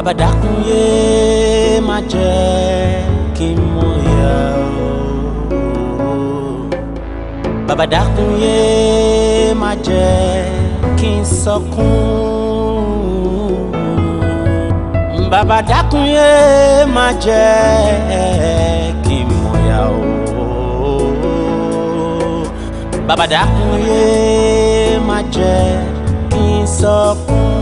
Baba dákun yé má jẹ́ kí n mọ ìyà o bàbá dákun yé má jẹ́ kí n sọkún bàbá dákun yé má jẹ́ kí n mọ o bàbá dákun yé má jẹ́ kí n sọkún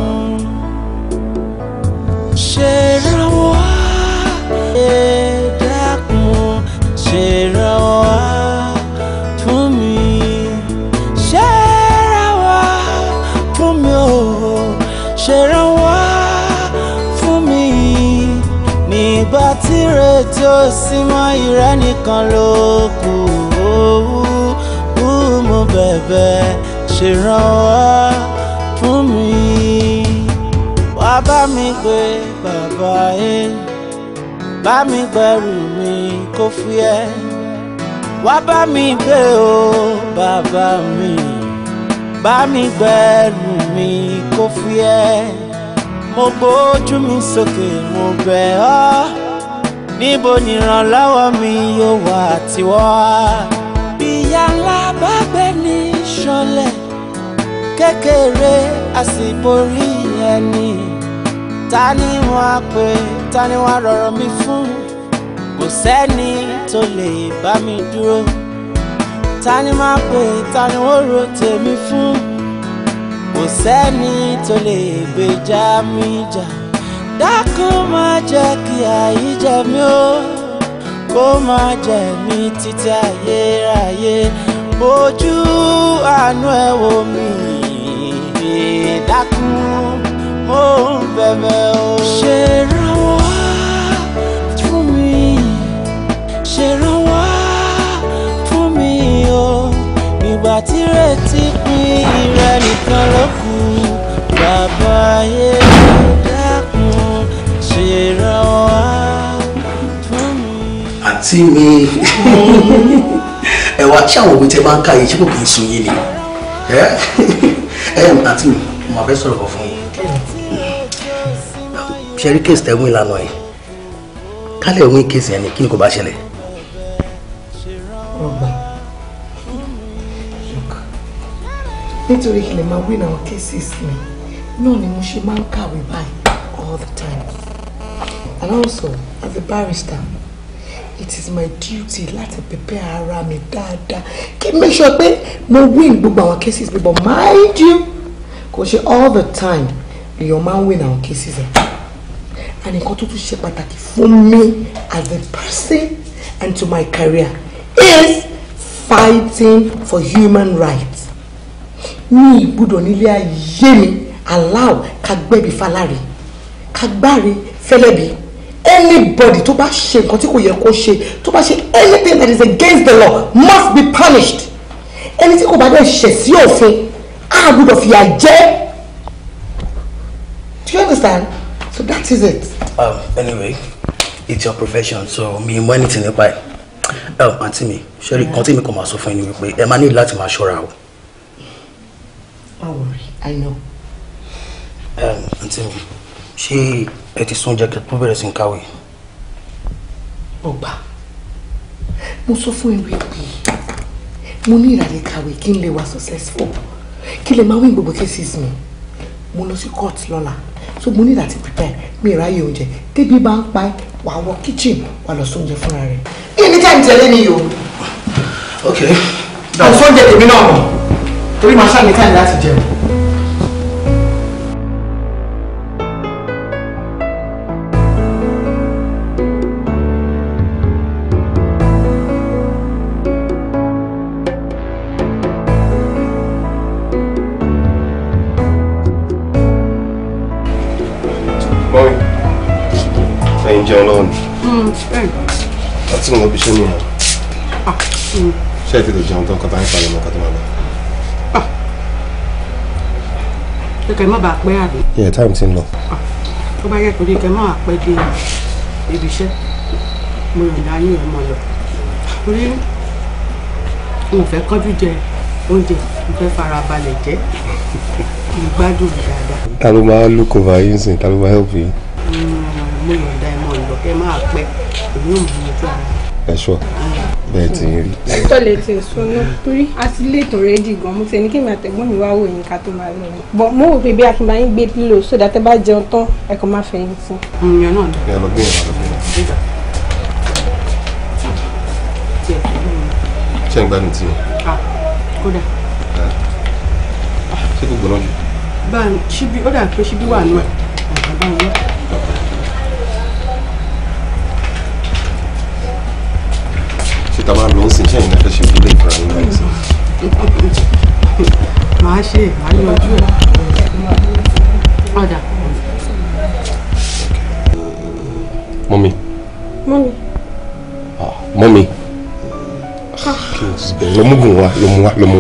ṣèrànwọ́ ẹ dákun ṣèrànwọ́ fún mi ṣèrànwọ́ fún mi ò ṣèrànwọ́ fún mi nígbà tí retí ó sì mọ ìrẹ́nìkan ló kù ó mo bẹ̀bẹ̀ ṣèrànwọ́ fàáyé bá mi gbẹrù mi kó fúyẹ́ wá bá mi gbé o bàbá mi bá mi gbẹrù mi kó fúyẹ́ mo gbójú mi sókè mo bẹ̀ ọ́ níbo nìrànlọ́wọ́ mi yóò wà tiwọ́ ìyá ńlá bá gbé ní ṣọlẹ̀ kékeré àsìborí ẹni ta ni wọ́n á pè ta ni wọ́n á rọ̀rọ̀ mi fún kò sẹ́ni tó lè bá mi dúró ta ni máa pè ta ni wọ́n rò tèmi fún kò sẹ́ni tó lè gbèjà mi jà dákun má jẹ́ kí àyí jẹ mí o kó má jẹ mí títí ayérayé ojú àánú ẹ̀ wò mí dákun mo ń bẹ̀bẹ̀ o. ṣe rànwá fún mi ṣe rànwá fún mi o ìgbà tí retí pín ìrẹ nìkan ló kù bàbá ayé dákun ṣe rànwá fún mi. àǹtí mi ẹ̀wà tí àwọn òwe tẹ máa ń ká yìí ṣé kò kì í sun yín ni ẹ ẹ àǹtí mi màá fẹ́ sọ̀rọ̀ ṣẹ́rí kéèsì tẹ́ wín lánàá yìí kálẹ̀ wín kéèsì yẹn ni kí ni kò bá ṣẹlẹ̀. ọgbà nítorí kí máa win àwọn cases mi náà ni mo ṣe máa ń kàwé báyìí all the time and also as a barrister it is my duty láti prepare ara mi dáadáa kí make sure pé mo win gbogbo àwọn cases mi but mind you kò ṣe all the time èèyàn máa ń win àwọn cases ẹ̀ and nǹkan tó tún ṣe pàtàkì fún mi as a person and to my career is fighting for human rights ní ìgbúdọ̀ nílé ayé mi allow ká gbẹ́bi falárẹ̀ ká anybody tó bá ṣe nǹkan tí kò yẹ kó ṣe tó bá ṣe anything that is against the law must be punished ẹni tí kò bá dẹ̀ ṣẹ̀ sí òfin a gbúdọ̀ fìyà jẹ do you understand. So that is it. Um, anyway, it's your profession, so me mọ anything nípa ẹ̀. Um, Auntie me, ṣẹ́rí continue tí come kàn máa sọ Anyway, yín ni wípé ẹ máa ní láti máa Don't worry, I know. Um, Auntie mi, ṣé ẹ ti sún jẹ́kẹ́ tó bẹ̀rẹ̀ Kawi. ń kàwé? Mo gbà. Mo sọ fún ìwé pé mo ní successful kí lè máa win gbogbo cases mi. Mo lọ sí court Lola so mo need àti prepare mi ìráyè oúnjẹ débi bá ń pa ẹ wà á kitchen wà lọ sóúnjẹ fúnra rẹ. kí ni time tẹ̀lé ni o. ok. àwọn sóúnjẹ tèmi náà mọ̀ torí màá ṣàmì time láti jẹun. mo ti fẹ́ gbà. àti mo lọ bí iṣẹ́ ní ah, ìhàn. ṣé ẹ ti lè jẹun tán kọ́tà ń palẹ̀ mọ́ kọ́tà máa lọ. pé ah. kẹ́ mọ́ bàa pẹ́ àbí. iye táìmù ti ń lọ. Ah. tó bá yẹ kó ní kẹ́ mọ́ àpẹ́ dé ibi iṣẹ́ mo yàn dá yín ọmọ lọ. torí mo fẹ́ kánjú jẹ oúnjẹ mo fẹ́ fara balẹ̀ jẹ mo gbádùn dáadáa. ta ló máa look over yín sìn ta ló máa help yín mo yọ̀ǹda ẹ̀ mọ̀ ìlọ kẹ́ máa pẹ́ èmi ò mú ojú ara. ẹ ṣọ bẹ́ẹ̀ ti ń rí. tó lè ti sọnà torí a ti lè tó rẹ́dì gan mo ti ní kí mi àtẹ̀gbọ́n mi wá wò yín ká tó máa lọ rẹ̀ bọ̀ mo wò pé bí a ti máa ń gbé lílo sódà tẹ́ bá jẹun tán ẹ kàn máa fẹ̀yìn sí. ìyẹn náà ni. ẹ lọ gbé ìyàwó mi. ṣé ń gbádùn tí o. kódà. ṣé kò gbọ́n náà jù. báyìí ṣíbí ó dà pé ṣíbí wà nù ẹ̀ báyìí tá máa lọ ń ṣẹ́yìn náà ṣe fúlẹ̀ ìfura yín náà sí. màá ṣe màá yọjú ẹ̀ padà. mọ́mi. mọ́mi. mọ́mi. lọ mú gùn wá lọ mú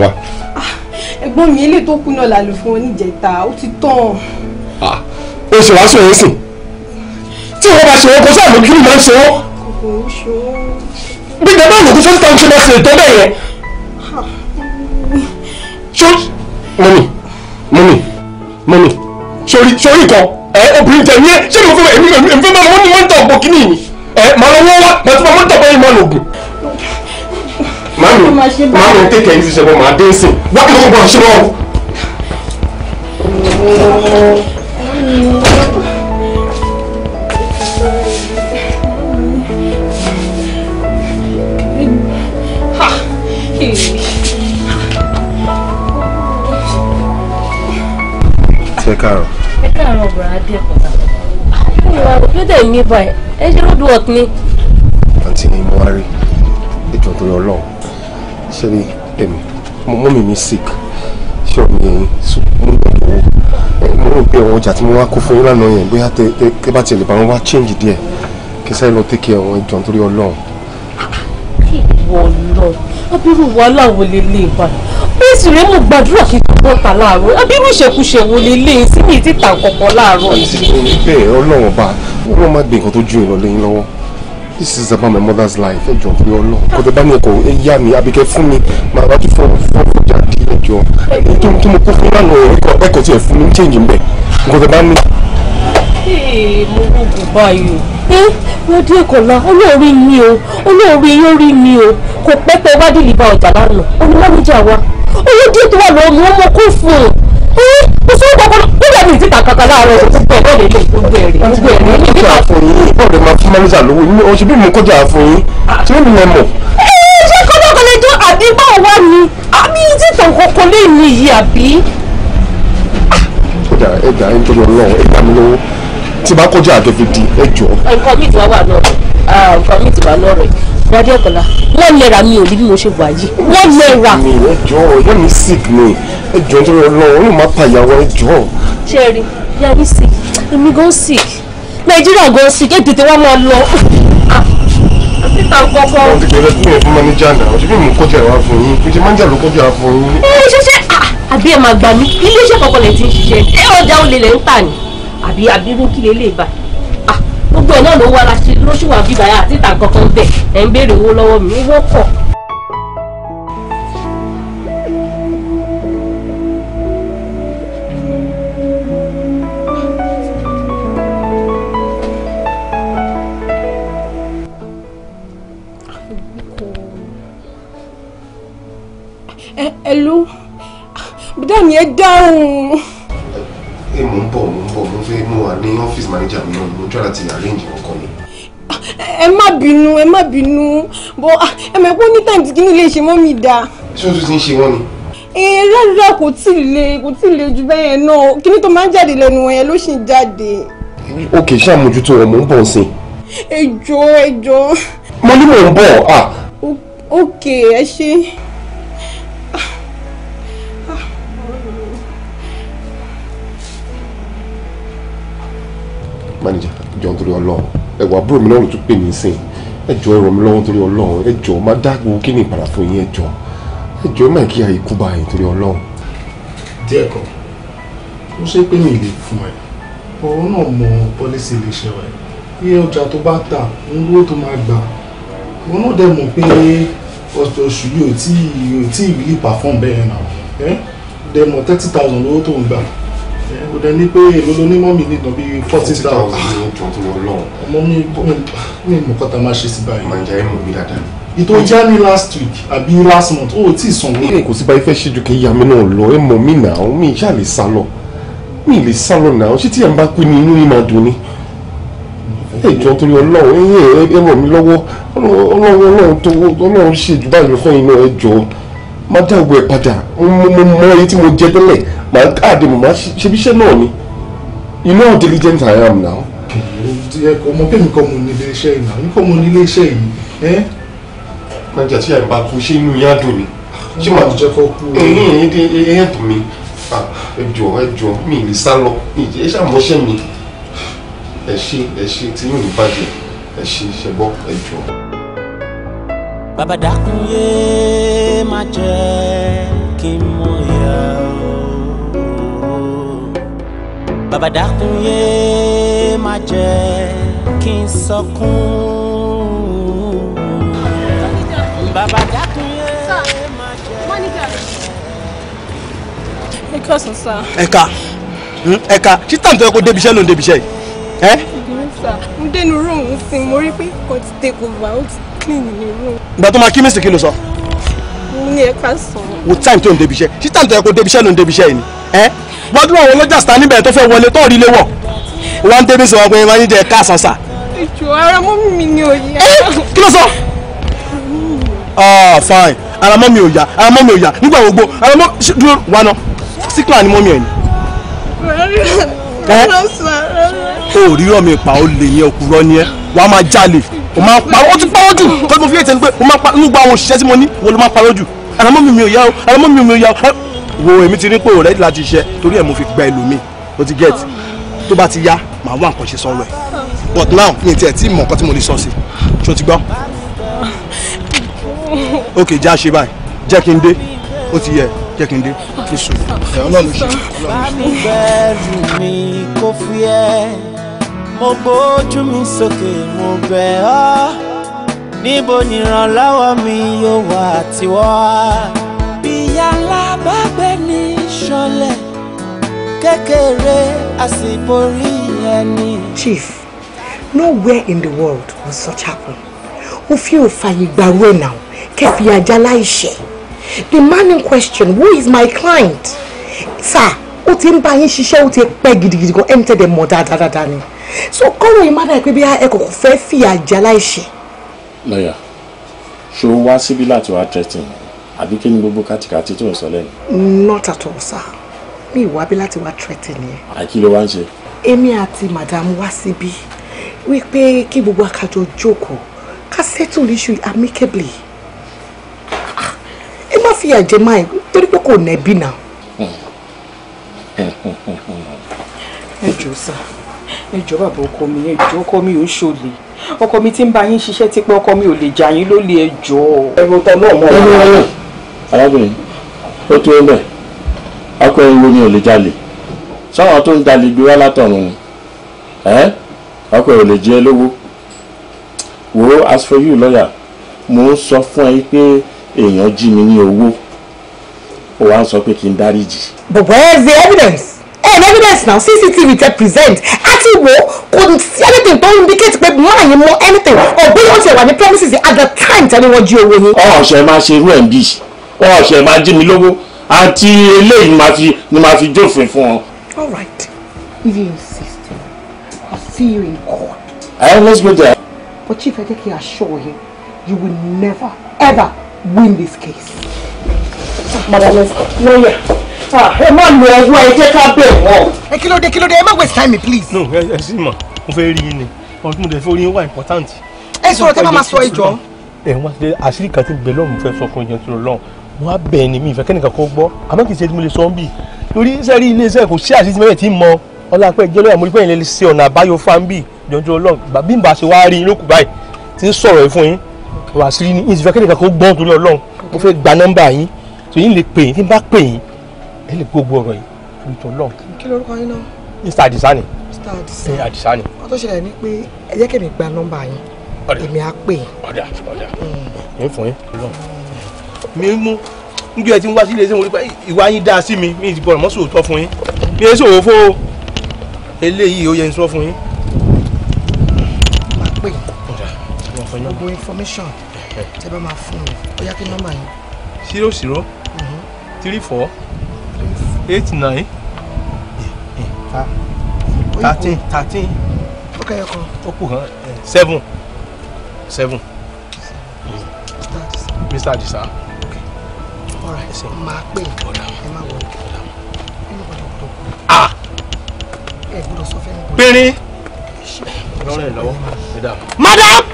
ah, ẹ̀gbọ́n mi eléyìí tó kú náà la fún wọn ó ti tán. o ah, ṣe wàásù ẹ̀ ń sìn tí wọ́n bá ṣe wọ́n kó sáà lókìrì máa ń ṣe wọ́n. kòkòrò ṣe wọ́n gbígbẹ bá lògùn fún tàwọn ṣẹlẹ̀ sí ètò bẹ́ẹ̀ yẹn. mọ́mì mọ́mì mọ́mì sori sori kan ẹ obìnrin tẹ yẹ ṣé mo fẹ́ èmi èmi fẹ́ máa wọ́n ní wọ́n ń tọ̀ bọ̀ kínní yìí ẹ màá lọ wọ́n wá màá ti máa wọ́n ń tọ̀ bọ̀ yìí máa lògùn. màmí màmí tẹ̀kẹ̀ yìí ṣe bọ̀ màá dé sí wọ́n kí ṣe wọ́n. káàárọ̀. ẹ káàárọ̀ ọ̀bùrà á díẹ̀ kọ̀tà. ìwà òfin dẹ̀ mi báyìí ẹ ṣe road work ni. àǹtí ni mo wá rí ètò ìtòrí ọlọ́run ṣe rí èmi ní sick ṣé omi ẹ̀yìn mo ní ọ̀pọ̀ owó mo rò pé ọjà tí mo wá kó fún yín lánàá yẹn bóyá tẹ bá tiẹ̀ lè bá wọn wá change díẹ̀ kí sáré lọ take care àwọn ìjọ nítorí ọlọ́run. kí ìwọ lọ abirú wàhálà wo bíìsì rẹ mo gbàdúrà kí n láàárọ̀ abirú ìṣekúṣe wo lélẹ̀ sí mi ti ta láàárọ̀ yìí. bẹ́ẹ̀ ọlọ́run bá wọ́n máa gbé nǹkan tó ju ìrọ̀lẹ́ yín lọ́wọ́ this is about my mother's life ẹ jọ̀ọ́ torí ọlọ́run kò tẹ bá ní ẹ̀kọ́ ẹ yá mi Àbíkẹ́ fún mi màá bá tún fọwọ́ fọwọ́ jáde ẹ jọ̀ọ́ tó tó mo kó fún lánà ẹ̀kọ́ ẹ̀kọ́ tiẹ̀ fún mi ń change mbẹ kò tẹ bá ní. ee mo rògbò báyìí o. ẹ wọ́n díẹ̀ kọ̀ọ̀la olóòrí mi o olóòrí yóò rí mi o kò pẹ́ pẹ́ wádìí ìbá ọjà lánàá onímọ̀ wa owó díẹ̀ tó wà lọ́wọ́ mi wọ́n mọ kó fún un kò sówó kankan nígbà mi ìtìta kankan láàárọ̀ ọ̀sẹ̀ tó bẹ̀rẹ̀ lélẹ̀ gbogbo ẹ̀rí gbogbo ẹ̀rí ní ìgbà fún yín ìbọ̀dẹ̀ máa fún mẹ́rìndà lówó yín oṣù bí mo kọjá fún yín tí ó nìyẹn mọ̀. ẹ ṣe kọ́kọ́ kan lè dún àbí bá wa ni àbí ìtìta kankan kọjá àgẹ́gẹ́ di ẹjọ́. nǹkan mi ti wá wà lọ́rọ̀ ah, nǹkan mi ti wá lọ́rọ̀ yìí bọ́dí ọ̀kọ̀lá wọ́n lè ra mi ò rí bí mo ṣe wà yìí wọ́n lè ra. mi ò jọ ìyá mi sick ni ẹjọ tó lọ lọ wọn yóò má pa ìyàwó ẹjọ. ṣé ẹ rí ìyá mi sick èmi gan sick nàìjíríà gan sick ètò tí wọ́n máa lọ. Peter kọ́kọ́. Wọ́n ti bẹ̀rẹ̀ fún ẹ̀fún mánéjà náà, ṣé bí mo kọjú ẹ̀wá fún yín? Ìjẹ́ mánéjà ló kọjú ẹ̀wá fún yín. Ẹ ṣẹṣẹ ah, àbí ẹ máa gbà mí, ilé iṣẹ́ kọ̀ọ̀kan lè ti ń ṣiṣẹ́, ẹ ọjà olè lẹ́ ń tà ní, àbí àbí kí lè lè bá gbogbo ẹ̀ náà ló wá láti lóṣùwà bíbá yà àti ìta kankan bẹ̀ ẹ̀ ń béèrè owó lọ́wọ́ mi owó kọ̀. hello bùdá mi ẹ dáhùn ń tọ́ láti arrange ọkọ mi. ẹ má bínú ẹ má bínú bọ ah, ẹ mọ̀ pé ní tàǹtí kí ni ilé ṣe mọ́ mi dá. ṣé o tún ti ń ṣe wọ́n ni. ee rárá kò tí ì le kò tí ì le jù bẹ́ẹ̀ yẹn náà kí ni tó máa ń jáde lẹ́nu yẹn ló ṣì ń jáde. òkè ṣàmójútó ọmọ ń bọ̀ sí. ẹjọ ẹjọ. mo ní mò ń bọ̀ à. Ah. òkè ẹ ṣe. manager jọ nítorí Ọlọ́run ẹwà àbúrò mi náà ló tún pè mí sìn ẹ jọ ẹ ràn mí lọ́wọ́ nítorí Ọlọ́run ẹ jọ má dá gbogbo kíni ìpàdà fún yín ẹ jọ ẹ jọ má kí ayé kú báyìí nítorí Ọlọ́run. díẹ̀ kan mo ṣe pé mi lè fún ẹ ọ̀rọ̀ náà mọ pọ́lísì iléeṣẹ́ rẹ iye ọjà tó bá tà ń lówó tó máa gbà wọn náà dẹ̀ mọ̀ pé ọjọ́ oṣù yìí ò tí ì rí pàfọ́m bẹ́ẹ̀ náà dẹ̀ mọ̀ thirty thousand lówó tó ń gbà kò dẹ̀ ní pé èlò ló ní mọ́mì ní ìtàn bíi forty thousand ọmọ mi mi mọ̀ kọ́ta máa ṣe sí báyìí. màá jẹ́ ìmọ̀ mi dáadáa. ìtò já ní last week àbí last month ó tí ì sanwó. ilé kò sí báyìí fẹ́ ṣíjú kí ìyá mi náà lọ ẹ mọ̀ mí nà ó mi ìyá lè sá lọ mi lè sá lọ nà ó ṣé tí ìyá mi bá kú ni inú mi máa dùn ni. ẹ jọ torí Ọlọ́run ẹ ràn mí lọ́wọ́ Ọlọ́run tó Ọlọ́run ṣèjú báyìí fún iná ẹ jọ máa dá ògbó ẹ̀ padà mo mọ èyí tí mo jẹ tẹ́lẹ̀ màá káàdì mo máa ṣe bíṣẹ́ náà ni you know how diligent I am now. ọmọ kẹ́mi kọ́ mu ní ilé iṣẹ́ yìí náà yín kọ́ mu ní ilé iṣẹ́ yìí. májà tí àyùbá kú ṣé inú yá dùn ni ṣé màá jẹ́ kó kú. ẹ̀yìn ẹ̀yìn ẹ̀dùn mi ẹjọ ẹjọ mi ì lè sá lọ ẹ ṣàmọ́ṣẹ́ mi ẹ ṣe ẹ ṣe tí yóò ní bàjẹ́ ẹ ṣe ṣẹbọ ẹjọ. Baba dákun yé má jẹ́ kí n mọ̀ yà o bàbá dákun yé má jẹ́ kí n sọkún bàbá dákun yé má jẹ́. ẹ kọ́sùn sá. ẹ ká hmm? ẹ ká títà nítorí kó débi iṣẹ́ ló ń débi iṣẹ́ yìí. ẹ. ìgbìmọ̀ sá mo dénú rúùmù sí i mo rí pé kò ti tẹ kò bá ó ti clean ni máa kí mísìkì ló sọ. ní ẹ ká sàn. wo time tó ń débi iṣẹ́ ṣí time tó yẹ kó débi iṣẹ́ ló ń débi iṣẹ́ yìí ni. ẹ wọ́n dúró àwọn ọlọ́jà sítá níbẹ̀ tó fẹ́ wọlé tó rí lé wọ̀ wọ́n débi sọ wọn pé wọ́n yín jẹ ká sàn ìjọ ara mọ́ mi ni ò yá. kí ló sọ. ah fine ara mọ́ mi ò yá ara mọ́ mi ò yá nígbà gbogbo ara mọ́ dúró wa ná síkìlà ni mọ́ mi ẹ̀ ni. rárá rárá sọ rárá. o rí ọmọ ìpà ó lè yẹn òkúrọ́ ni ẹ wàá máa jalè o máa parọ́ o ti parọ́ jù tọ́jú mo fi ètè ni pé o máa parọ́ nígbà àwọn òṣìṣẹ́ tí mo ní wo ló máa parọ́ jù àràmọ́ mi mi ò yá o àràmọ́ mi mi ò yá o wo èmi ti rí pé o rẹ́dí láti ṣe torí ẹ̀ mo fi gba ẹlòmíì o ti get tó bá ti yá màá wá nǹkan ṣe sọ̀rọ̀ ẹ̀ but now mi tiẹ̀ tí mọ̀ nǹkan tí mo lè sọ sí ṣó ti gbọ́ ok já ṣe báyìí jẹ́ kí n dé ó ti yẹ jẹ́ kí n dé kí n sùn ọlọ́run ṣe ọlọ́run ṣe mo gbójú mi sókè mo bẹ̀ ọ́ níbo nìrànlọ́wọ́ mi yóò wà tiwọ́. bíyà ńlá bá gbé ní ṣọlẹ̀ kékeré àsìborí ẹni. Chief, nowhere in the world will such happen òfin ò fàyè gbàrú ẹ̀ náà kẹfì ajá láìṣẹ̀ the man in question who is my client sir ó ti ń bá yín ṣiṣẹ́ ó ti pẹ́ gidigidi gan ẹni tẹ́ dẹ̀ mọ̀ dáadáa ni so kọ́rọ̀ yìí má dà pé bí ẹ kò fẹ́ fìyà jẹ aláìṣẹ̀. lọ́yà ṣó wá síbí láti wá tẹ̀sítì àbí kí ni gbogbo kàtìkàtì tó ń sọ lẹ́nu. not at all sir mi ìwà bí láti wá tẹ̀sítì nìyẹn. àkí ló wá ń ṣe. èmi àti madam wá síbí wípé kí gbogbo àkàjọ jókòó ká settle issue amicably ah, ẹ má fìyà jẹ máa torí pé kò nẹ́bí náà. Hmm. ẹ jù sá ẹjọ bàbá ọkọ mi ẹjọ ọkọ mi ò ṣòlè ọkọ mi ti ń bá yín ṣiṣẹ́ tipẹ́ ọkọ mi ò lè jà yín lólè ẹjọ. ẹrù tọ náà mọ ọ. arábìnrin ó tó ń bẹ ọkọ ẹrù ni ò lè jalè sáwọn tó ń jalè gbé wá látọ̀run ni ọkọ ẹ ò lè jẹ ẹ lówó wo as for you lọ́yà mo ń sọ fún ẹ pé èèyàn jí mi ní owó ó wá ń sọ pé kí n dáríjì. but where is the evidence? on evidence now cctv tẹ present àti wo kò sí anything to indicate pé máa yín mọ anything ọ̀gbìn yóò ṣe wà ní premises at the time tẹ́lẹ̀ wọ́n jí owó yín. ọ̀ṣẹ̀ máa ṣe irú ẹ̀ ń bí ọ̀ṣẹ̀ máa jí mi lówó àti eléyìí ni màá fi jófin fún ọ. all right if you insist i'll see you in court. ẹ let's go there. but chief ẹ jẹ́ kí i assure you you will never ever win this case. madam lawyer ẹ má lo ọwọ́ ẹ jẹ́ ká bẹ̀ wọ́n. ẹ kí ló dé kí ló dé ẹ má waste time please. no ẹ ẹ sì mọ mo fẹ́ rí yín ni ọ̀n mo dẹ̀ fẹ́ orí yín wà important. ẹ sọ̀rọ̀ tẹ́ bá máa sọ ìjọ. ẹ wá ṣe àṣírí kan tí bẹ́ẹ̀ lọ́mù fẹ́ sọ fún ìjẹun tó lọ́hùn wọn á bẹ̀ ni mi ìfẹ́ kẹ́nìkan kó gbọ́ àmọ́ kì í ṣe tí mo lè sọ ń bì torí sẹ́rí iléeṣẹ́ kò sí àṣírí mẹ́rẹ̀ tí mo ọlá pẹ́ ìjọba mo rí pé ìlẹ̀ ṣe ọ̀nà àbáyọ fáńbì ìjọun tó lọ́hùn gbà bí n bá ṣe wá rí lókù báyìí tí ń sọ̀rọ̀ ẹ̀ fún yín wàásìrí ni ìfẹ́ kẹ́nìkan kó gbọ́ torí ọlọ́hun lè pè yín tí n bá ẹ lè gbogbo ọ̀rọ̀ yìí fún ìtọ́ lọ. kí lorúkọ yín náà. mr adisani. mr adisani. ẹ adisani. wọ́n tó ṣẹlẹ̀ ni pé ẹ jẹ́ kí mi gba nọ́mbà yín. ọ̀dà èmi á pè. ọ̀dà ọ̀dà ń hmm. fún yín. mi mú níbi ẹ ti ń wá sí ilé iṣẹ́ mo rí ìwà yín dáa sí mi mi ti bọ̀rọ̀ mọ́ sòótọ́ fún yín mi ẹ sòwò fó eléyìí ó yẹ ń sọ fún yín. màá pè gbogbo information tẹ bá máa fún mi ó yá kí nọ́mbà yín. zero zero mm-hmm. three four eight nine thirteen thirteen ó kù hàn eh, seven seven mr adisa máa pè ẹ má wọlé ah péré lọ́rọ̀ ẹ̀ lọ́wọ́ madam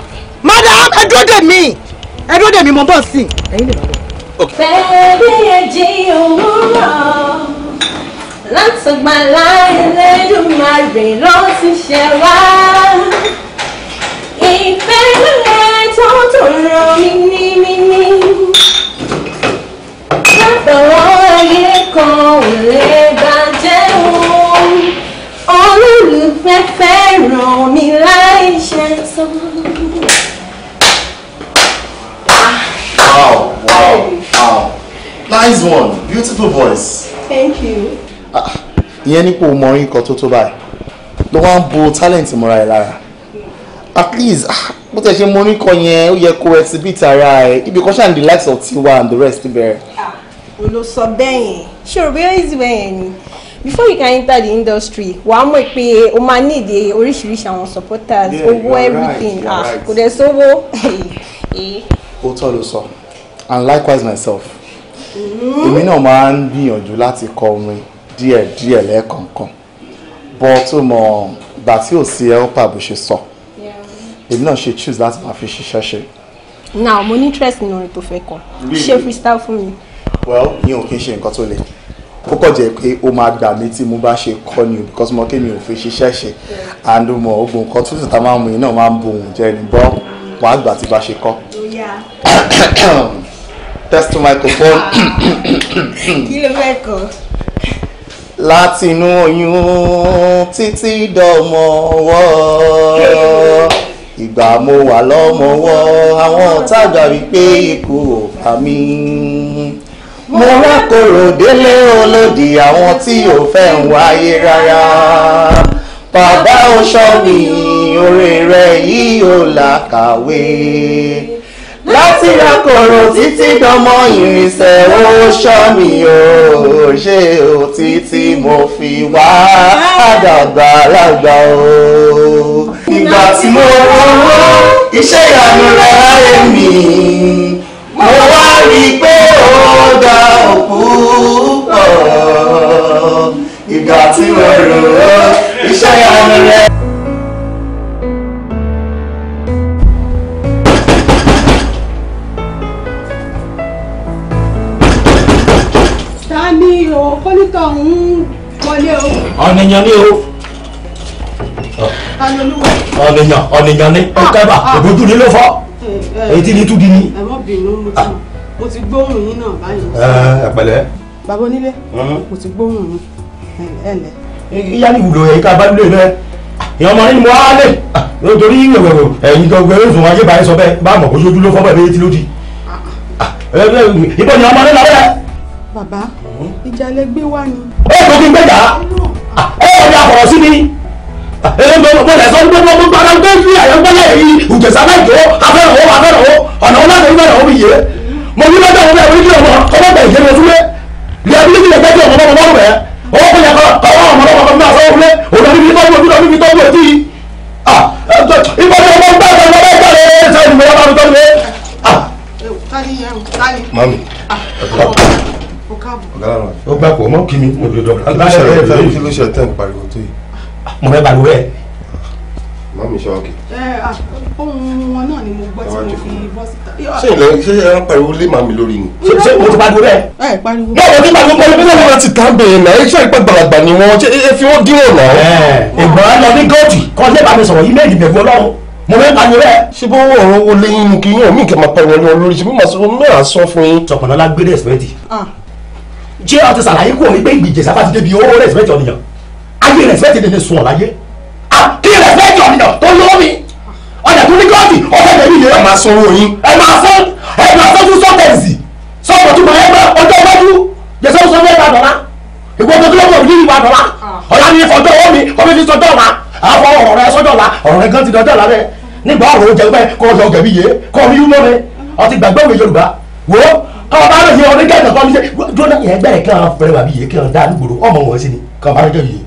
madam ẹ dúró dè mí ẹ dúró dè mí mo bọ̀ sí i ẹ̀yin lè lọ́wọ́. fẹ́ẹ́ bí ẹ jí òwúrọ̀ alátùgbàlà Elédùmarè ló ti ṣe wá ìfẹ́ rẹ̀ tó tún ràn mí ní mí ní látọwọ́ ayé kan ò lè bàjẹ́ wọn olólùfẹ́fẹ́ ràn mí láì ṣe tán. Wow, ah, wow, wow. Nice one. Beautiful voice. Thank you. Ah, ìyẹn nípò mọrin kan tó tó báyìí ló wá ń bo talent mọ́ra ẹ̀ lára at least ah, bó tẹ̀ ṣe mọrin kan yẹn ó yẹ kó exhibit ara ẹ̀ ibi kan ṣáà the likes of Tiwa and the rest bẹ̀rẹ̀. Ah, olùsọ bẹ́ẹ̀ yẹn ṣòro bí ó easy bẹ́ẹ̀ yẹn ni before you can enter the industry wà á mọ̀ pé o máa need oríṣiríṣi àwọn supporters owó everything kò dẹ̀ sówó. Eh, eh. ó tọ́ ló sọ and likewise myself mm-hmm. èmi náà máa ń gbìyànjú láti kọ orin díẹ̀ díẹ̀ lẹ́ẹ̀kọ̀ọ̀kan bọ́ tó mọ ìgbà tí ò sí helper bó ṣe sọ èmi náà ṣe choose láti máa fi ṣiṣẹ́ ṣe. now mo ní interest nínú orin tó fẹ́ kọ ṣe freestyle fún mi. well yín ò kí n ṣe nǹkan tó le ó kọ̀ jẹ́ pé ó máa gbà mí tí mo bá ṣe kọ́ ni o because mo kí mi ò fi ṣiṣẹ́ ṣe and mo ogun nǹkan tuntun tá a máa mú yín náà máa ń bo òun jẹ ni bọ́ wọ́n gbà tí bá ṣe kọ́. test microphone. kí ló fẹ́ kọ́ látinú oyún títí dọmọwọ́ ìgbà mo wà lọ́mọwọ́ àwọn ọ̀tàgbà wípé ikú ò pa mí mo wá kòrò délé olódì àwọn tí ò fẹ́ ń wáyé rárá bàbá ó ṣọ́ mi oore rẹ̀ yìí ò làkàwé láti akọ̀rọ̀ títí dánmọ́ ìrìnsẹ̀ ó ṣọ́ mi ò ṣe ò títí mo fi wá àdàgbà lágbà o. ìgbà tí mo rówó iṣẹ́ ìyanu rẹ̀ láyé mi mo wá rí i pé ó dá òkú pọ̀ ìgbà tí mo rówó iṣẹ́ ìyanu rẹ̀. onítọ̀ ń wọlé o. ọ̀nìyàn ni o. ọ̀nìyàn ọ̀nìyàn ni ọ̀kẹ́bà ah, ah. òbójú ni ló fọ́ eh, eh. èyí tí ní túdi ni. ẹ má bínú mo ti ah. mo ti gbóhùn yín náà báyìí. Eh, ẹ pẹ̀lẹ́. bàbá onílé hmm? mo ti gbóhùn yín ẹ lẹ. ìyá ni ìwúlò ẹ̀ka abánilé rẹ ìyá ọmọ nínú wa lè nítorí ìwẹ̀wẹ̀ ẹ̀yin gbogbo ẹ̀rọ ìfún wa yé báyìí sọ bẹ́ẹ̀ bá mọ̀ bó ṣojú ló fọ́ bẹ́ẹ̀ bẹ́ẹ̀ tí ló di. ìbọn ni ọmọ nínú wa lẹ́yìn bàbá hm? ìjàlẹ̀ gbé wá ni. ẹ kò kí n gbẹjà ẹ ò ní àfọwọ́ sí mi èyí ló mọ̀ lẹ́sọ̀ ń gbọ́dọ̀ gbogbo ara gbé ní àyẹ̀gbọ́lẹ̀ yìí ìjẹ̀sà mẹ́jọ afẹ́rànwó afẹ́rànwó ọ̀nà ọlọ́dẹ ìfẹ́rànwó mi yé mo ní lọ́jọ́ òun ẹ̀rọ ìdílé ọmọ ọmọ bẹ̀ ìjẹ́ lọ́sùn lé ní ẹbí níbi ìgbẹ́jọ́ ọmọ ọmọ rẹ̀ ọwọ́ kò yẹ kọ́ ọwọ́ ọmọ ọmọ ọmọ ọmọ ọmọ ọmọ níbi tó wù ọdún níbi tó wù ọdún yìí ìbọ̀dọ̀ ọmọ ń bẹ̀rẹ̀ ọmọ bẹ̀rẹ̀ sẹ́yìn ìmọ̀lá máa ń tọ́lé. mami ó gbà pọ̀ mọ́ kí mi mo lè dọ̀ka láṣẹ rẹ̀ lórí. kí ló ṣe tẹ́ ń pariwo tó yìí. mo fẹ́ pariwo bẹ́ẹ̀. mami ṣe ọkẹ. ohun wọn náà ni mo gbọ́ tí mo fi bọ́ síta. ṣé ilẹ̀ ṣé ẹ ń pariwo lé màmí lórí ni. ṣé mo ti pariwo bẹ́ẹ̀. ẹ pariwo. mo ò ní pariwo pariwo bí wọn ti tà bẹ́ẹ̀ náà iṣẹ́ ìpẹ́ gbàlagbà ni wọn ṣe é fi wọn díwọ̀n náà. ìgbọràn lọ ní góòtù kọ́ lé bàbá sọ̀rọ̀ yìí méjì bẹ̀rù ọlọ́run mo fẹ́ pariwo bẹ́ẹ̀. ṣé bó ọ̀rọ̀ wo lẹ́yìn ni kí yóò mí kẹ́ máa pariwo lórí ṣe bó máa sọ fún yín. sọ̀pọ̀lọ́lá gbé ṣé ọ ti ṣàlàyé kúrò ní pé ìgbìjẹsà bá ti débi owó respect ọ̀nìyàn ayé respect tètè sùn ọ̀láyé kí respect ọ̀nìyàn tó lọ́ mi ọ̀nà tó ní gọ́ọ̀dì ọ̀fẹ́ tẹ̀lé ìlera. ẹ máa san owó yín. ẹ máa san ẹ máa san fún sọ́tẹ̀sì sọ́tọ̀ tó máa ẹ máa ọjọ́ iwájú jẹ́sọ́ sọ fẹ́ bá dọ̀la ìwọ tó kílọ̀ wọ̀nyí ìwà dọ̀la ọ̀la ni ìfọ̀jọ́ owó mi ọmọ mi sọ dọ̀la àfọ ọ̀rọ̀ rẹ sọ́jọ́ la ọ̀rọ̀ rẹ gan ti dọ̀jọ́ la rẹ nígbà ọ̀rọ̀ oúnjẹ pẹ́ kọ́ ọ̀yọ́ gẹ̀mí yé kọ́ ọ̀rí yúmọ́ rẹ ọtí gbàgbọ́ mi Yorùbá wo ọba ló yẹ ọdún kẹkọọ kọmi ṣe dúró yẹn gbẹrẹ kí wọn bẹ̀rẹ̀ bàbí yìí kí wọn dá lùgbòrò ọmọ wọn sí ni kí wọn bá lọ́jọ́ yìí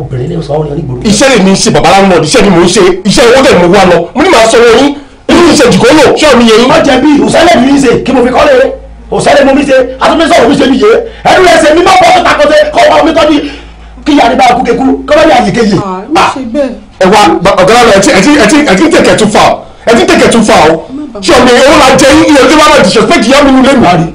obìnrin ní sọ ọrùn yẹn lùgbòrò. iṣẹ́ lèmi ń ṣe bàbá láwọn iṣẹ́ ni mò ń ṣe iṣẹ́ owó tẹ̀ mọ̀ wá lọ mo ní màá sọ yín inú iṣẹ́ jìkọ́ lò ṣọ́ọ̀mù yẹn yín. ọjà bíi òsèlè mi ń ṣe kí mo fi kọ́ lé òsèlè mo mi ṣe atúndésọ̀rọ̀ mi ṣe mi yé ẹnu ẹsẹ̀ mi má bọ́ tó takọ̀tẹ̀ kọ́ wa mi tọ́jú kí yàrá bá kú kéku kọ́ bá yàrá kéye. ẹ wá ọ̀gá ọ̀gá ẹ̀ ti tẹ̀kẹ̀ tún fà ọ́ ti tẹ̀kẹ̀ tún fà ọ́ sọmi owó la jẹ yín ìyẹn tó bá disrespect ìyá mi nílé mi.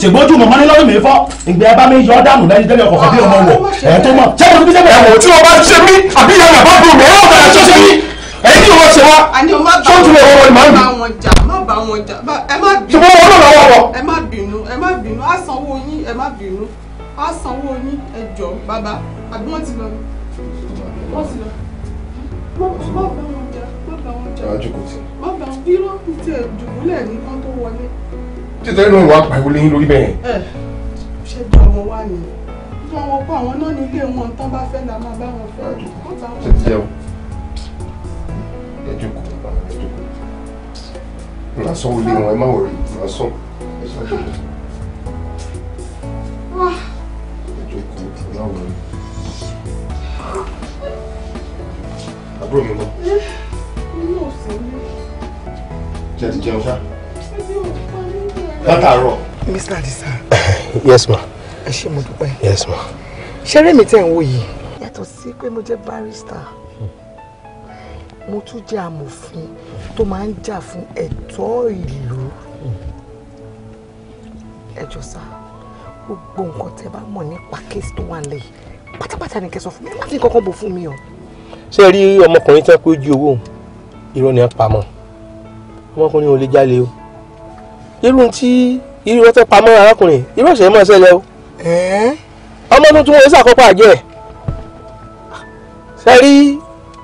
ṣègbójú mọ̀mọ́ ní lọ́rùn mi fọ́ ìgbẹ́ bá mi yọ dànù lẹ́yìn tẹ́lẹ̀ ọkọ̀ bí ọmọ wọ̀ ẹ̀ tó mọ̀ ṣé ti fi sẹ́mi. tí wọ́n bá ṣe mí àbí ìyá mi àbábọ̀ mi ẹ̀rọ ọ̀gá ṣe mí ẹ̀yìn tí wọ́n ṣe wá tó tún lè wọ́n ìmọ̀ mi. ṣùgbọ́n wọn náà wọ̀ wọ̀. ẹ má bínú ẹ má bínú á sanwó yín ẹ má bínú á sanwó yín ẹ jọ̀ọ́ bàbá àbí wọ́n ti lọ wọ́n ti lọ àjòkòtì. bàbá dúró ti ẹ̀ dùbúlẹ̀ ní kán tó wọlé. títẹ́ inú ìwà pariwo lẹ́yìn lórí bẹ́ẹ̀. ẹ ṣe jọ àwọn wà ní fún àwọn àwọn náà ní wọn tán bá fẹ́ la máa bá wọn fẹ́. ṣe ti jẹun ẹ jókòó ẹ sọ wọlé wọn ẹ má wọrí màá sọ ẹ sọ jókòó. Ah. ẹ jókòó ẹ má wọrí àbúrò mi mọ. Eh náà sí ní. ṣe ti jẹun mr adisa. yes ma. ẹ ṣé mo dúpẹ́. yes ma. ṣeré mi tẹ̀ ń wò yìí. yàtọ̀ sí pé mo jẹ́ barrister mo tún jẹ́ amòfin tó máa ń jà fún ẹ̀tọ́ ìlú ẹjọ́ sá gbogbo nǹkan tẹ́ bá mọ̀ nípa kéésì tó wà lẹ́yìn pátápátá ni kẹ́ sọ fún mi ẹ má fi kankan bò fún mi o. ṣé ẹ rí ọmọkùnrin tí wọn pé ó owó òun irọ́ ni ẹ pamọ́ ọmọkùnrin ò lè jalè o irú tí irú rẹ tẹ pamọ́ arákùnrin irú ọ̀sẹ̀ mọ̀ ṣẹlẹ̀ o ọmọ tuntun wọn ṣàkọ́kọ́ àjẹ́ ṣe rí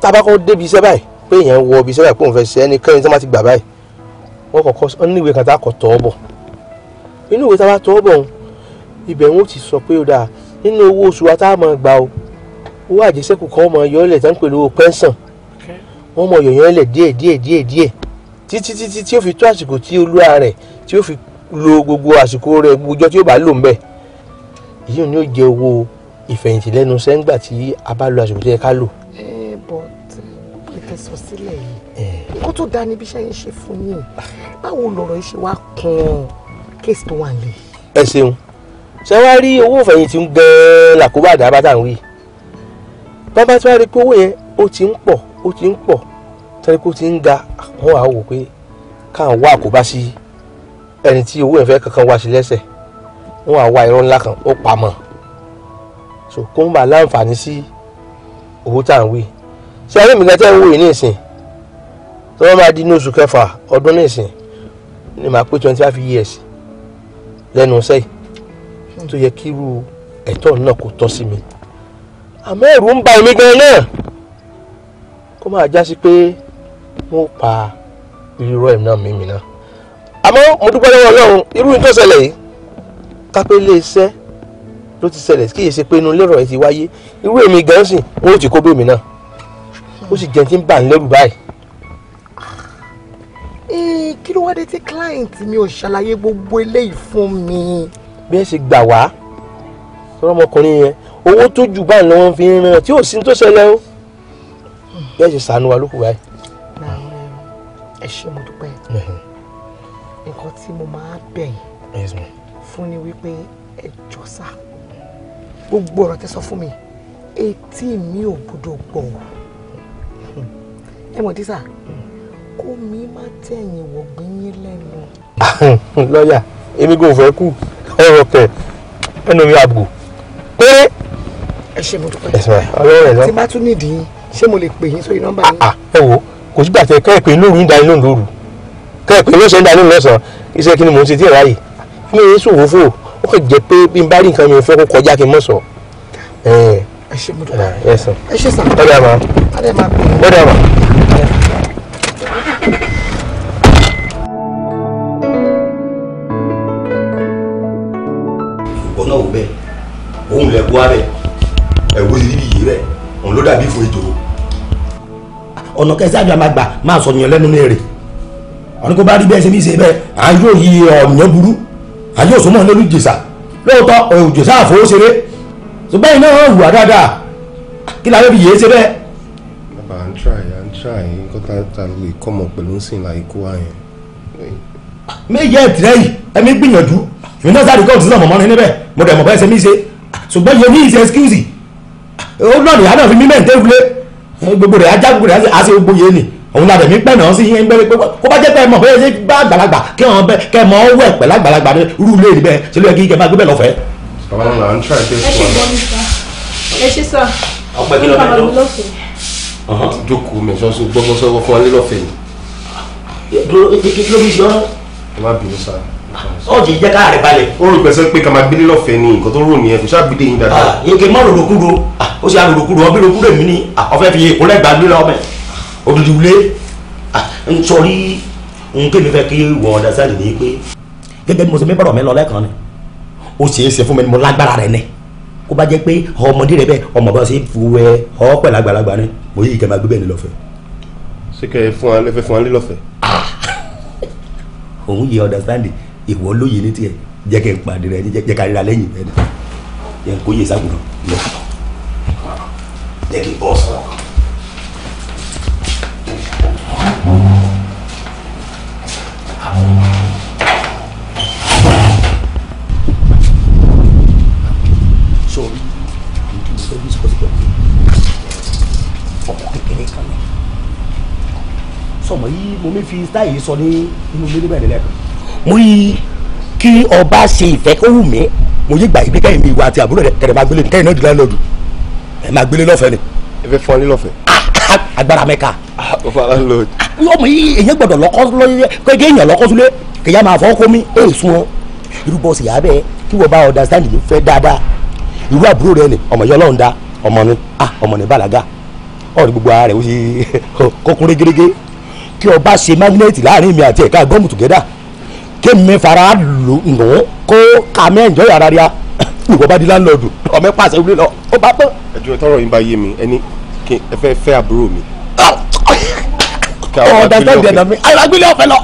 tabakọ́ débi iṣẹ́ báyìí pé èèyàn wọ ibi iṣẹ́ báyìí pé òun fẹ́ ṣe ẹnikẹ́ni tí wọ́n ti gbà báyìí wọ́n kọ́kọ́ ọ ní ìwé kan tá a kọ̀ tọ́ ọ bọ̀ inú ìwé tá a bá tọ́ ọ bọ̀ ibẹ̀ wọn ò ti sọ pé ó dáa nínú owó oṣù wa tá a máa gbà o owó àjẹsẹ́kù kan máa yọ ọ́ lẹ̀ tá ń pè pẹ́ńsàn wọ́n mọ yòyàn lẹ̀ díẹ̀ díẹ̀ díẹ̀ díẹ̀ títí títí tí ó fi tó àsìkò tí olúwa rẹ̀ tí ó fi lo gbogbo àsìkò rẹ̀ gbogbo tí ó bá lò ń bẹ̀ yìí ni ó jẹ́ owó ìfẹ̀yìntì lẹ́nu sẹ́ńgbà tí a bá lo àsìkò tí ẹ ká lò. ẹ but ìfẹsọ̀sílẹ̀ um, yìí kó tó dá níbi iṣẹ́ yẹn ṣe fún yín báwo lọ̀rọ̀ yìí ṣe wá kan kéèsì tó wà lè. ẹ ṣeun ṣé wàá rí owó ìfẹ̀yìntì gan-an làkóbá àdá bá tà ń wí bàbá tí wàá rí pé owó yẹn ó ti ń pọ̀ ó ti ń pọ̀ tẹ́lẹ̀ kó ti ń ga àwọn àwò pé káà wá àkóbá sí ẹni tí owó ẹ̀fẹ́ kankan wá sí lẹ́sẹ̀ wọn àwa irọ́ ńlá kan ó pamọ́ so kó ń bá láǹfààní sí owó tá à ń wí ṣé ẹni mi gẹ́tẹ́ ń wòye ní ìsìn tí wọ́n máa di ní oṣù kẹfà ọdún ní ìsìn ni màá pé twenty five years lẹ́nu iṣẹ́ yìí tó yẹ kí irú ẹ̀tọ́ náà kò tọ́ sí mi àmọ́ ẹ̀rù ń bà mí gan náà kó máa jásí pé wọ́n pa irú ẹ̀ náà mímì náà àmọ́ mo dúpẹ́ lọ́wọ́ ọlọ́run irú ní tó ṣẹlẹ̀ yìí kápẹ́ ilé iṣẹ́ ló ti ṣẹlẹ̀ kí èsì pé inú lérò ẹ̀ ti wáyé irú èmi gan sì wọ́n ò ti kó bèmí náà ó sì jẹun tí ń bà ń lẹ́rù báyìí. Eh, kí ló wá dé tí client mi ò ṣàlàyé gbogbo eléyìí fún mi. bí ẹ ṣe gbà wá sọ́rọ́ yẹn owó tó jù báyìí ni wọ́n fi ń rán tí ò sí ní tó ṣẹlẹ̀ o bẹ́ẹ̀ ṣe sànú wa lókù báyìí. ẹ ṣé mo dúpẹ́ nǹkan tí mo máa bẹ̀ yín fún ni wípé ẹ jọ sá gbogbo ọ̀rọ̀ tẹ́ sọ fún mi etí mi ò gbọdọ̀ gbọ̀ ẹ mọ̀ dísà kó mi má tẹ̀yìn wọ̀gbìn yín lẹ́nu. lọ́ọ̀yà èmi kò fẹ́ kú ọ̀rọ̀ kẹ̀ ẹnu mi àbò pé. ẹ ṣé mo dúpẹ́ ọlọ́run ẹ̀ lọ. tí má tún nídìí ṣé mo lè pè yín sórí nọ́mbà yín. Ah, ah, ẹ wo kò sígbà tẹ kẹ́ ẹ̀ pé lóru ń da inú lóru kẹ́ ẹ̀ pé lọ́sẹ̀ ń da inú lọ́sàn iṣẹ́ kí ni mò ń ṣe tí ì ráyè mi ì ṣòwò fò ó kàn jẹ́ pé bí n bá rí nǹkan mi fẹ́ kó kọjá kí n mọ̀ sọ. ẹ ṣe ẹ sàn ẹ ṣe sàn. ọ̀dà ma ọ̀dà ọ̀nà ò bẹ́ẹ̀ òun lẹ̀ bu abẹ́ ọ̀nà kẹsí àbí àmàgbà máa sọ yàn lẹ́nu léèrè ọ̀nà kó bá rí bẹ́ẹ̀ ṣe bí ṣe bẹ́ẹ̀ à ń yóò yí ọ̀nà burú à yóò sọmọ lórí jèsà lóòótọ́ òjòsà àfọwọ́sẹ̀rẹ́ ṣùgbọ́n iná hàn wà dáadáa kí la lóbi yéé ṣe bẹ́ẹ̀. bàbá à ń try à ń try nǹkan tá a lè kọ́mọ pẹ̀lú ńsìn là ikú méjì ẹ̀ tìrẹ́ yìí ẹ̀mí gbìyànjú èmi náà gbogbo rẹ̀ ajá gbogbo rẹ̀ á ṣe gbogbo yé ni òun la dẹ̀mí pẹ̀ náà sí yín gbẹ́rẹ́ pé kó bá jẹ́ pé mọ̀ bẹ́ẹ̀ ṣe bá àgbàlagbà kí wọ́n bẹ́ kẹ́ mọ́ wẹ̀ pẹ̀lú àgbàlagbà rẹ̀ rú ilé rẹ̀ bẹ́ẹ̀ ṣe ló yẹ kí kẹ́ máa gbé bẹ́ẹ̀ lọ́fẹ̀ẹ́. bàbá mi là ń try this one. ẹ ṣe sọ ọpẹ kí ló dé lọ. jókòó mẹsàn án sún gbọgbọsọ fún alẹ lọfẹ yìí. dúró kí ló bí gbọ́. ẹ má bínú sáà ó jẹ jẹ káàrẹ balẹ̀. ó rò pẹ̀sẹ̀ pé ká máa gbé nílọ́fẹ̀ẹ́ ni nǹkan tó rò nìyẹn kò ṣáà gbédè yín dáadáa. yèké má ròdò kúro ó ṣe àròdò kúro ọbẹ̀ ròdò èmi ni ah, ọ̀fẹ́ fi èkó lẹ́gbà gbé lọ ọbẹ̀ òdòdó wulé ah, nítorí ohun tèmi fẹ́ kí wọ́n ọ̀dà sáré ni pé gẹ́gẹ́ bí mo ṣe mi bọ̀rọ̀ mi lọ lẹ́ẹ̀kan ni ó ṣeé ṣe fún mi ni mo lágbára rẹ̀ ni kó bá jẹ́ pé ọmọdé rẹ bẹ ọmọ bá ṣe fu ẹ ọ pẹ̀lú àgbàlagbà ni mo yí ìkẹ́ máa gbé bẹ́ẹ̀ ni lọ́fẹ̀ẹ́. ṣé kẹ́ ẹ fún wa lẹ́fẹ̀ẹ́ fún wa lé lọ́fẹ̀ẹ́. Ah, òun yìí understand ìwọ lóye ní tiẹ̀ jẹ́ kẹ́ ń pàdé rẹ jẹ́ ká ríra lẹ́yìn bẹ́ẹ̀ náà jẹ́ kó yẹ sábùrọ̀ lọ jẹ́ kí bọ́ sọ. sọ̀rí ìdí ìfẹ́ bí sọ́sọ́ sọmọ yìí mo mi fi style sọ ní inú ilé nígbà ìdílé mo yí kí ọba ṣe ìfẹ́ kó wù mí mo yí gbà yí pé kẹ́yìn mi ìwà àti àbúrò rẹ̀ kẹ̀rẹ̀ máa gbélé kẹ́yìn náà di láńlọ́ọ̀dù ẹ̀ máa gbélé lọ́fẹ̀ẹ́ ni. ẹ fẹ́ fọ́ ní lọ́fẹ̀ẹ́. Ah, ah, agbára mẹ́ka. Ah, ọmọ yìí èyàn gbọ́dọ̀ lọ́kọ́sílẹ̀ kéde èyàn lọ́kọ́sílẹ̀ kéyà máa fọ́ kómi ó èso wọn irúbọ sì yà bẹ́ẹ̀ kí wọ́n bá understand mi fẹ́ dáadáa irú àbúrò rẹ̀ ni ọmọ yọ lọ́hùn dá ọmọ ni ah ọmọ ni bàlágà ọ̀rọ̀ gbogbo ara rẹ̀ ó ṣe kókó régérégé kí ọba ṣe magnet láàrin mi àti ẹ̀ka gọ́ọ̀mù together kémi fara lò nù kó kàmí ẹ̀jọ́ yàrá rí a ìwọ bá di láńlọ́ọ̀dù ọmọ ẹ pàṣẹ wílé lọ ó bá pẹ́. ẹjọ tọrọ yín bá yé mi ẹni kí ẹ fẹ́ fẹ́ àbúrò mi. ọ̀dà sẹ́yìn ẹ̀nà mi àyàrá gbélé ọ̀fẹ́ lọ.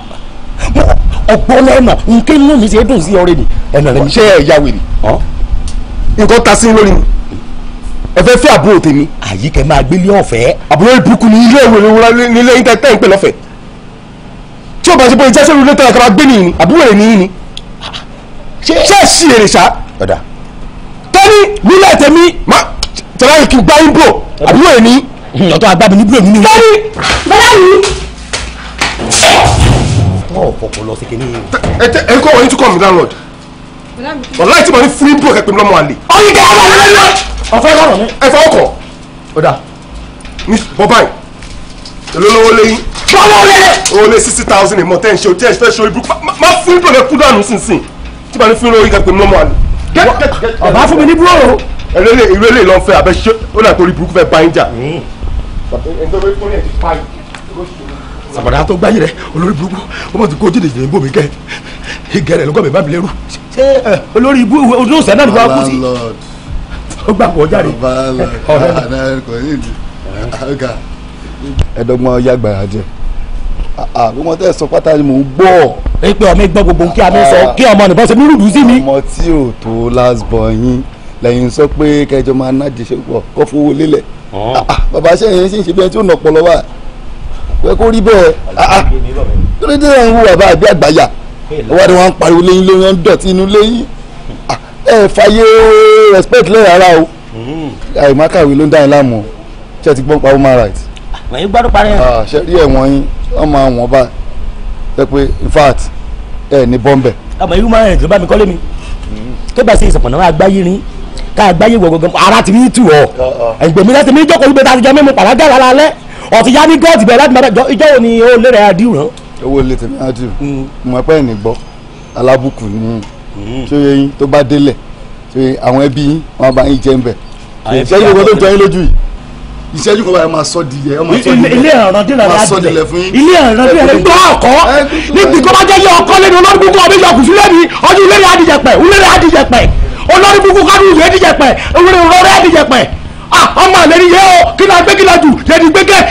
ọ̀gbọ́n lẹ́nà nké inú mi ṣe dùn sí ọ̀rẹ́ ni ẹ̀nà rẹ̀ mi. ṣé ẹ ya wèrè nǹkan ta sí lórí mi ẹ fẹ́ fẹ́ àbúrò tèmi. àyíkẹ́ máa gbélé ọ̀fẹ́. àbúrò ìbùkún ni ilé ìwé tí o bá ṣe bóyá jẹ́ sẹ́rù lẹ́tọ̀ ẹ̀ka máa gbé nìyí ni àbúrò rẹ̀ nìyí ni ṣé ẹ̀ sì èrè sá. tẹ́lí nílẹ̀ tẹ̀mí tẹ̀lá yìí kì í gbá yín bò àbúrò rẹ̀ nìyí. ọ̀tọ̀ àgbàbí ní búrò nínú. tẹ́lí bọ́lá mi. ọ̀ pọ̀pọ̀ lọ sí kinní. ẹ tẹ ẹ kọ́ wọ̀nyí tún kọ́ mi landlord. ọ̀la ìtì mọ̀ ní fún bò kẹ́pẹ́ lọ́mọ àlè. ọ̀yìn kẹ́ ọ̀la ìlú ọ̀fẹ́ olólówó lẹ́yìn. báwo lẹ. o lé sixty thousand ìmọ̀ tẹ́ ń ṣe o tẹ́ ń fẹ́ ṣe ibú má fún ibú rẹ kú dànù sínsìn tí bàbá fún lórí ìgbàgbé mọ́mọ́ àná. ọ̀bá fún mi ní búrò. ẹlẹ́lẹ̀ ìlú ẹlẹ́lẹ̀ lọ́n fẹ́ abẹ́ ṣé ó nà torí burúkú fẹ́ bá ń jà. sàbàdà tó gbáyé rẹ olórí burúkú ó mọ̀ tí kó jìnnì jìnnì bò mí kẹ́ ìgẹ̀ rẹ̀ lọ́gọ́ mi bá mi lérú. ṣé olórí ibú olóòsàn náà ni wọ́n kú sí. ó gbà pọ̀ jáde. ọ̀rẹ́ ẹ̀dọ́gbọ̀n yàgbàrà jẹ àgbọ̀n tẹ̀ sọ pátá ni mò ń gbọ́. ẹ pé ọmọ ìgbọ́ gbogbo kí a mi sọ kí ọmọ nìbọn ṣe mí rúdù sí mi. ọmọ tí ò tó last born yín lẹ́yìn sọ pé kẹjọ máa ná jẹsẹ̀pọ̀ kọ́ fowó lélẹ̀ bàbá sẹ́yìn sì ń ṣe bí ẹni tí ò nà ọpọlọ wà pé kó rí bẹ́ẹ̀ lórí tí wọ́n ń wú bàbá àbí àgbàyà wọ́n ni wọ́n ń pariwo lẹ́yìn lórí wọn ń dọ̀tí inú lẹ́yìn ẹ fàyè respect lẹ́yìn ara o hmm. àìmọ́ kàwé ló ń dá yín láàmú ṣé ẹ ti gbọ́ pa human rights ẹ̀yin gbádùn parí ẹ̀. Ah, ṣe rí ẹ̀wọ̀n yín ọmọ àwọn ọba ẹ pé in fact ẹ ní bọ́m̀bẹ̀. ọmọ ìlú máa ń rìn jù bá mi kọ́lé mi tó bá ṣe ìsọ̀pọ̀ náà agbáyé ni ká agbáyé wọ̀ gọ́gọ́ ara ti ní tù ọ́ uh-uh. ẹ̀gbẹ̀mí láti mi jókòó ibẹ̀ láti jẹ́ mímu pàlágà lára alẹ́ ọ̀tí yá ní gọ́ọ̀tì bẹ̀rẹ̀ láti máa jọ ìjọ́ òní ó lé rẹ̀ adìrú rán. owó lè tẹ̀mí adìrú mọ̀ pẹ́ ní gbọ́ alábùkù ni tí hmm. ó yẹ yín tó bá délẹ̀ tí àwọn ẹbí yín wọn bá yín jẹ́ ń bẹ̀ ṣẹ́yìn gbogbo tó jọ yín lójú ìṣẹ́jú kan báyìí máa sọ di yẹ ọmọ sọ di yẹ ilé ọ̀rọ̀ dín lọ́dẹ àdìlẹ̀ ilé ọ̀rọ̀ dín lọ́dẹ gbọ́ ọ̀kọ́ níbi kó bá jẹ́ ilé ọkọ́ lẹ́nu olórí gbogbo ọ̀bí yọkù sílẹ̀ ni ọdún ilé rẹ̀ àdìjẹpẹ̀ ilé rẹ̀ àdìjẹpẹ̀ olórí gbogbo kánú yẹ àdìjẹpẹ̀ olórí rọrẹ́ àdìjẹpẹ̀ ah, ọmọ àlẹ́ ni yẹ ọ kí la gbé kí la jù yẹni ni mo kọ ah,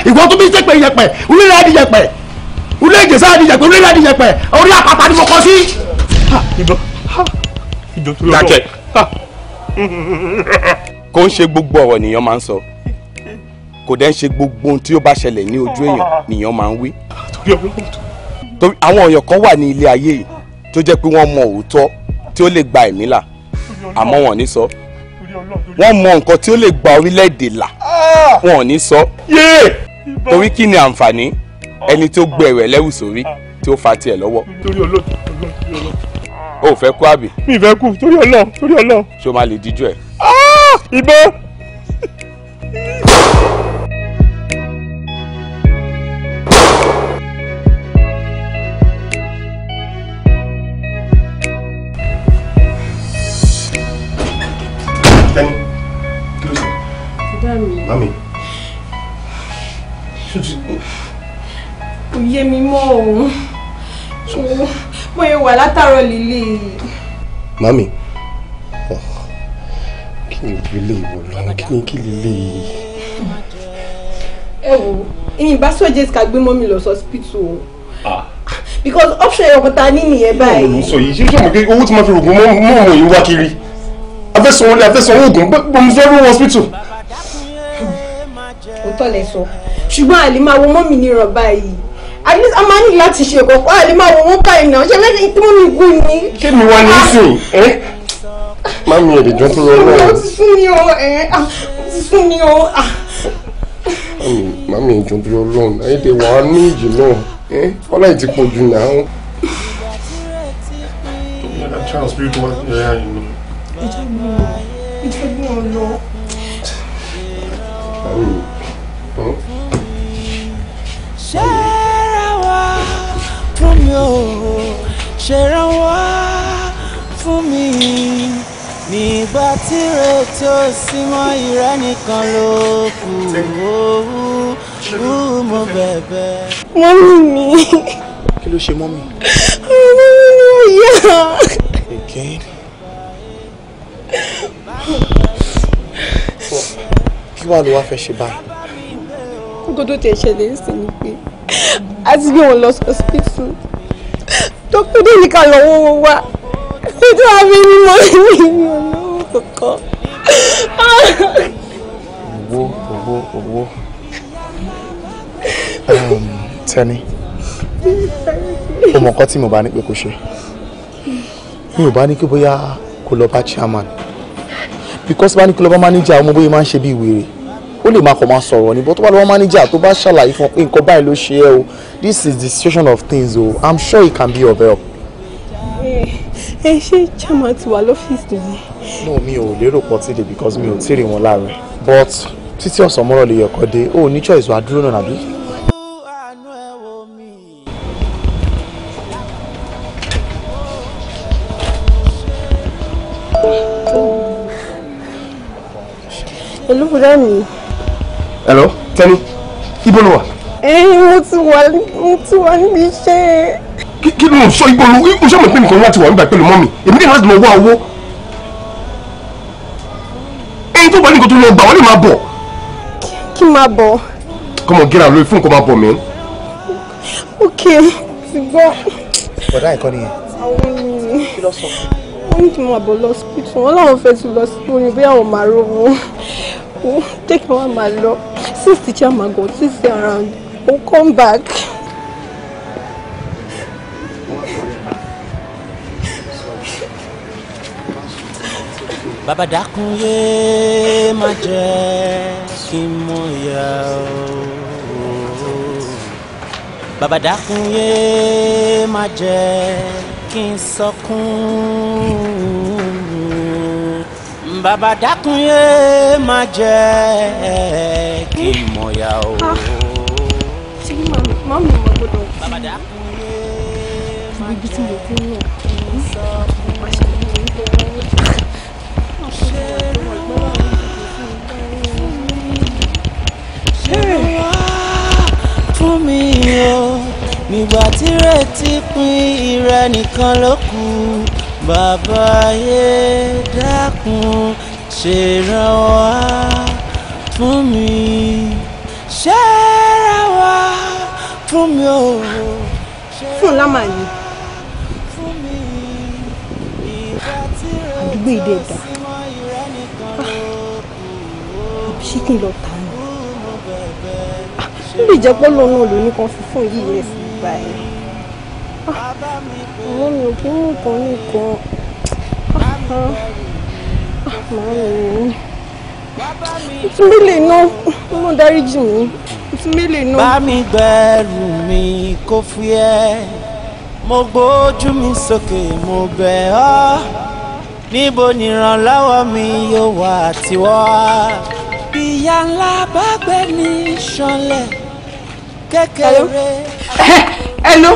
ah, kò ń ṣe gbogbo ọ̀rọ̀ nìyẹn máa ń sọ kò dẹ́ ń ṣe gbogbo ohun tí ó bá ṣẹlẹ̀ ní ojú èèyàn nìyẹn máa ń wí. torí àwọn èèyàn kan wà ní ilé ayé yìí tó jẹ́ pé wọ́n mọ òótọ́ tí ó lè gba ẹ̀mí là àmọ́ wọn ò ní sọ wọ́n mọ nǹkan tí ó lè gba orílẹ̀-èdè là ah! wọn ò ní sọ torí kí ni àǹfààní ah! ẹni tó gbé ẹ̀rẹ̀ lẹ́rù sórí ah! tí ó fa tiẹ̀ lọ́wọ́. o ò fẹ́ kú àbí. mi ì fẹ́ kú torí Ọlọ́run torí Ọlọ́run. ṣé o máa lè díjú ẹ̀. ìbọn Mami. Kò yé mi mọ́ o. Mo yẹ wà látàárọ̀ lílé. Mami. Kí ni ìwélé ìwò lọ́nà? Kí ni kí lílé yìí? Ẹ wo, ìyìn bá sọ́jẹ́ ká gbé mọ́mí lọ sọ́sìpítù o. Ah. Because option ẹ̀yọ̀kan ta ní nìyẹn báyìí. Ìyá mi sọ yìí, ṣé ṣé mo gbé owó tí mo fi rògùn mọ́ ọmọ yìí wá kiri? Afẹ́sàn orí afẹ́sàn oògùn, bọ́mú fẹ́ rú hospital lóòótọ́ lẹ sọ ṣùgbọ́n àlè mọ́mì ní ìràn báyìí at a máa ní láti ṣe kọ̀ọ̀kan àlè máa wo wọ́n báyìí náà ṣe lẹ́yìn tí mọ́mì kú ni. kí ni wọ́n ní sùn ẹ́ ah. eh? mami èdè jọ tó yẹn náà. mo ti sún mi o ẹ eh, mo ah, ti sún mi o. Ah. mami èdè jọ tó yẹn lọ́n ayédè wà á ní ìjì náà ẹ eh? ọlá ìtì pọ̀ jù náà. ìjọba ìjọba ìjọba ìjọba ìjọba ìjọba Oh. ṣèrànwá fún mi o ṣèrànwá fún mi nígbà tí retí ó sì mọ ìrẹ́ nìkan ló kù owó mo bẹ̀bẹ̀. mọ́mí mi. kí ló ṣe mọ́mí. mọ́mí mi ò yá. again. kí wàá ló wá fẹ́ ṣe báyìí nǹkan tó tẹ̀ ṣẹlẹ̀ ń sìn ni pé a ti gbé wọn lọ sọ́sìpìtì dókítà dé ní ká lọ wọ́wọ́ wá ètò àbí ni mo ní ìlú olówó kankan. owó owó owó um, tẹni ọmọ nǹkan tí mo bá ní pé kò ṣe mi ò bá ní kí bóyá kó lọ bá chairman because bá ní kí lọ bá manager ọmọ bóyá máa ń ṣe bí wèrè ó lè máa kọ̀ máa sọ̀rọ̀ ni but tó bá lọ́wọ́ manager tó bá ṣàlàyé fún pé nǹkan báyìí ló ṣe ẹ́ o this is the situation of things o i'm sure it can be of help. ẹ eh, eh, ṣé chairman ti wà lọ́fíìsì nìyẹn. no mi ò lérò pọ̀ tí de because mi ò tí ì rí wọn láàárọ̀ but títí ọ̀sán mọ́rọ̀ lè yọ̀kọ́ dé o ò ní choice wàá dúró náà nàbí. Hello, hello Tẹ́ni ibo ló wà. ẹ mo ti wà mo ti wà níbi iṣẹ́. kí ló ń sọ ibo ló ń sọ mi pé nìkan láti wà nígbà pẹ̀lú mọ́mì èmi náà láti lọ wá owó. ẹyin tó bá ní nǹkan tó lọ gbà wọ́n lè máa bọ̀. kí máa bọ̀. kọ́mọ gíra lórí fún nǹkan máa bọ̀ mí. ok ti gbọ́. bọ̀dá ẹ̀kọ́ nìyẹn. àwọn ènìyàn kí ló sọ fún wọ́n ní kí n máa bọ̀ lọ sípìtì wọn láwọn fẹ́ ti lọ sí orin bí àwọn màá rówó jẹ́ kí wọ́n máa lọ since teacher Magot is around, we'll come back. Baba dákun yé má jẹ́ kí mo yà bàbá dákun yé má jẹ́ kí n mọ̀ yá o. Ah, ṣé kí màmí màmí mo gbọdọ̀ sí bàbá dákun yé má jẹ́ ibi tí mo ti ń lọ kí n sọ má ṣe kí n tó wọ́n ṣe wá fún mi o nígbà tí retí pin ìrẹ nìkan ló kù bàbá ayé dákun ṣèrànwá fún mi ṣèrànwá fún mi o. fún lámà ni. àdúgbò ìdè ẹ̀dá ah, ṣé kí n lọ tà á nù. Ah, ó lè jẹ́ pé lọ́nà lónìí kan fífún yìí lè fi gbà ẹ́ àwọn mi ò kí ń kọ́ ní kan màá mi ò túnbílè náà mo dárí jì mí túnbílè náà. bá mi gbẹ́rù mi kó fúyẹ́ mo gbójú mi sókè mo bẹ̀ ọ́ níbo nìrànlọ́wọ́ mi yóò wà tiwọ́. ìyá ńlá bá gbé ní ṣánlẹ̀ kékeré. hello. hello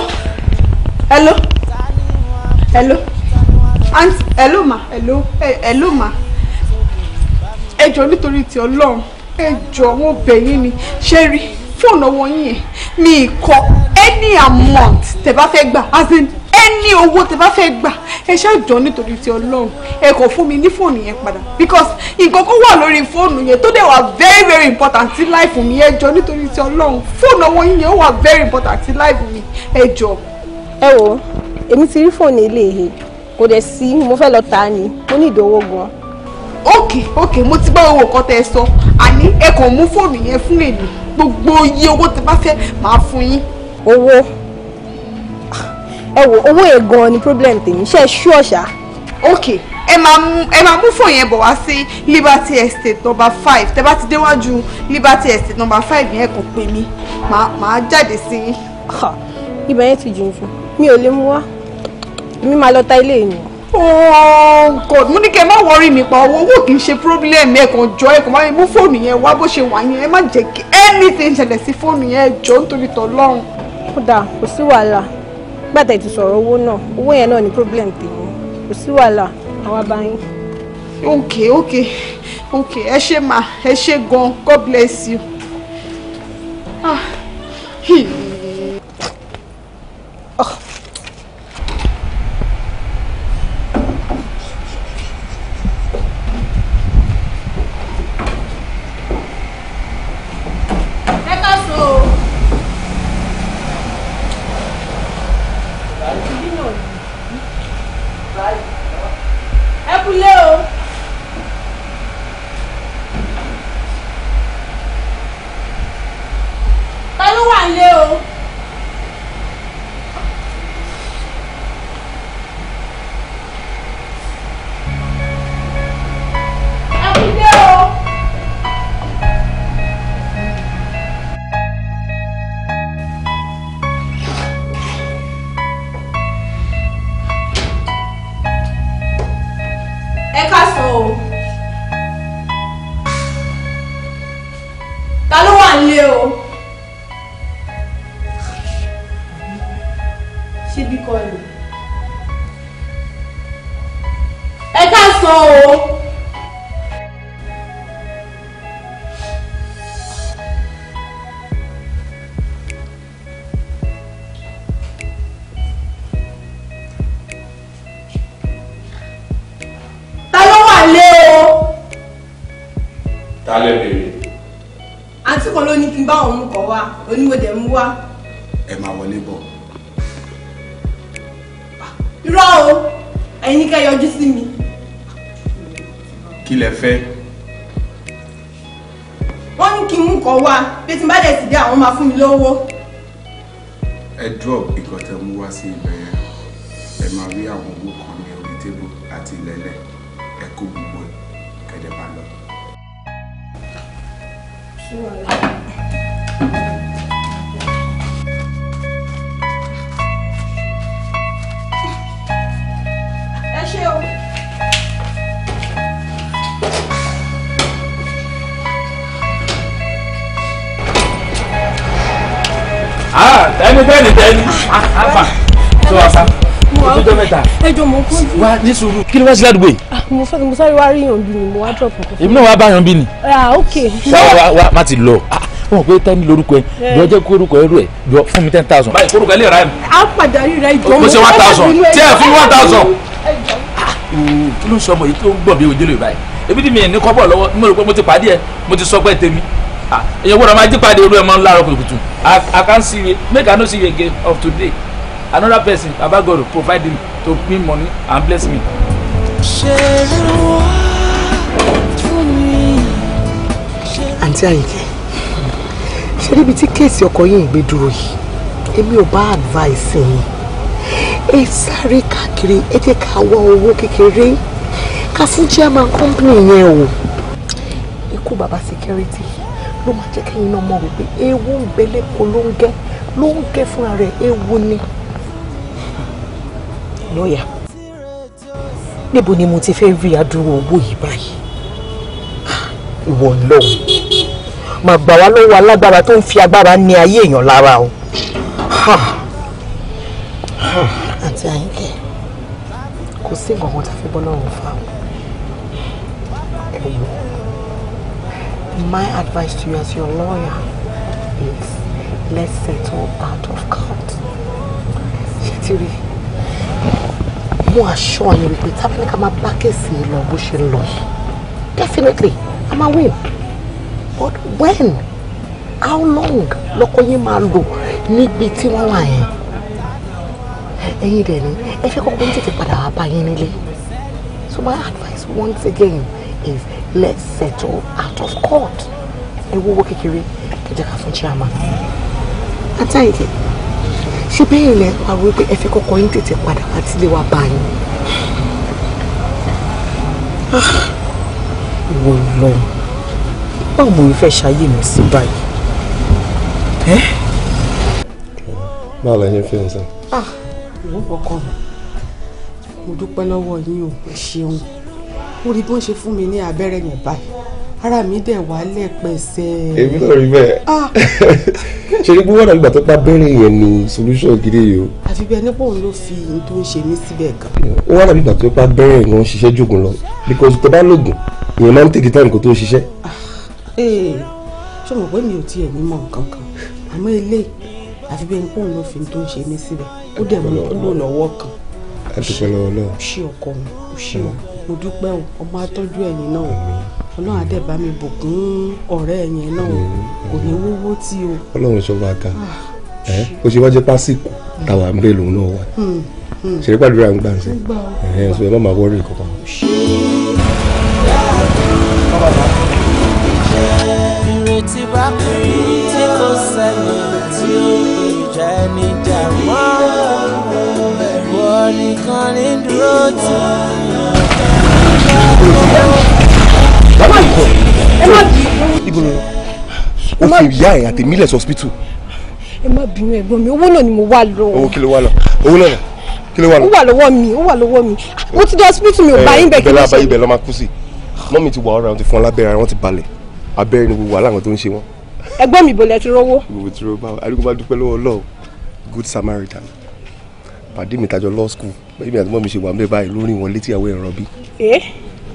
hello hello aunt hello ma hello Hey, hello ma ẹ jọ̀ọ́ nítorí ti Ọlọ́run ẹ jọ̀ọ́ wọn bẹ̀ yín ni ṣé rí fóònù ọwọ́ yín mi kọ any amount tẹ́ bá fẹ́ gbà as in any owó tẹ́ bá fẹ́ gbà ẹ ṣáà jọ nítorí ti Ọlọ́run ẹ kò fún mi ní fóònù yẹn padà because nǹkan kan wà lórí fóònù yẹn tó dẹ̀ was very very important sí life mi ẹ jọ nítorí ti Ọlọ́run fóònù ọwọ́ yín yẹn wà very important sí life mi ẹ jọ ẹ wo èmi ti rí fóònù ilé ìhe kò dẹ̀ sí mo fẹ́ lọ ta ni mo ní ìdánwò gan. ok ok mo ti gbọ́ owó kan tẹ ẹ sọ àní ẹ kò mú fóònù yẹn fún èmi gbogbo iye owó tẹ bá fẹ́ máa fún yín. owó ẹ wo owó yẹn gan ni problem tèmi ṣe é ṣú ọ̀ṣà. ok ẹ máa mú ẹ máa mú fóònù yẹn bọ̀ wá sí liberty estate number five tẹ bá ti déwájú liberty estate number five yẹn kò pè mí màá jáde sí yín. ibà yẹn ti jù ú fún un mi ò lè mú wá èmi máa lọ ta ilé mi. oh god mo ní kẹ́ ẹ má wọrí nípa owó owó kì í ṣe problem ẹ kàn jọ ẹ kàn máa mú fóònù yẹn wá bó ṣe wà yẹn ẹ má jẹ́ kí anything ṣẹlẹ̀ sí fóònù yẹn jọ nítorí tọ́lọ́run. kódà kò sí wàhálà gbàtà ti sọ̀rọ̀ owó náà owó yẹn náà ni problem tèmi kò sí wàhálà àwọn abáyín. ok ok ok ẹ ṣe máa ẹ ṣe gan god bless you. ah. Hi. ṣé bí kọ́ ni. ẹ ká sọ o. tálẹ̀ bèrè. àǹtí kan ló ní kí n bá òun kọ̀ wá onímọ̀dé ń wá. ẹ máa wọlé bọ̀ irọ́ o ẹ̀yin ní kẹ́ yọjú sí mi. kí lẹ fẹ́. wọ́n ní kí n mú nǹkan wá pé tí n bá dẹ̀ sì dé àwọn máa fún mi lówó. ẹ drop nǹkan tẹ mú wá sí ibẹ̀ yẹn ẹ máa rí àwọn owó kan ní orí tébù àti ilẹ̀lẹ̀ ẹ kó gbogbo ẹ̀ kẹ́dẹ̀ bá lọ. ṣé ẹni bẹ́ẹ̀ ni tẹ́ni àpà tó wá sá ojújọ mẹ́ta ẹjọ mo kún un. wá ní sùúrù kí ló wá sí ládùúgbò yìí. Ah, mo fẹ́ mo sáré wá rí yànjú ni mo wá drop nǹkan. èmi náà wá bá yànjú ni. Ah, ok. wá wá wá má ti lọ wọn ah, pé tẹ́ni lórúkọ ẹ eh. jọ jẹ́ kórúkọ ẹrú ẹ jọ fún mi ten thousand. báyìí kórúkọ ilé rà mí. a padà rí rẹ jọ mo ṣe one thousand tí ẹ fún one thousand. kí ló ń sọ ọmọ yìí tó ń gbọ̀n bí ojúlé báyìí ebi ni mi ní kọ́bọ̀ lọ́wọ́ mo rò pé mo ti pàdé ẹ mo ti sọ pé tèmi Ah, èyàn gbọ́dọ̀ máa jípàdé irú ẹ̀ mọ́ láàárọ̀ kùtùkùtù i can see you make i no see you again of today another person baba god provide me to me money and bless me. àǹtí àyìnkẹ́ ṣé níbi tí kéèsì ọkọ yìí ń gbé dúró yìí èmi ò bá advice yín ẹ sáré káàkiri ẹ jẹ́ ká wá owó kékeré ká fún chairman company yẹn o ikú baba security ló máa jẹ́ kẹ́yìn náà mọ̀ wípé ewu ń belé ko ló ń gẹ́ ló ń gẹ́ fúnra rẹ̀ ewu ni. lọ́ọ̀yà níbo ni mo ti fẹ́ rí adúrú owó yìí báyìí ìwọ lọ́hùn máa gbà wá lọ́wọ́ alágbára tó ń fi agbára ní ayé èèyàn lára o. àǹtí àyínkẹ́ kò sí nǹkan kan tá a fi bọ́ lọ́rùn fáwọn. my advice to you as your lawyer is let's settle out of court. ṣé ti rí mú aṣọ àyè wípé tábìlìkà máa bá kèsì lọ bó ṣe lọ yìí definitely a win but when how long lọkọ yín máa lò níbi tí wọ́n wà yẹn ẹ̀yin dẹ̀ ni ẹ fẹ́ kọ́kọ́ ní tètè padà wá bá yín nílé so my advice once again is let's settle out of court ẹ wọ́wọ́ kékeré ẹ jẹ́ ká fún chairman àtàyè ṣé bẹ́ẹ̀ lẹ pariwo pé ẹ fẹ́ kọ́kọ́ yín tètè padà wá sílé wa báyìí ah. ìwọ lọ báwo mo fẹ́ ṣayé mi sí báyìí ẹ́. báwo la yẹn fi ń sìn. ah ìwọ kọkàn mo dúpẹ́ lọ́wọ́ yín o ẹ ṣeun ó rí bó ń ṣe fún mi ní abẹ́rẹ́ yẹn báyìí ara mi dẹ̀ wálẹ̀ pẹ̀sẹ̀. èmi náà rí bẹ́ẹ̀ ṣe ni gbogbo àgbà tó pa bẹ́rẹ̀ yẹn ni solution gidi yìí o. àfi bẹ́ẹ̀ nípa òun ló fi ohun tó ń ṣe mí síbẹ̀ gan. ó wà lábìgbà tó pa bẹ́rẹ̀ yẹn ń ṣiṣẹ́ jògùn lọ because tó bá lògùn èèyàn máa ń tètè táìmù kó tó ṣiṣẹ́. Ah! ee eh, ṣé mo pé mi ò tiẹ̀ ní mọ̀ nǹkan kan àmọ́ ilé àfi bẹ́ẹ̀ nípa òun ló fi ohun tó ń ṣe mí síbẹ̀ ó dẹ̀ mú lò lọ́wọ́ kan. a dúpẹ́ mo dúpẹ́ o ọmọ atọ́jú ẹ̀yìn náà o ọlọ́run àdẹ̀bá mi bùkún ọ̀rẹ́ ẹ̀yìn náà o kò ní wówó tí o. ọlọ́run ṣọba ká ah. ẹ ó ṣe wájú pásíkò táwa amúlẹ̀ lòun náà wà hmm, hmm. ṣèlérí pàdúrà ń gbà ń ẹ ẹ sọ má máa wọrí kankan. ìrètí bá pè tí kò sẹ́ni tí ìjà ẹni jà mọ́ ẹ̀rọ nìkan ní dúró tì í o fi ìyá ẹ̀ àti mílẹ̀ hospital. ẹ má bínú ẹ̀gbọ́n mi owó náà ni mo wá lọ. owó kí ló wà lọ owó náà kí ló wà lọ. ó wà lọ́wọ́ mi ó wà lọ́wọ́ mi mo ti dé hospital mi ò bá yín bẹ́ẹ̀ kí ló ṣe. bẹ́ẹ̀ ibẹ̀ lọ́ máa kú sí mọ́mí ti wà ọ̀rọ̀ àwọn ti fún ọ lábẹ́rẹ́ àwọn ti balẹ̀ abẹ́rẹ́ ni gbogbo aláwọn tó ń ṣe wọ́n. ẹ̀gbọ́n mi ìbọlẹ̀ ti rówó. gbogbo ti rówó báwo adigun èmi àti mọ́mi ṣe wà mẹ́ba ìlú rìn wọn létí àwọn ẹ̀rọ bí.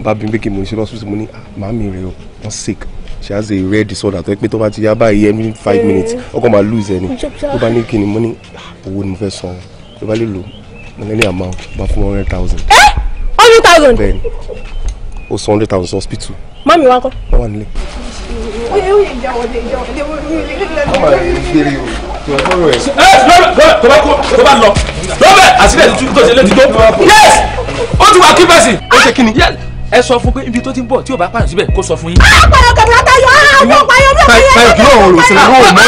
bá bí pé kí mo ṣe lọ́sọ̀ọ̀sì mo ní màmí rẹ̀ wọ́n sick she has a rare disorder tó yẹ pé tó bá ti yá báyìí every five minutes ọkọ máa lose ẹni tó bá ní kí ni mo ní owó ni mo fẹ́ san tó bá lè lò mo ní àmà bá fún one hundred thousand. ẹ hundred thousand. bẹ́ẹ̀ni o san hundred thousand hospital. mami wa kọ. wọn wà nílé. ó yẹ ó yẹ ìjà wọlé ìjà wọlé. ó máa ń gbére o tó bá kó tó bá lọ lọ́bẹ̀ àti bẹ́ẹ̀ tó ṣe létí tó. yes ó ti wà kí bẹ́ẹ̀ sì. ó ṣe kí ni ẹ sọ fún pé ibi tó ti ń bọ̀ tí ò bá pààyàn síbẹ̀ kó sọ fún yín. àpàrọ̀ kẹ̀kẹ́ tayọ àwọn payọ bí ọkọ yẹn. payọ kí lóò rò sílẹ̀ lóò mọ́.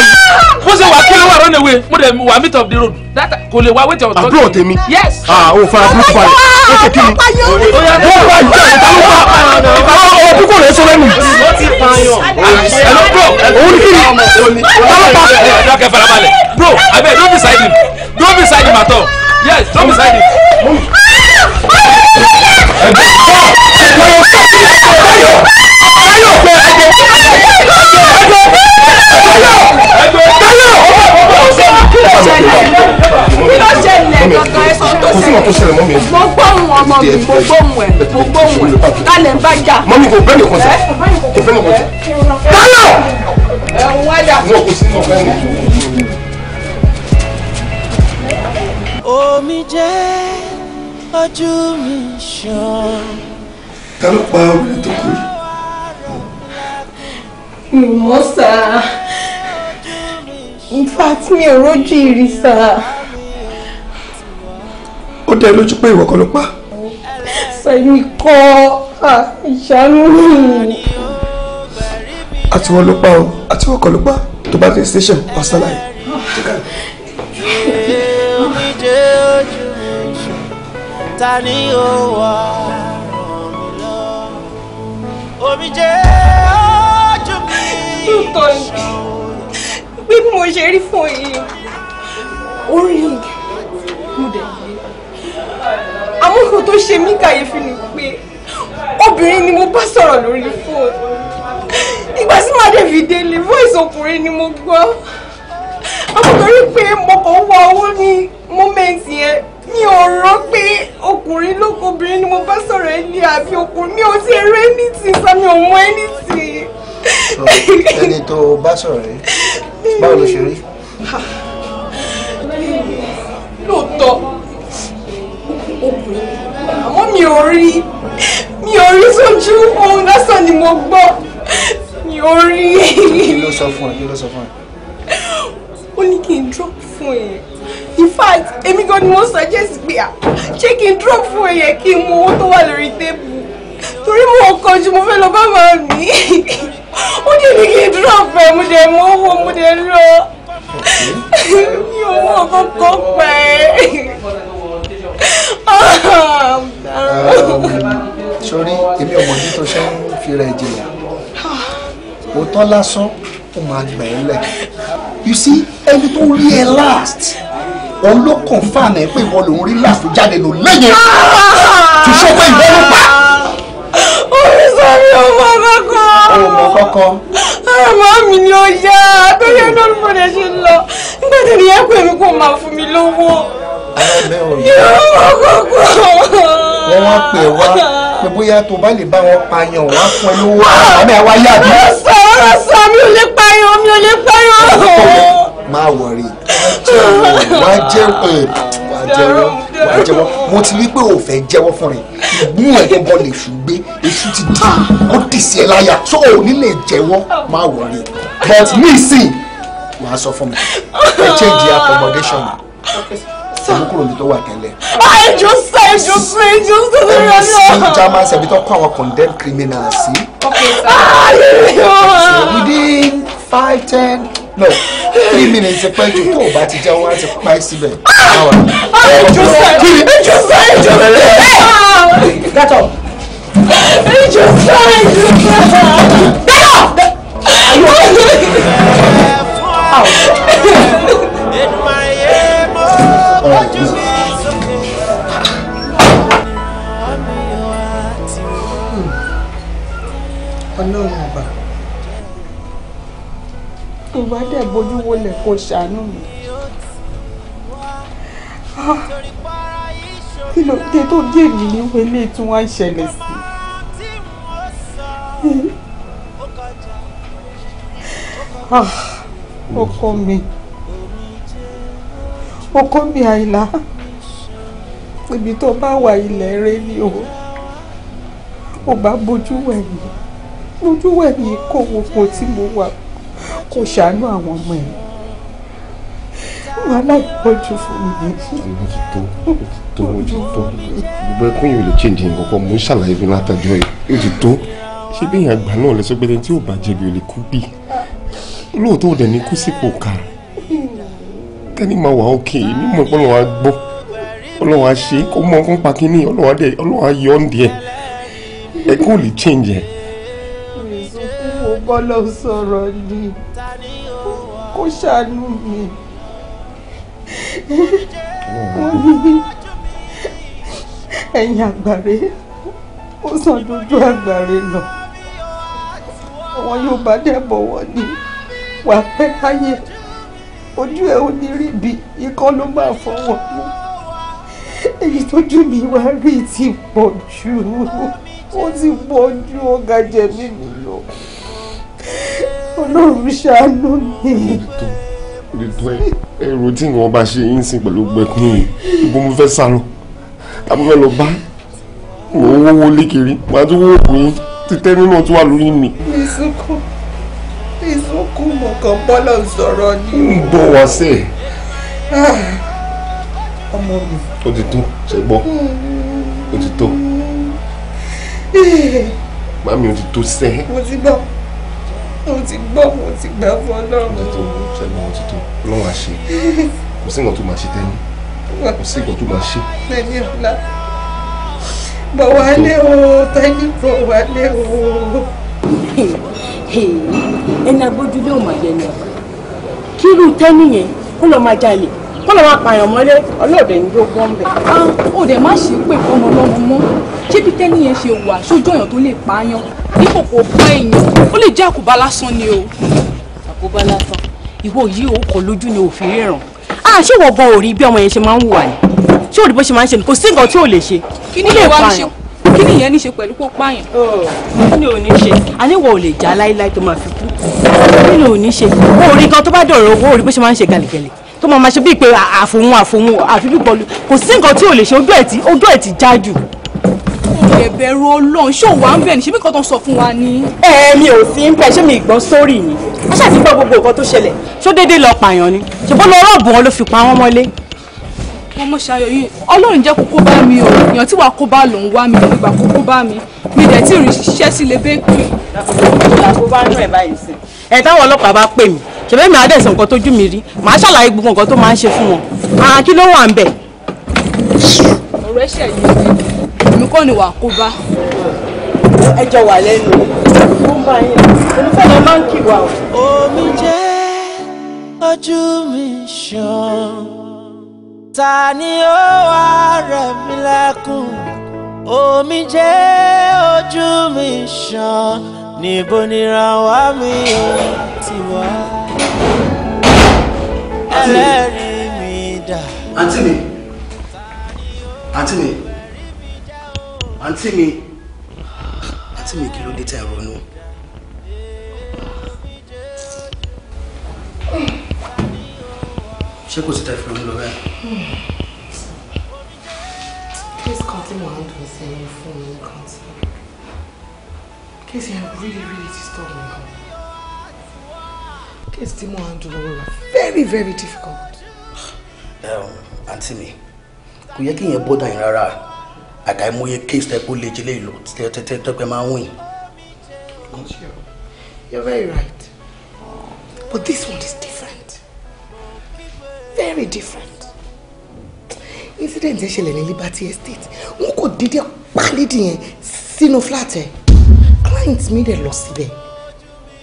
mo ṣe wà kí ló wà rọ́nà ìwé mo dẹ̀ wà meet of the road data kò lè wá wait your turn. àbúrò tèmi. yes. o fara kú falẹ̀ o ṣe kí ni. o yà tó bro abeg don't be side him don't be side him at all yes don't be side him kò sí wọn tó ṣẹlẹ̀ mọ́ mi. mo gbóhùn ọmọ mi mo gbóhùn ẹ̀ mo gbóhùn ẹ̀ kálẹ̀ ń bá jà. mọ́mí kò bẹ́ẹ̀ nìkan sẹ́ kò bẹ́ẹ̀ nìkan sẹ́. dáná. ẹ̀hún wá dà. mo kò sí wọn bẹ́ẹ̀ ni. omi jẹ́ ojú mi ṣàn ta ló pa obìnrin tó kú yìí. mi sá in fact mi ò rójú ìrì sá. ó dẹ lójú pé ìwọ kan ló pa. sẹ́mi kọ́ ìṣàánú mi. àtiwọ́n ló pa o àtiwọ́n kan ló pa tó bá dé station wàá ṣàlàyé. ta ni ó omijé ojú mi. lóòótọ́ ni bí mo ṣe rí fún yìí orin mo dẹ̀ yé àwọn nǹkan tó ṣe mí kàyéfì ni pé obìnrin ni mo bá sọ̀rọ̀ lórí fóònù ìgbà tí màá dẹ̀ fi délé voice ọkùnrin ni mo gbọ́ àwọn torí pé mo kàn ń wá owó ní mọ́mẹ́ǹtì yẹn mi ò rò pé ọkùnrin lókobìnrin ni mo bá sọ̀rọ̀ ẹni àbí ọkùnrin mi ò tí ì rí ẹni tì sọ mi ò mọ ẹni tì. ẹni tó bá sọ̀rọ̀ rí báwo ló ṣe rí. lóòótọ́ ọkùnrin àmọ́ mi ò rí mi ò rí sójú ohun lásán ni mo gbọ́ mi ò rí. kí ló sọ fún ẹ kí ló sọ fún ẹ. ó ní kí n drop fún ẹ in fact Emi gan ni mo suggest pé à ṣé kí n drop fún ẹyẹ kí n mú owó tó wà lórí tébù torí mo kàn ju mo fẹ́ lọ bá màá mi ó dé ní kí n drop ẹ mo dẹ̀ mọ owó mo dẹ̀ lọ mi ò mọ kọ́kọ́ pẹ́. sori èmi ọmọ ní tó ṣe ń fira ẹ jìyà òótọ́ lásán ó máa gbẹ̀ ẹ́ lẹ̀ you see ẹni tó rí ẹ last òun ló kàn fáànà ẹ pé ìwọ lòun rí láàfù jáde lò lẹ́yìn tí ah! ṣe pé ìwọ ló pa. Oh, orí sọ́mi oh, ò mọ kọ́kọ́. ò ah, mọ kọ́kọ́. àmọ́ mi ni ó yá àtọ́yẹ náà ni mo lè ṣe lọ nígbà tí ìyá pè mí kò máa fún mi lówó. yóò mọ kọ́kọ́. wọ́n wá pè wá pé bóyá tó bá lè bá wọn pààyàn wá fún ẹ lówó àwọn ọmọ ẹ wá yá bí. sọ̀rọ̀ sọ̀rọ̀ mi ò lè pààyàn mi ò lè pààyàn má wọrí wá jẹ́wọ́ wá jẹ́wọ́ wá jẹ́wọ́ mo ti rí pé o fẹ́ jẹ́wọ́ fún rẹ̀ ìgbún ẹ̀gbọ́n bọ́ lè ṣùgbé èṣù ti dì ó dì sí ẹ láyà tó o ní lè jẹ́wọ́ má wọrí but nísìn wàá sọ fún mi ẹ change the accommodation ìlú kúrò ní tó wà tẹ́lẹ̀. àìjọ sá ìjọ sá ìjọ sá lórí ọjọ́. ẹni sí german ṣẹbi tó kọ àwọn condemned criminals sí. okay sir. Ah, within five ten no three minutes pẹ́ jù tó o bá ti jẹ́ wọ́n á ti pa ẹ́ síbẹ̀. ẹjọ sẹ ẹjọ sẹ ẹjọ sẹ. gàtọ̀. ẹjọ sẹ ìwà dẹ̀ bójú wọlé kó ṣàánú mi. Ah, kí ló dé tó dé mi níwèé ilé tí wọ́n ń ṣẹlẹ̀ sí. Ah, ọkọ mi ọkọ mi àìlá ibi tó bá wà ilẹ̀ rẹ ni o ò bá bójú wẹ̀ mí bójú wẹ̀ mí kó wo kò tí mo wà kò ṣàánú àwọn ọmọ ẹ̀ wàhálà ìpọ́jù fún mi. mo ti tó mo tó gbogbo ẹkún yìí ò lè change nǹkan kan mo ń ṣàlàyé fún látàjọ yìí ó ti tó ṣé bí ìyá àgbà náà lè sọ pé ẹni tí ò bá jẹ̀bi ò lè kú bí lóòótọ́ òdẹ ní kú sípò ká tẹ́ni máa wà òkè ní mọ̀ pé ọlọ́wà gbọ́ ọlọ́wà ṣe kó mọ̀ fún pa kínní ọlọ́wà yọ ọ́ ń díẹ̀ ẹkún ò lè change ẹ̀ bọ́lọ̀ sọ̀rọ̀ ni kó ṣàánú mi wọ́n ní ẹ̀yìn àgbàre ó sàn dúdú àgbàre lọ àwọn Yorùbá dẹ̀ bọ̀wọ̀ ni wà pẹ́ káyé ojú ẹ̀ ò ní rí bí ikọ́ ló máa fọwọ́ mú èyí tójú mi wá rí ti pọ̀ jù ó ti pọ̀ jù ó ga jẹ mí nìyọ. Ọlọ́run ṣàánú mi. dídọ́ ẹrù tí ìwọ̀n bá ṣe yín sìn pẹ̀lú gbẹ̀kún yìí ibo mo fẹ́ sá lọ abúlé lọ bá mò ń wówó lékiri màá tún wówó kù yín títẹ́ nínú tó wà lórí mi. ìsúnkún ìsúnkún mo kàn bọ́lọ̀ sọ̀rọ̀ ni. ń bọ̀ wá sẹ́ ẹ̀. Ah, ọmọ mi. ó ti tó ṣe gbọ́ ó ti tó. Eh. màmí ó ti tó sẹ́. mo ti gbọ́ mo ti gbọ́ mo ti gbà fún ọlọ́run. ṣẹ́gun mo ti tó ọlọ́run á ṣe kò sí nǹkan tó máa ṣe tẹ́ni kò sí nǹkan tó máa ṣe. bẹ́ẹ̀ni ọlá bọ wálé o tẹni bọ wálé o. ẹni agbójúlé ò máa jẹ ní ọkọ kí irú tẹ́ni yẹn ó lọ máa jalè kọ́nà máa pààyàn mọ́lé ọlọ́ọ̀dẹ ní ló gbọ́n bẹ̀. Ah, ó dẹ̀ má ṣe pé ọmọ ọlọ́mọ mọ́ ṣé bí tẹ́ni yẹn ṣe wà sójú ọ̀yàn tó lè pààyàn dípò kò pa èèyàn ó lè jẹ́ àkóbá lásán ni o. àkóbá lásán ìwọ yìí ó kọ lójú ni òfin ríran a ah, ṣé wọ gan òrí bí ọmọ yẹn ṣe máa ń wùwà ni ṣé òrí ṣe máa ń ṣe kò sí nǹkan tí ò lè ṣe kí ni ìyẹn ní ṣe pẹ̀lú kó pààyàn. Oh. kí ni ò ṣe àníwọ̀ ò lè já láéláé tó máa fi kú kí ni ò ní ṣe owó orí kan tó bá dọ̀rọ̀ owó orí bó ṣe máa ń ṣe gàlẹ́gàlẹ́ tó máa ma ṣe bíi pé àfòun àfòun àfi bí bọ́ọ̀lù kò sí nǹkan tí ò lè ṣe ojú ẹ̀ tí ojú ẹ̀ ti já jù. ìbẹ̀rù ọlọ́run ṣé òun wà ń bẹ̀ ní ṣé bí nǹkan sọ fún wa ni. ẹ mi ò sí ń bẹ ṣé mi ìgbọ́n sórí ni a ṣáà ti gbọ́ gbogbo nǹkan tó ṣẹlẹ̀. ṣó déédéé lọ pààyàn ni ṣùgbọ́n lọ rọ́ọ̀bù wọn ló fi pa wọ́n mọ́lé. wọ́n mọ̀ mi o èèyàn tí wàá mi lòun gbà mi mi dẹ̀ tí ì rí ṣiṣẹ́ sílé bẹ́ẹ̀ pé. ìdàkùn ẹ táwọn ọlọ́pàá bá pè mí ṣẹ̀fẹ̀ mi àdẹ̀sán nǹkan tójú mi rí màá ṣàlàyé gbogbo nǹkan tó máa ń ṣe fún wọn ara kí ló wà ń bẹ̀. ọ̀rọ̀ ẹ̀ṣẹ̀ yìí èmi kọ́ ni wà á kó bá. ẹ jọ wà lẹ́nu ó ń bá yín olùfẹ́ yẹn máa ń kì wá. omi jẹ́ ojú mi ṣàn ta ni ó wà rẹ̀ mí lẹ́kùn omi jẹ́ ojú mi ṣàn níbo nira wá mi ò ti wá ẹlẹ́rìí mi dà. àǹtí mi àǹtí mi àǹtí mi àǹtí mi kí ló dé tẹ̀ ronú. ṣé kò sí tẹ̀ fún mi lọ bẹ́ẹ̀. please continue on to the same phone Case I'm really, really disturbed me. Case Timo and Dolorola very, very difficult. Um, àǹtí mi, kò yẹ kí ìyẹn bọ́dà yín rárá. Àkàìmọye case tẹ́ kó lè jẹ́ léèlò tẹ́tẹ́ tẹ́pẹ́ máa my wìn. You're very right. But this one is different. Very different. Incident ẹ̀ ṣẹlẹ̀ ní Liberty Estate. Wọ́n kò dídé pálídìí yẹn sino flat ẹ̀ client mi dẹ̀ lọ síbẹ̀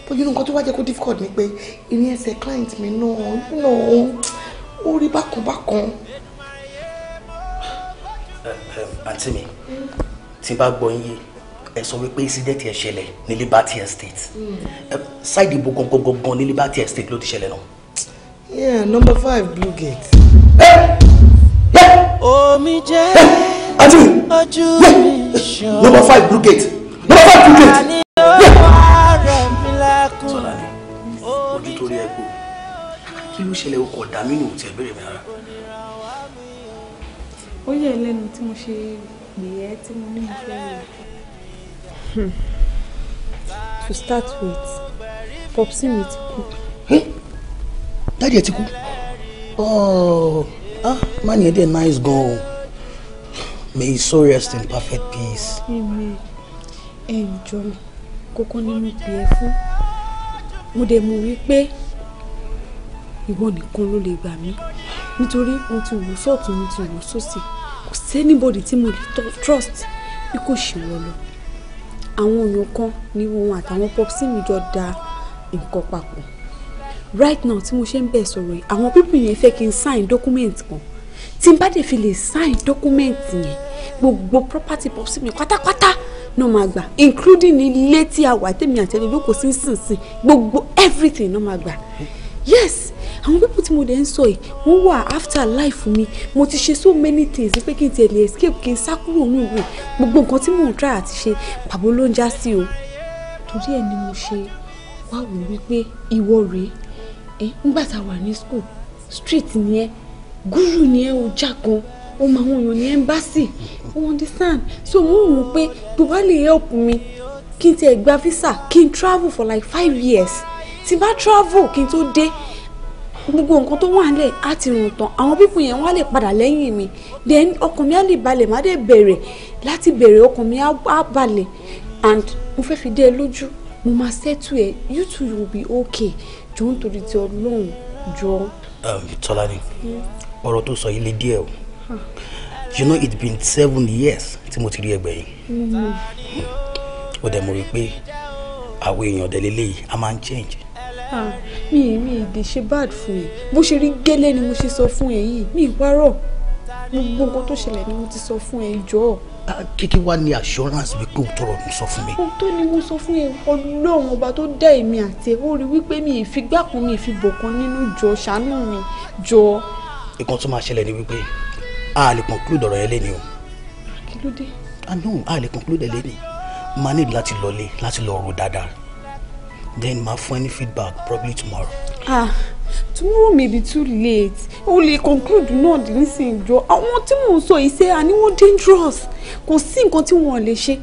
bójú nǹkan tó wá jẹ́ kó difficult ni pé ìrìn ẹsẹ̀ client mi náà náà ó rí bákan bákan. àǹtí mi tí bá gbọ́ yín ẹ sọ wípé incident yẹn ṣẹlẹ̀ ní Liberty Estate ṣáìdì hmm. ìbò gangan gangan ní Liberty Estate ló ti ṣẹlẹ̀ náà. yeah number five blue gate. omi jẹ́ ojú mi ṣan. number five blue gate mo fẹ́ tún lè. sọláni ojú tó rí ẹgbò kí ló ṣẹlẹ̀ o kò dá mi mi rárá. ó yẹ lẹ́nu tí mo ṣe pè ẹ́ tí mo ní ìfẹ́ rẹ̀. Hmm. to start with popsi mi ti kú. Eh? dáàdi ẹ ti kú oh. ah, má ní ẹ dẹ̀ nice gan may you so rest in perfect peace. Amen ẹ̀yìn ìjọ mi kókó nínú bí ẹ fún mo dẹ̀ mọ̀ wípé ìwọ nìkan ló lè gbà mí nítorí mo ti wò sọ́ọ̀tún mo ti wò sósì kò sẹ́nibọ̀dì tí mo lè trust bí kò ṣe wọ lọ àwọn èèyàn kan ní òun àtàwọn popsi mi jọ da nǹkan papọ̀ right now tí mo ṣe ń bẹ̀ sọ̀rọ̀ yìí àwọn pípìn yẹn fẹ́ kí n sign document kan tí n bá dẹ̀ fi lè sign document yẹn gbogbo property popsi mi pátápátá náà máa gbà including ilé tí a wà tèmi àti ẹbí kò sí sínsìn gbogbo everything náà máa gbà yes àwọn pípọ̀ tí mo dẹ̀ ń sọ yìí wọ́n wà after life mi mo ti ṣe so many things pé kí n tiẹ̀ lè escape kí n sá kúrò ní ìwé gbogbo nǹkan tí mò ń try àti ṣe pàbó ló ń já sí o torí ẹ̀ ni mo ṣe wá wò wípé ìwọ rèé ẹ nígbà tá wà ní school street ni ẹ gúrù ni ẹ ò já kan ó mọ àwọn èèyàn ní ẹ́mbásì ó understand so mo rò pé tó bá lè help mi kí n tiẹ̀ gba visa kí n travel for like five years tí bá travel kí n tó dé gbogbo nǹkan tó wà nílẹ̀ á ti rùn tán àwọn pípọ̀ yẹn wọ́n lè padà lẹ́yìn mi then ọkàn mi á lè balẹ̀ má dẹ̀ bẹ̀rẹ̀ láti bẹ̀rẹ̀ ọkàn mi á balẹ̀ and mo fẹ́ fi dé ẹ lójú mo máa settle ẹ you too you will be okay jọ nítorí ti ọlọ́run jọ. Um, tọ́lá ni hmm. ọ̀rọ̀ tó sọ yìí le díẹ̀ o you know it's been seven years tí mo ti rí ẹgbẹ́ yìí ó dẹ̀ mo rí i pé àwọn èèyàn ọ̀dẹ̀ lélẹ́yìí a máa ń change. Ah, mi mi ìdè ṣe bad fún yìí bó ṣe rí gẹ́lẹ́ ni mo ṣe sọ fún ẹ yìí mi ìwárọ̀ gbogbo nǹkan tó ṣẹlẹ̀ ni mo ti sọ fún ẹ jọ̀ọ́ kíkí wá ní assurance wípé òun tọrọ mi sọ fún mi. ohun tó ni mo sọ fún yẹn ọlọ́run ọba tó dá èmi àti ẹ̀ ó rí wípé mi ìfigbákun mi ìfibọ̀kan nínú jọ ṣàánú mi jọ. ìkan tó máa ṣẹlẹ̀ ni wípé a lè conclude ọ̀rọ̀ yẹn lẹ́ni o. kí ló dé. ah no a lè conclude ẹ lẹ́ni máa need láti lọlé láti lọ rò dáadáa then máa fún ẹ ní feedback probably tomorrow. ah tomorrow may be too late o lè conclude náà nísìnyí jọ àwọn tí mò ń sọ yìí ṣe àní dangerous kò sí nǹkan tí wọn lè ṣe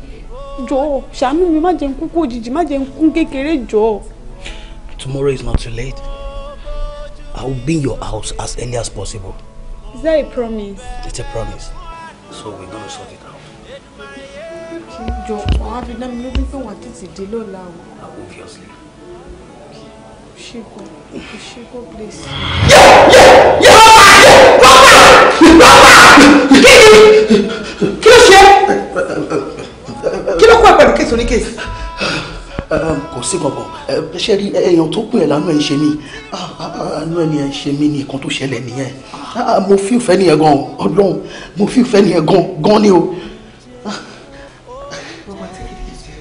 jọ ṣàánú mi má jẹ́ n kú kú òjijì má jẹ́ n kú kékeré jọ. tomorrow is not too late i will be in your house as early as possible. Is that a promise? It's a promise. So we're gonna sort it out. Jọ̀pọ̀ Abidami ló ní pé wà títí dé lọ́la o. Obviously. Ṣíkò, Ṣíkò please. Kí ló ṣe? Kí ló kọ́ ẹ̀ pẹ̀lú kéèsì oníkéèsì? kò sí kankan ṣé rí èèyàn tó pè é lánàá ẹ̀ ń ṣe mí ah, ah, ah, àánú ẹ̀ ń ṣe mí ní nǹkan tó ṣẹlẹ̀ nìyẹn mo fi ìfẹ́ nìyẹn gan ọlọ́run mo fi ìfẹ́ nìyẹn gan gan ni o.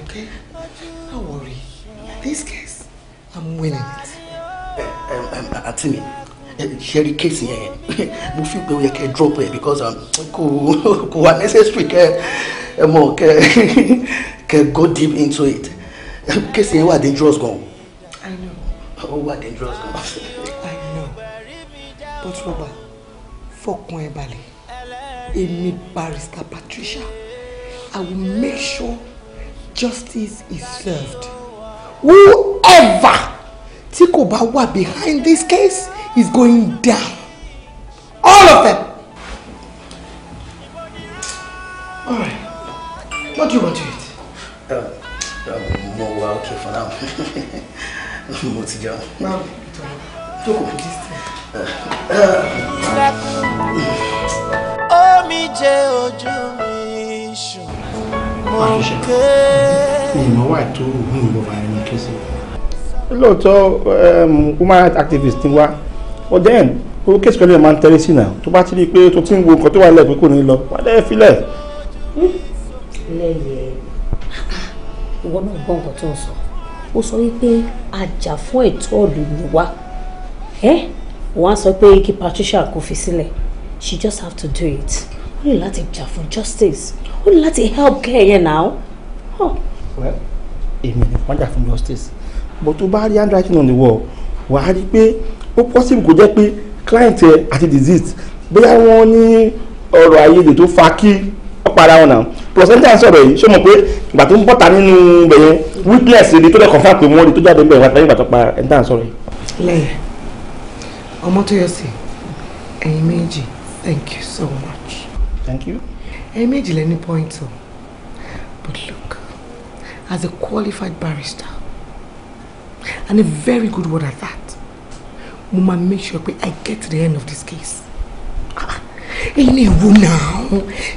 okay? Don't worry. This case, I'm winning it. àti mi ṣẹ́rí kéèsì yẹn mo fi pé ó yẹ kẹ́ drop ẹ because um, kò kò wà necessary kẹ́ ẹ mọ̀ kẹ́ ẹ go deep into it. kéèsì yẹn wà dangerous gan. I know. ó dangerous gan. I know but Robert fuck my belly. èmi barrister Patricia I will make sure justice is served whoever tí kò bá behind this case is going down all of them. All right. What do you want to eat? Uh, Bravo, mo wà okay for now. Mo ti jẹun. Báwo jókòó. Omi jẹ ojú mi ṣùn. Mo ké. Ìmọ̀ wà tó ògùn ìlọ́ba ẹni ké sí. Lóòótọ́ um, human rights activist ni wá. But then, owó kéésì pẹ̀lú ẹ̀ máa ń tẹ́lẹ̀ sí náà. Tó bá ti rí i pé tó ti ń wo nǹkan tó wà lẹ́ẹ̀ pé kò ní lọ, wà á dẹ́ filẹ̀. Lẹ́yìn ìwọ náà gbọ́ nǹkan tó ń sọ ó sọ wípé ajá fún ẹ̀tọ́ olùlùwà ẹ́ wọ́n á sọ pé kí Patricia kò fi sílẹ̀ she just have to do it ó ní láti jà fún justice ó ní láti help care yẹn náà. well èmi ni wọ́n jà fún justice but tó bá rí handwriting on the wall wàá rí pé ó possible kó jẹ́ pé client ẹ àti disease bóyá wọ́n ní ọ̀rọ̀ àyèdè tó fa kí para wọn náà placenta sọ̀rọ̀ yìí ṣé mo pé ìgbà tó ń bọ́ta nínú ibẹ̀ yẹn weakness ni tó lè confam pé wọ́n rí tó jáde níbẹ̀ wọ́n ìgbà tó pa ẹ̀ńtà sọ̀rọ̀ yìí. lẹ́yìn ọmọ tó yọ sí ẹ̀yin méjì thank you so much. thank you. ẹ̀yin méjì lẹ́ni point o but look as a qualified barrister and a very good one at that mo máa make sure pé i get to the end of this case. Ah, ẹ̀yin lè wo náà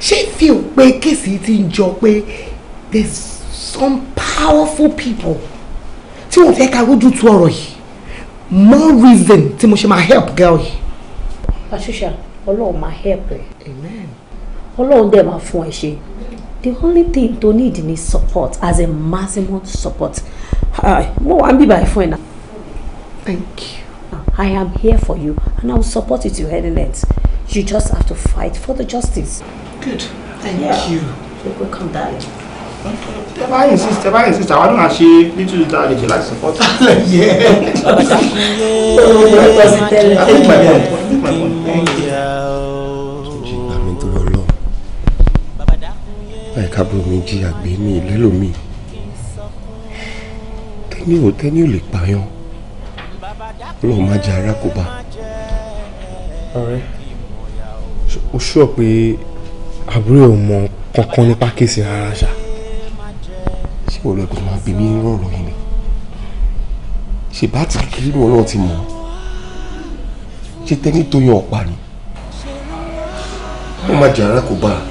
ṣé fi hàn pé kéèsì ti ń jọ pé there some powerful people tí wọ́n fẹ́ ká rójú tu ọ̀rọ̀ yìí more reason tí mo ṣe máa help girl yìí. Patricia Ọlọ́run máa help ẹ Ọlọ́run dẹ̀ máa fún ẹ ṣe the only thing to need ni support as a maximum support mo wà ń bíbá ẹ fún ẹ náà. Thank you. I am here for you and I will support you to any length. You just have to fight for the justice. Good. Thank yeah. you. So welcome, darling. Tẹ bá insist, tẹ bá insist, àwa náà ṣe nítorí tá a lè jẹ láti support. Yẹ ẹ́ ọ̀rọ̀ ẹ̀sìn tẹ́lẹ̀. Àmì tó lọ lọ. Báyìí kábọ̀ mi jí àgbé mi lẹ́lòmíì. Tẹ́ni ò tẹ́ni ò lè pààyàn. Ọlọ́run má jẹ́ arákòóbá. Ọ̀rẹ́ ó ṣọ́ pé àbúrò ò mọ kankan nípa kéèsì rárá ṣá. ṣé ìwọ lóògùn máa bí mi rọrùn yìí ni ṣe bá ti kékeré lóun náà ti mọ̀ ọ́ ṣe tẹ́ni tó yan ọ̀pá ni wọ́n máa jàrá kó bá a.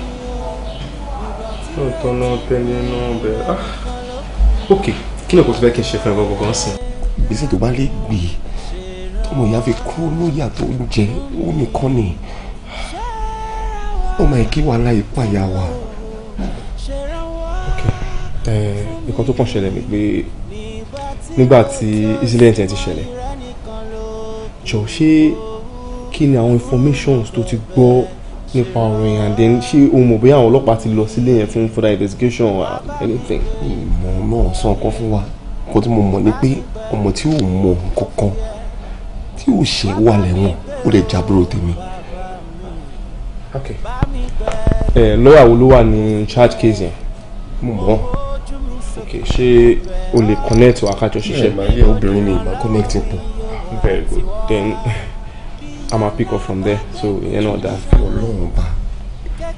lóòótọ́ náà tẹ́ni náà bẹ̀rẹ̀ ah! ok kí ni kò fẹ́ kí n ṣe fún ẹ gbọ́gbọ́n sí. ìgbésẹ̀ tó bá lè gbé ọmọ ìyá fi kú lóyà tó ń ó nìkan nìyí ó máa kí wàhálà ipá ìyá wa. nǹkan tó kàn ṣẹlẹ̀ ni pé nígbà tí incident yẹn ti ṣẹlẹ̀ jọ ṣé kí ni àwọn informations tó ti gbọ́ nípa ọ̀rọ̀ yẹn and then ṣé o mọ̀ bóyá àwọn ọlọ́pàá ti lọ sílé yẹn fún further investigation or anything. mo náà sọ nǹkan fún wa nǹkan tí mo mọ̀ ni pé ọmọ tí ò mọ̀ nǹkan kan tí ò ṣe wà lẹ́wọ̀n ó lè jábúrò tèmi ẹ lọ́ọ̀yà wo ló wà ní charge case yẹn mo mọ̀ ok ṣé o lè connect wa kájọ ṣiṣẹ́. ẹ máa yẹ obìnrin ni ìmọ̀ connect pọ̀. very good then i'm a pick up from there so ìyẹn náà dáa. ọlọ́run bá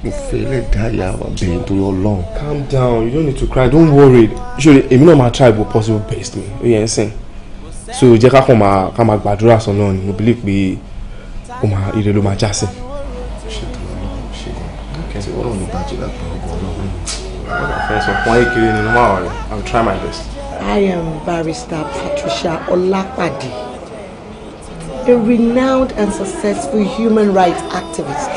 mo fẹ́ lè dá ìyá wa bẹ̀yìn torí ọlọ́run. calm down you don't need to cry don't worry ṣòro èmi náà máa try bo possible best me. ó yẹ sìn so jẹ́ ká kàn máa ká máa gbàdúrà sọ náà ni mo believe pé ó máa ire ló máa ọlọ́run ní bàjẹ́ lápò ọgbọ̀n ọlọ́run. ọ̀gá fẹ́ sọ fún ayé nínú máa rẹ̀ I try my best. I am barrister Patricia Olapade, a renowned and successful human rights activist.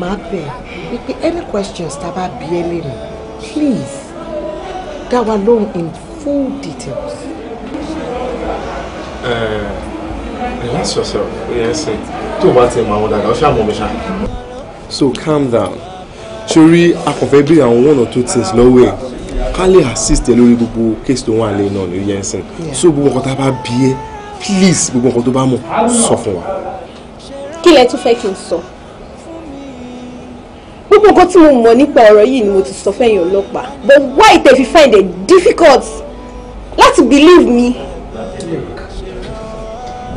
Màá bẹ̀ wípé any questions tá a bá bí ẹ lẹ́nu please dá wa lóhùn in full details. Uh, relax yourself. Yes, tó o bá ti mọ àwọn dàgbà ó ṣàmọ̀ mi ṣá so calm down sórí akọ̀fẹ́ bí àwọn one or two things lọ́wọ́ ẹ̀ ká lè assist ẹ lórí gbogbo case tó wà lé náà ní yẹn sìn so gbogbo nǹkan tá a bá bí ẹ please gbogbo nǹkan tó bá mọ̀ sọ fún wa. kí lẹ tún fẹ́ kí n sọ gbogbo nǹkan tí mo mọ̀ nípa ọ̀rọ̀ yìí ni mo ti sọ fẹ́yìn ọlọ́pàá but why they fi find it difficult láti believe me.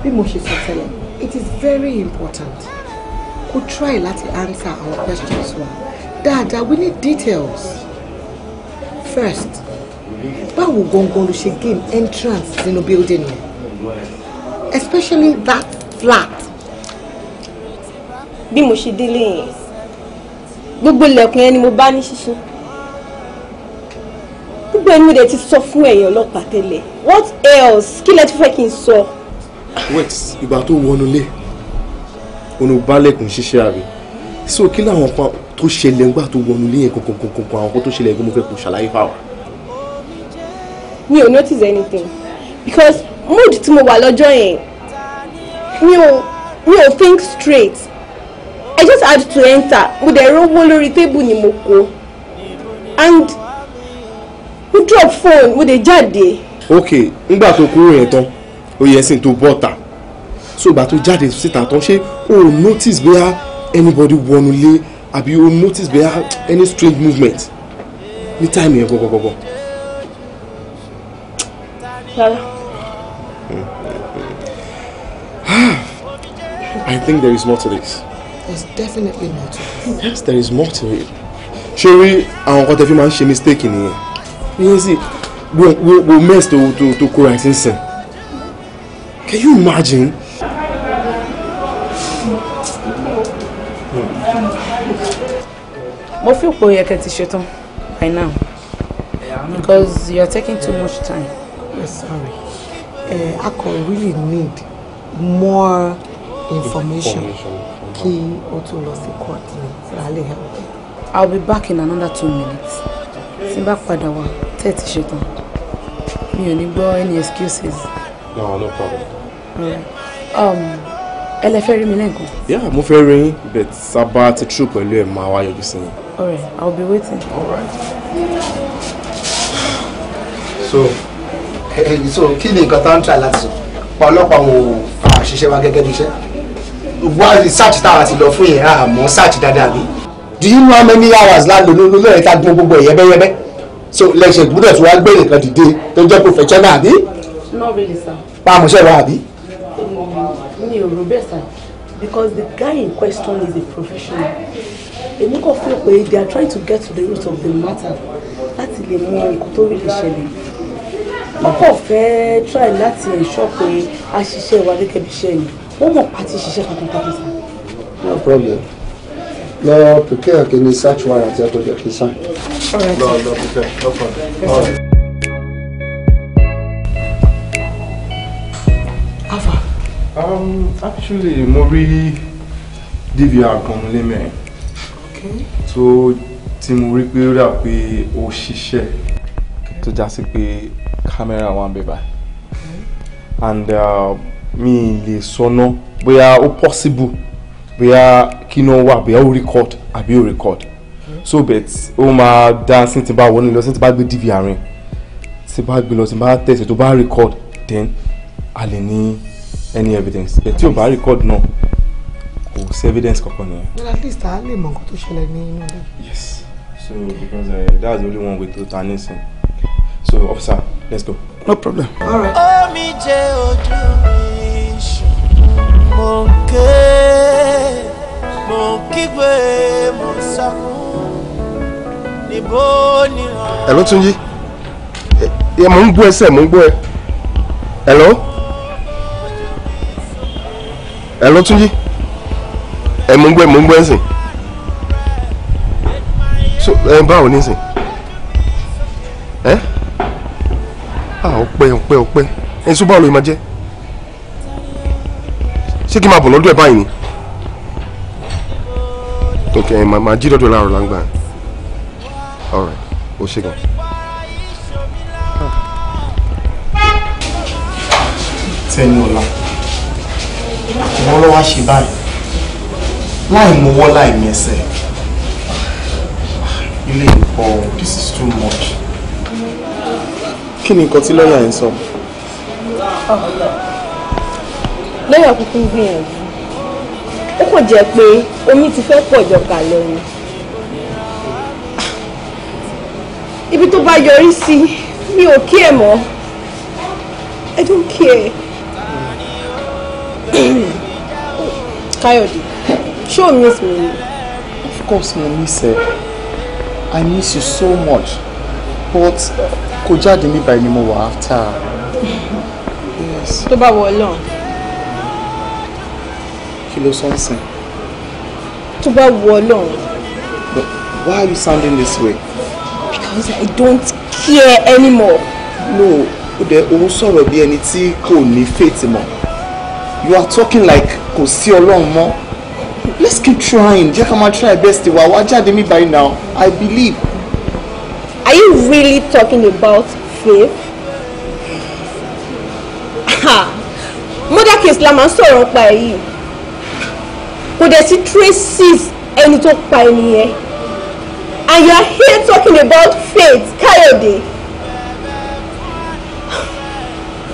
bí mo ṣe sọ tẹ́lẹ̀ it is very important ó try láti answer our questions wa dáadáa we need details first báwo go to ṣe gain entrance in the building especially that flat. bí mo ṣe délé gbogbo ilẹ̀kùn yẹn ni mo bá ní ṣíṣí gbogbo ẹni mo dẹ̀ ti sọ fún ẹ̀yin ọlọ́pàá tẹ́lẹ̀ what else Ki lẹ tún fẹ́ kí n wait ìgbà tó wọnú onú balẹ̀kùn ṣiṣẹ́ àbí so kí làwọn kan tó ṣẹlẹ̀ ńgbà tó wọnú ilé yẹn kankankankan àwọn kan tó ṣẹlẹ̀ ẹgbẹ́ mo fẹ́ kó ṣàlàyé fáwọn. mi ò notice anything because mood tí mo wà lọ́jọ́ yẹn mi ò mi ò think straight i just had to enter mo dẹ̀ rówó lórí tébù ni mo kó and mo drop phone mo dẹ̀ jáde. ok ngbà tó kúrò yẹn tán ó yẹ sí tó bọ́ta so ìgbà tó jáde síta tán ṣé o notice bóyá anybody wọnú lé àbí o notice bóyá any strange movement ní táìmù yẹn gbọgbọgbọgbọ. rárá. I think there is more to this. There's definitely more to it. Yes, there is more to it. ṣé rí àwọn kan tẹ fi máa ń ṣe mistake nìyẹn yín sì wo mess to to to kóra ẹ̀ sí ń sìn. Can you imagine? mo fi pé ó yẹ kẹ́ ti ṣetán by now because you're taking too much time. sorry uh, eh, akọ really need more information Key or to lọ the court ni rally help. I'll be back in another two minutes tí n bá padà wá tẹ́ ti ṣetán mi any excuses. no no problem. Right. Um, ẹ lè fẹ́ rí mi lẹ́ǹkan. yá mo fẹ́ rí yín bẹ́ẹ̀ sábà ti tú pẹ̀lú All right, I'll be waiting. All right. So, eh, eh, so kí ni nǹkan tá ń try láti sọ? Pa ọlọ́pàá wọn ò fà ṣiṣẹ́ wa gẹ́gẹ́ bí iṣẹ́. Wá research tá a ti lọ fún yẹn, àmọ́ search dáadáa bí. Do you know how many hours láńlò ló lóyún ká gbọ́ gbogbo ẹ̀yẹ́bẹ́yẹ́bẹ́? So, lẹ́sẹ̀ gbúdọ̀ tí wàá gbé nǹkan dìde tó jẹ́ professional àbí? Not really, sir. Pa àmọ̀ṣẹ́ wa àbí? Mi ò rò bẹ́ẹ̀ sir because the guy in question is a professional èmi kàn fún pé they are trying to get to the root of the matter láti lè mọ nǹkan tó rí lè ṣẹlẹ̀ wọ́n fẹ́ try láti ensure pé a ṣiṣẹ́ wa gẹ́gẹ́ bí iṣẹ́ yìí wọ́n mọ̀ pàtí ṣiṣẹ́ kankan kan sá. no problem lọ prepare kí ni search warrant yẹ kó jẹ kí sign. lọ lọ prepare no problem. Um, actually, mo rí DVR kan lé mẹ́rin tó tí mo rí pé ó dà pé ó ṣiṣẹ́ tó já sí pé kámẹ́rà wà ń bẹ̀ báyìí and uh, mi lè sọnà bóyá ó possible bóyá kí náà wà bóyá ó record àbí ó record so bet ó máa dá sí ti bá wọlé lọ sí ti bá gbé DVR rìn tí bá gbé lọ tí bá tẹ̀sẹ̀ tó bá record then a lè ní any evidence tí ò bá record náà. No kò sí evidence kankan nìyẹn. but at least a lè mọ nǹkan tó ṣẹlẹ̀ ní inú ilé. yes so because uh, that's the only one we do turn this in so officer let's go. no problem. omi jẹ ojú mi ṣùgbọ́n mo ké mo kígbe mo sọkún níbo ni ọ. ẹ ló tún yí ẹ mò ń gbọ́ ẹsẹ̀ mò ń gbọ́ ẹ ẹ lọ ẹ ló tún yí ẹ mọ̀ ń gbẹ́ mọ̀ ń gbẹ́ sìn so ẹ báwo ní sìn ẹ à ọpẹ́ ọpẹ́ ọpẹ́ ẹ sọ báwo ló máa jẹ ṣé kí n máa bọ̀ lọ́dọ̀ ẹ báyìí ni ok ẹ máa jí lọ́dọ̀ láàárọ̀ láǹgbà ọ̀rẹ́ o ṣe gan. tẹnu ọ̀la ìwọ ló wá ṣe báyìí láì mọwọ́ láì mẹsẹ̀ ilé ìpọ̀ this is too much. kí ni nǹkan tí lọ́ọ̀yà ń sọ. Ah. lọ́ọ̀yà kúkú ń gbìyànjú ó kò jẹ́ pé omi ti fẹ́ pọ̀ jọkà lẹ́nu ibi tó bá yọrí sí mi ò kí ẹ mọ́ I don't care. Káyọ̀dé. Sure, miss me of course mo miss ẹ i miss you so much but kò jáde mi báyìí ni after. Yes. bá wọ Ọlọ́run. kí ló something. ń sìn. tó but why are you sounding this way. because i don't care anymore. no o dẹ òun sọ̀rọ̀ bí ẹni tí kò faith mọ́ you are talking like kò sí Ọlọ́run mọ́ let's keep trying jẹ́ ká máa try best wa wá jáde mi by now i believe. are you really talking about faith? Mother, case la máa ń sọ̀rọ̀ pa ẹ̀ yìí kò dẹ̀ sí traces ẹni tó pa ẹni yẹn and you are here talking about faith Káyọ̀dé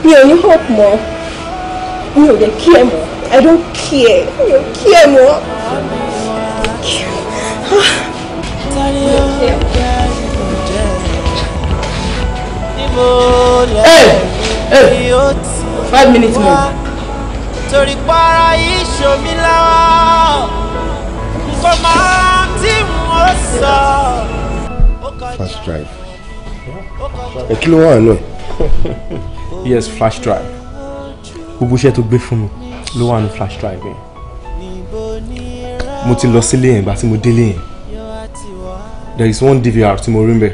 mi ò ní hope mọ́ mi ò dẹ̀ kí mọ́. I don't care. I don't care more. Hey! Hey! Five minutes more. Torí para iṣo mi lára, kò máa mo sọ. Flash drive. A kilo one, no? Yes, flash drive. Gbogbo iṣẹ́ to gbé for me? ló wà ní flash drive yẹn mo ti lọ sílé yẹn ìgbà tí mo délé yẹn there is one DVR tí mo rí mbẹ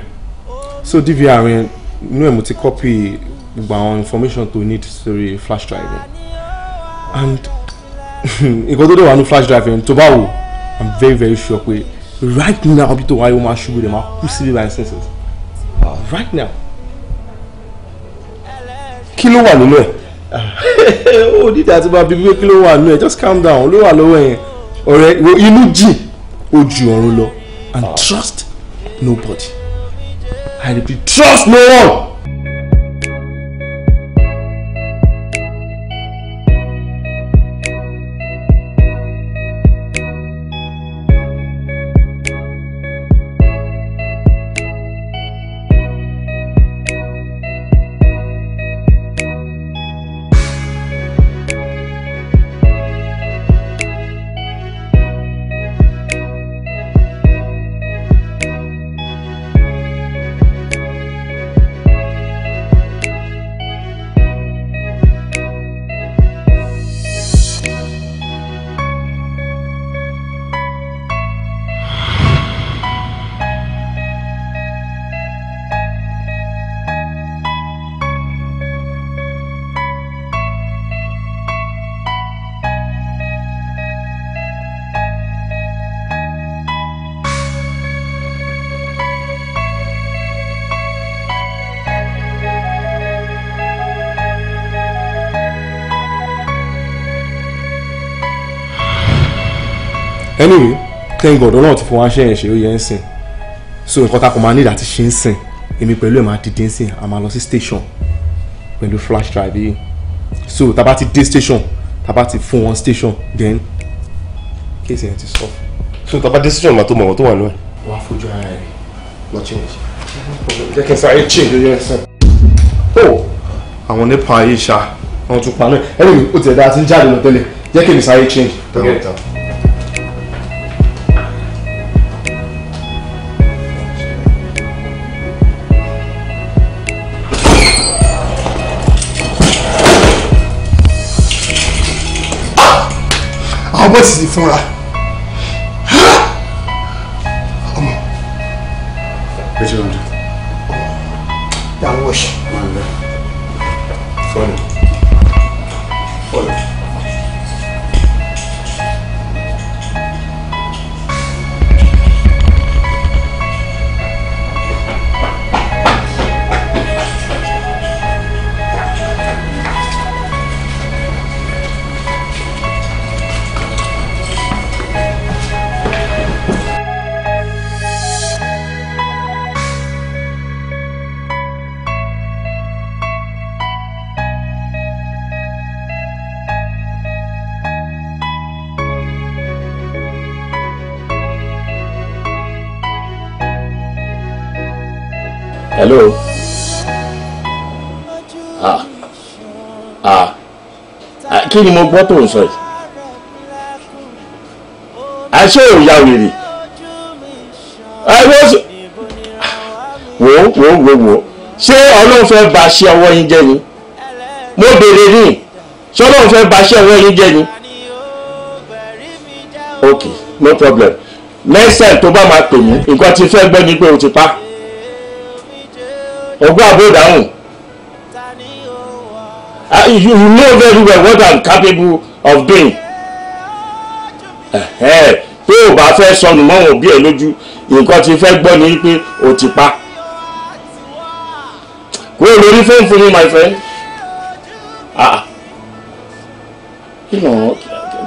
so DVR yẹn inú ẹ̀ mo ti copy gbogbo àwọn information to need sórí flash drive yẹn and nǹkan tó dẹ̀ wà ní flash drive yẹn tó bá wò i'm very very sure pé right now bí tó wáyé ó máa ṣubú rẹ̀ máa kú sílé by senses right now kí ló wà nínú ẹ̀ ó oh, dídá àti bá bíbí pé kí ló wà nù ẹ just calm down ló wà lọ́wọ́ yẹn ọ̀rẹ́ inú jìn ó ju ọ̀run lọ and ah. trust nobody i repeat trust no one. anyway thank god ọlọ́run ti fún wa ṣe ẹ̀ ṣe ó yẹ ń sìn so nǹkan tá a kò máa nílò àti ṣe ń sìn èmi pẹ̀lú ẹ̀ máa dìde ń sìn a máa lọ sí station pẹ̀lú flash drive yìí so tá a bá ti dé station tá a bá ti fún wọn station then kéèsì yẹn ti sọ. so tá a bá dé station màá tó mọ̀ wọ́n tó wà lọ́wọ́. wàá fojú ara rẹ̀ lọ change. jẹ́ kí n sáré change oh, ó yẹ ẹ sìn. o àwọn nípa ayé ṣá wọn tún pa náà ẹni mi ò tiẹ̀ dáa ti ń jáde lọ tẹ́lẹ̀ jẹ́ kí n sáré change. 我气疯了。kí ni mo gbọ́ tó ń sọ yìí àṣé ò ya wèrè wò wò wò wò ṣé ọlọ́run fẹ́ ba ṣe ọwọ́ yín jẹ́ ni mo béèrè ní ṣé ọlọ́run fẹ́ ba ṣe ọwọ́ yín jẹ́ ni ok no problem next time tó bá máa pè mí nǹkan ti fẹ́ gbẹ́ ni pé o ti pa ọgbọ́n àbúrò dáhùn uh, you know very well what i'm capable of doing pé ò bá fẹ́ sọnù mọ́ wọn òbí ẹ̀ lójú nǹkan tí fẹ́ gbọ́ ni pé o ti pa kó o lórí fóun fún mi my friend ah, ah. kí ló ń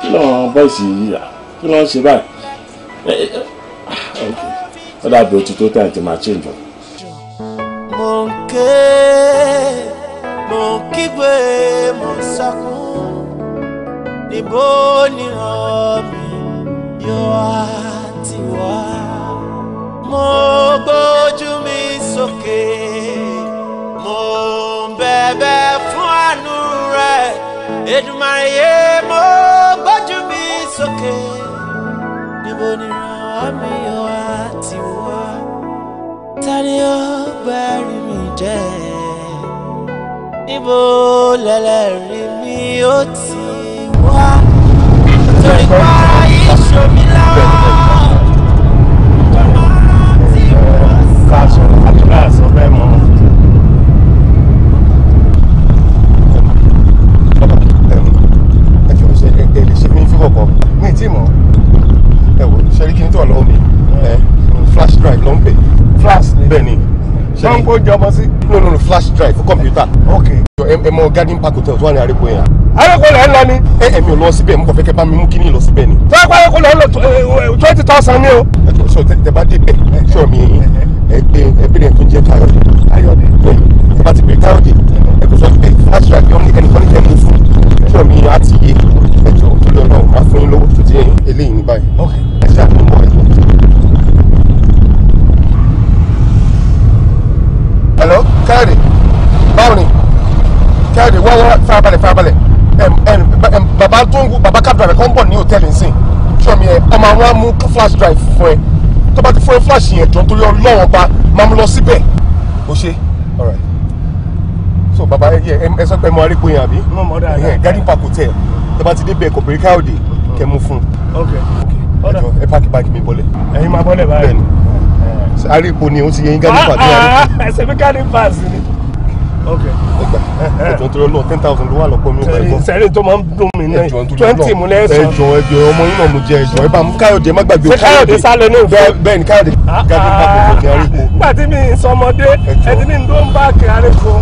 kí ló ń bọ́ìsì yìí à ah? kí ló ń ṣe báyìí eh, eh, ó dàbí o ti tó tàn tí máa ṣe jù. mo ń ké mo ń kígbe mò ń sọkún níbo níran mi yóò wá ti wá mo gbójú mi sókè mo ń bẹ̀bẹ̀ fún àánú rẹ Èdùmàrè mo gbójú mi sókè níbo níran mi yóò wá wá ta ni ó gbẹ́rì mi jẹ́ níbo lẹ́lẹ́rìí mi ó ti wá torí kwara yìí ṣomi lára kwara ti wá sí. àdúrà sọ bẹ́ẹ̀ mọ́. ẹ lè ṣe mí fífọ̀kọ̀ ní ìtì mọ́ ẹ wò ṣe rí kí n tọ̀ lọ́wọ́ mi ẹ flash drive ló ń pè flash bẹ́ẹ̀ ni sango jọmọ sí. no no no flash drive computer. Okay. kọ̀mpútà. M M O garden park hotel tó wà ní àrékò yẹn. àrékò lẹ́ ń lọ ni. ẹ ẹ mi ò lọ síbẹ̀ mo kàn fẹ́ kẹ́ bá mi mú kíní lọ síbẹ̀ ni. tó ẹ pa àrékò lọ lọ twenty thousand ni o. ẹ tó sọ tẹ bá débẹ̀ sọ mi ẹ gbé ẹ bèrè tó jẹ káyọ̀dé. káyọ̀dé ẹ bá ti bèrè káyọ̀dé ẹ kò sọ pé flash drive yọ ní kẹ́nìkan ní kẹ́ mú fún sọ mi àti iye ẹ jọ tó lọ náà máa fún yín lówó tó ti eléyìí ní báyìí. ok ẹ ṣe àtúntò ẹ jọ. hello kẹ́hìndé báwo ni kẹ́hìndé wá wá farabalẹ̀ farabalẹ̀ bàbá tó ń bàbá cab driver kan bọ̀ ní hòtẹ́ẹ̀lì nsìn sọmi ẹ ọmọ àwọn amú flash drive fún ẹ tó bá ti fún ẹ flash yẹn jọ torí ọlọ́wọ́n gba máa mú lọ síbẹ̀ o ṣe alright so bàbá ẹ sọ pé ẹ mọ arígbó yẹn àbí garden park hotel tó bá ti dé bẹ́ẹ̀ kọ̀pẹ̀rí káyọ̀dé kẹ́ mú fún un ẹ pàkí báàgì mi bọ́lẹ̀ ẹ̀yin máa bọ́lẹ̀ báyìí arípo ni òun ti yẹ yín garden pass ní arípo. ẹsẹ̀ mi garden pass ni. ok ẹgbà ẹjọ nítorí Ọlọ́run ten thousand ló wà lọ́pọ̀ mi ó pẹ́ gbọ́. sẹ́rí tó máa ń dùn mí náà twenty mu lẹ́sàn. ẹjọ ẹjọ ọmọ yín náà mo jẹ ẹjọ ẹ bá mú káyọ̀dé má gbàgbé o káyọ̀dé sálọ ní òfin. bẹ́ẹ̀ ni káyọ̀dé garden pass ló kọjá arípo. nígbà tí mi sọmọdé ẹtí mi ń dó ń bá kẹ arípo.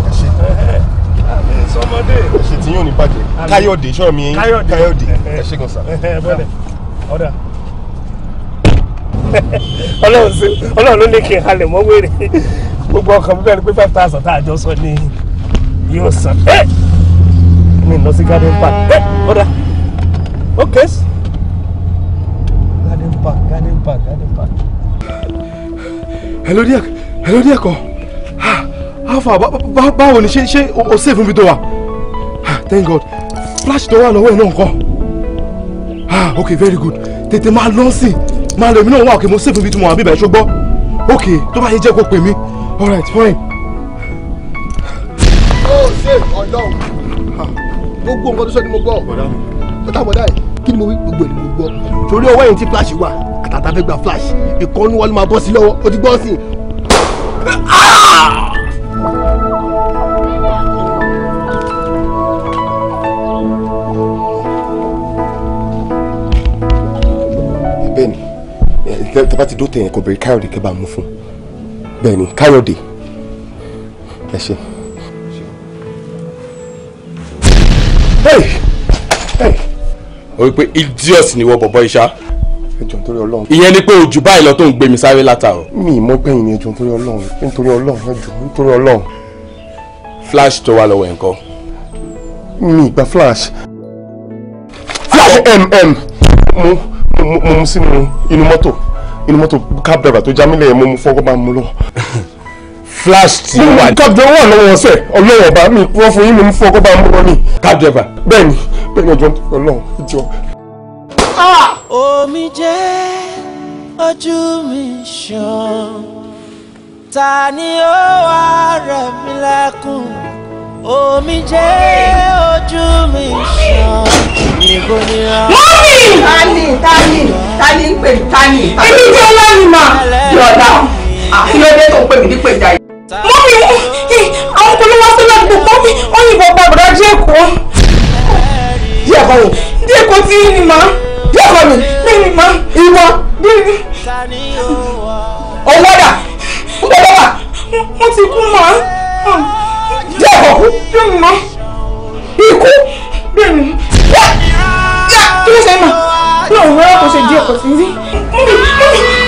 sọmọdé. ẹsẹ̀ tí yóò ní bàjẹ́ káyọ̀dé sọ̀rọ̀ mi yín káyọ̀dé ẹ̀ṣẹ̀ kan sà. ọ̀dà ọlọ́run sí ọlọ́run ló lè kí n halẹ̀ mọ́ wèrè gbogbo ọkàn mi bẹ̀rẹ̀ pé five thousand tá a jọ sọ ni yóò san ẹ́ ní lọ sí garden park ẹ́ ọ̀dà ok garden park garden park garden park. hello díẹ̀ hello díẹ̀ kọ́ afa báwo ni ṣe ṣe o ṣe fún mi tó wa thank god flash tó wà lọ́wọ́ ẹ̀ náà kọ́ ok very good tètè máa lọ́sìn máa lọ èmi náà wà òkè mo sèpè ibi tí mo wà bíbẹ̀ ṣùgbọ́n òkè tó bá yẹ jẹ́ kó pè mí all right fine. ó ṣe ọlọ́run gbogbo nǹkan tó sọ ni mo gbọ́ bọ́dà bọ́dà yìí kí ni mo wí gbogbo ni mo gbọ́ torí ọwọ́ yẹn ti flash wà àtàtà fẹ́ gba flash ìkọ́nú wa ló máa bọ́ sí lọ́wọ́ ó ti gbọ́ sí i. Ah! tẹ bá ti dó tẹ̀yìn kò bẹ̀rẹ̀ káyọ̀dé kẹ́ bá mú fún bẹ́ẹ̀ ni káyọ̀dé ẹ ṣe. o rí pé idiot ni wọ́n bọ̀bọ̀ iṣá. ẹjọ nítorí Ọlọ́run. ìyẹn ni pé ojú báyìí lọ tó ń gbé mi sáré látàrọ. mi ì mọ gbẹ̀yìn ni ẹjọ nítorí Ọlọ́run nítorí Ọlọ́run ẹjọ nítorí Ọlọ́run. flash tó wà lọ́wọ́ ẹ̀ ń kọ́. mi ì gba flash. flash mm mo mo mo sínú inú mọ́tò inú mọ́tò cab driver tó já mi lẹ́yìn mo mú fọ́gọ́ bá mú lọ. flash ti wà ní. cab driver wà lọ́wọ́ ọ̀sẹ̀ ọlọ́wọ́ ọba mi wọ́n fún yín mi mú fọ́gọ́ bá mú lọ ní. cab driver. bẹ́ẹ̀ni bẹ́ẹ̀ni ọjọ́ Ọlọ́run ìjọ. Ah! omi jẹ́ ojú mi ṣan ta ni ó wà rẹ̀ mi lẹ́kùn omi jẹ́ ojú mi ṣàn níbo ni a. mọ́mí. tani tani tani ń pè tani. èmi jẹ́ ọlọ́run mà. yọ̀dá ah, kí ló dé tó ń pè mí nípa ìjà yìí. mọ́mí àwọn polówó sọ́lá gbogbo mọ́mí ó yìnbọn pa bọ̀dá jẹ́ èkó. díẹ̀ kọ́ mi. díẹ̀ kọ́ tí ń ma. díẹ̀ kọ́ mi. díẹ̀ mi ma. ìwọ díẹ̀ mi. ọwọ́dà ń wọ́n ti kú mọ́ yẹ ọkọ kú ikú bẹ́ẹ̀ni yá kí ló ṣe mà lóun rẹ kò ṣe di ọkọ sí sí mọmi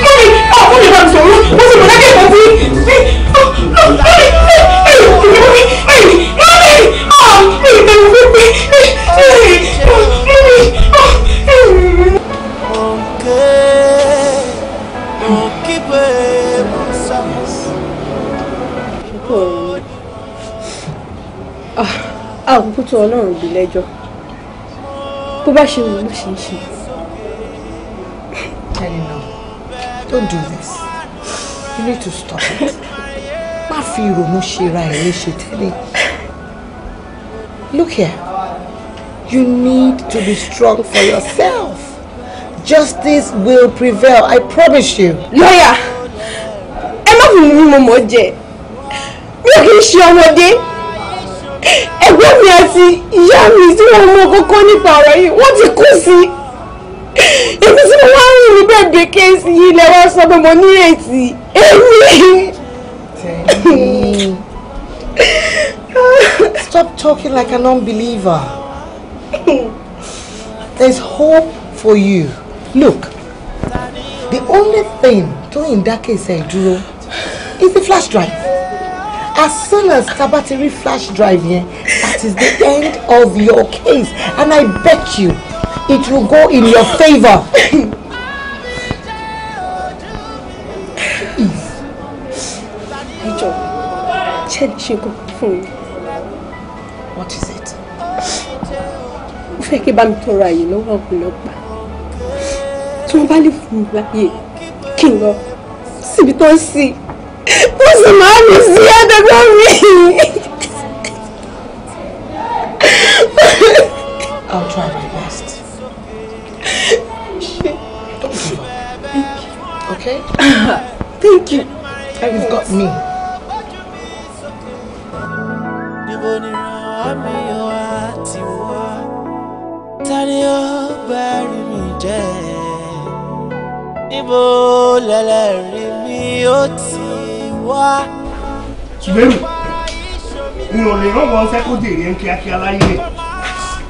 mọmi mọmi ọkọ mi bá mi sọ̀rọ̀ mo sì mọ lẹkẹ ìbọn sí sí mọmi mọmi mọmi mọmi mọmi ọ mi ìbẹ̀rù pípé. Ah, a ò kúkú tó ọlọ́run bí lẹ́jọ́ bó bá ṣe wù ló ṣe ń ṣe. Elena, don't do this. You need to stop it. Má fi ìrònú ṣe ra ẹ̀ léṣe tẹ́lẹ̀. Look here. You need to be strong for yourself. Justice will prevail, I promise you. Lọ́yà, ẹ má fi mímọ̀ mọ́ jẹ. Mi ò kì í ṣe ọmọdé ẹ̀gbọ́n mi àti ìyá mi tí wọ́n mọ kókó nípa ọ̀rọ̀ yìí wọ́n ti kú sí i èmi tí mo wá ń rìn ní bẹ́ẹ̀dẹ̀ kéésì yìí lẹ́wọ́ sọ pé mo nírètí èmi. Stop talking like an unbeliever. There's hope for you. Look, the only thing to in that case I is the flash drive as soon as taba ti flash drive yẹn that is the end of your case and i bet you it will go in your favour. ẹjọ ṣé ẹ ṣe nǹkan hmm. what is it. mo fẹ́ kí bá mi tọrọ àyè lọ́wọ́ ọ̀pọ̀lọpàá tí wọ́n bá lè fún mi láàyè kí n lọ síbi tó ń sìn ó sì máa mi sí ẹ̀ẹ́dẹ́gbẹ́ mi. I'll try my best. Okay? Thank you. and You've got me. Tani yóò bẹ̀rù mi ṣùgbẹ́rù n ò lè rọ́wọ́ ọ̀fẹ́ kó dèrè ń kíákíá láyé.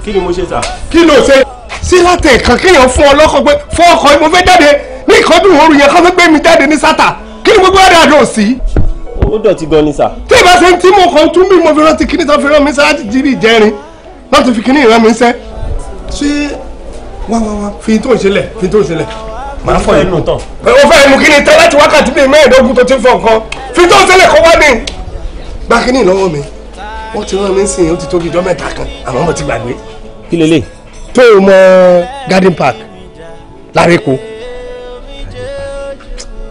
kí ni mo ṣe tà. kí ló ṣe sí látẹ̀ kan kéèyàn fún ọ lọ́kọ̀ pé fún ọkọ̀ mo fẹ́ jáde ní ìkọ́dún òru yẹn kọ́ fẹ́ gbé mi jáde ní sátà kí ni gbogbo ẹ̀rọ àdó sí. ó dọ̀tí gan ni sà. tí ìbá ṣe ń tí mo kàn tún bí mo fi rántí kíní tó fi rán mi sáláàtì jírí ìjẹrin láti fi kíní ìrán mi sẹ́. ṣé wá wá wá fi tó ìṣẹ̀lẹ̀ fi tó ìṣẹ̀lẹ̀ máa fọ ìlú tán. o fẹ́ mu kíni tán láti wákàtí bíi mẹ́ẹ̀ẹ́dógún tó ti ń nǹkan fi tó tẹ́lẹ̀ kọ́ wá ní. gbàkínní lọ́wọ́ mi wọ́n ti rán mi sìn ó ti tó bí ijọ́ mẹ́ta kan àmọ́ mo ti gbàgbé. kí lélẹ̀. tó o mọ garden park lárẹ́kọ̀ọ́.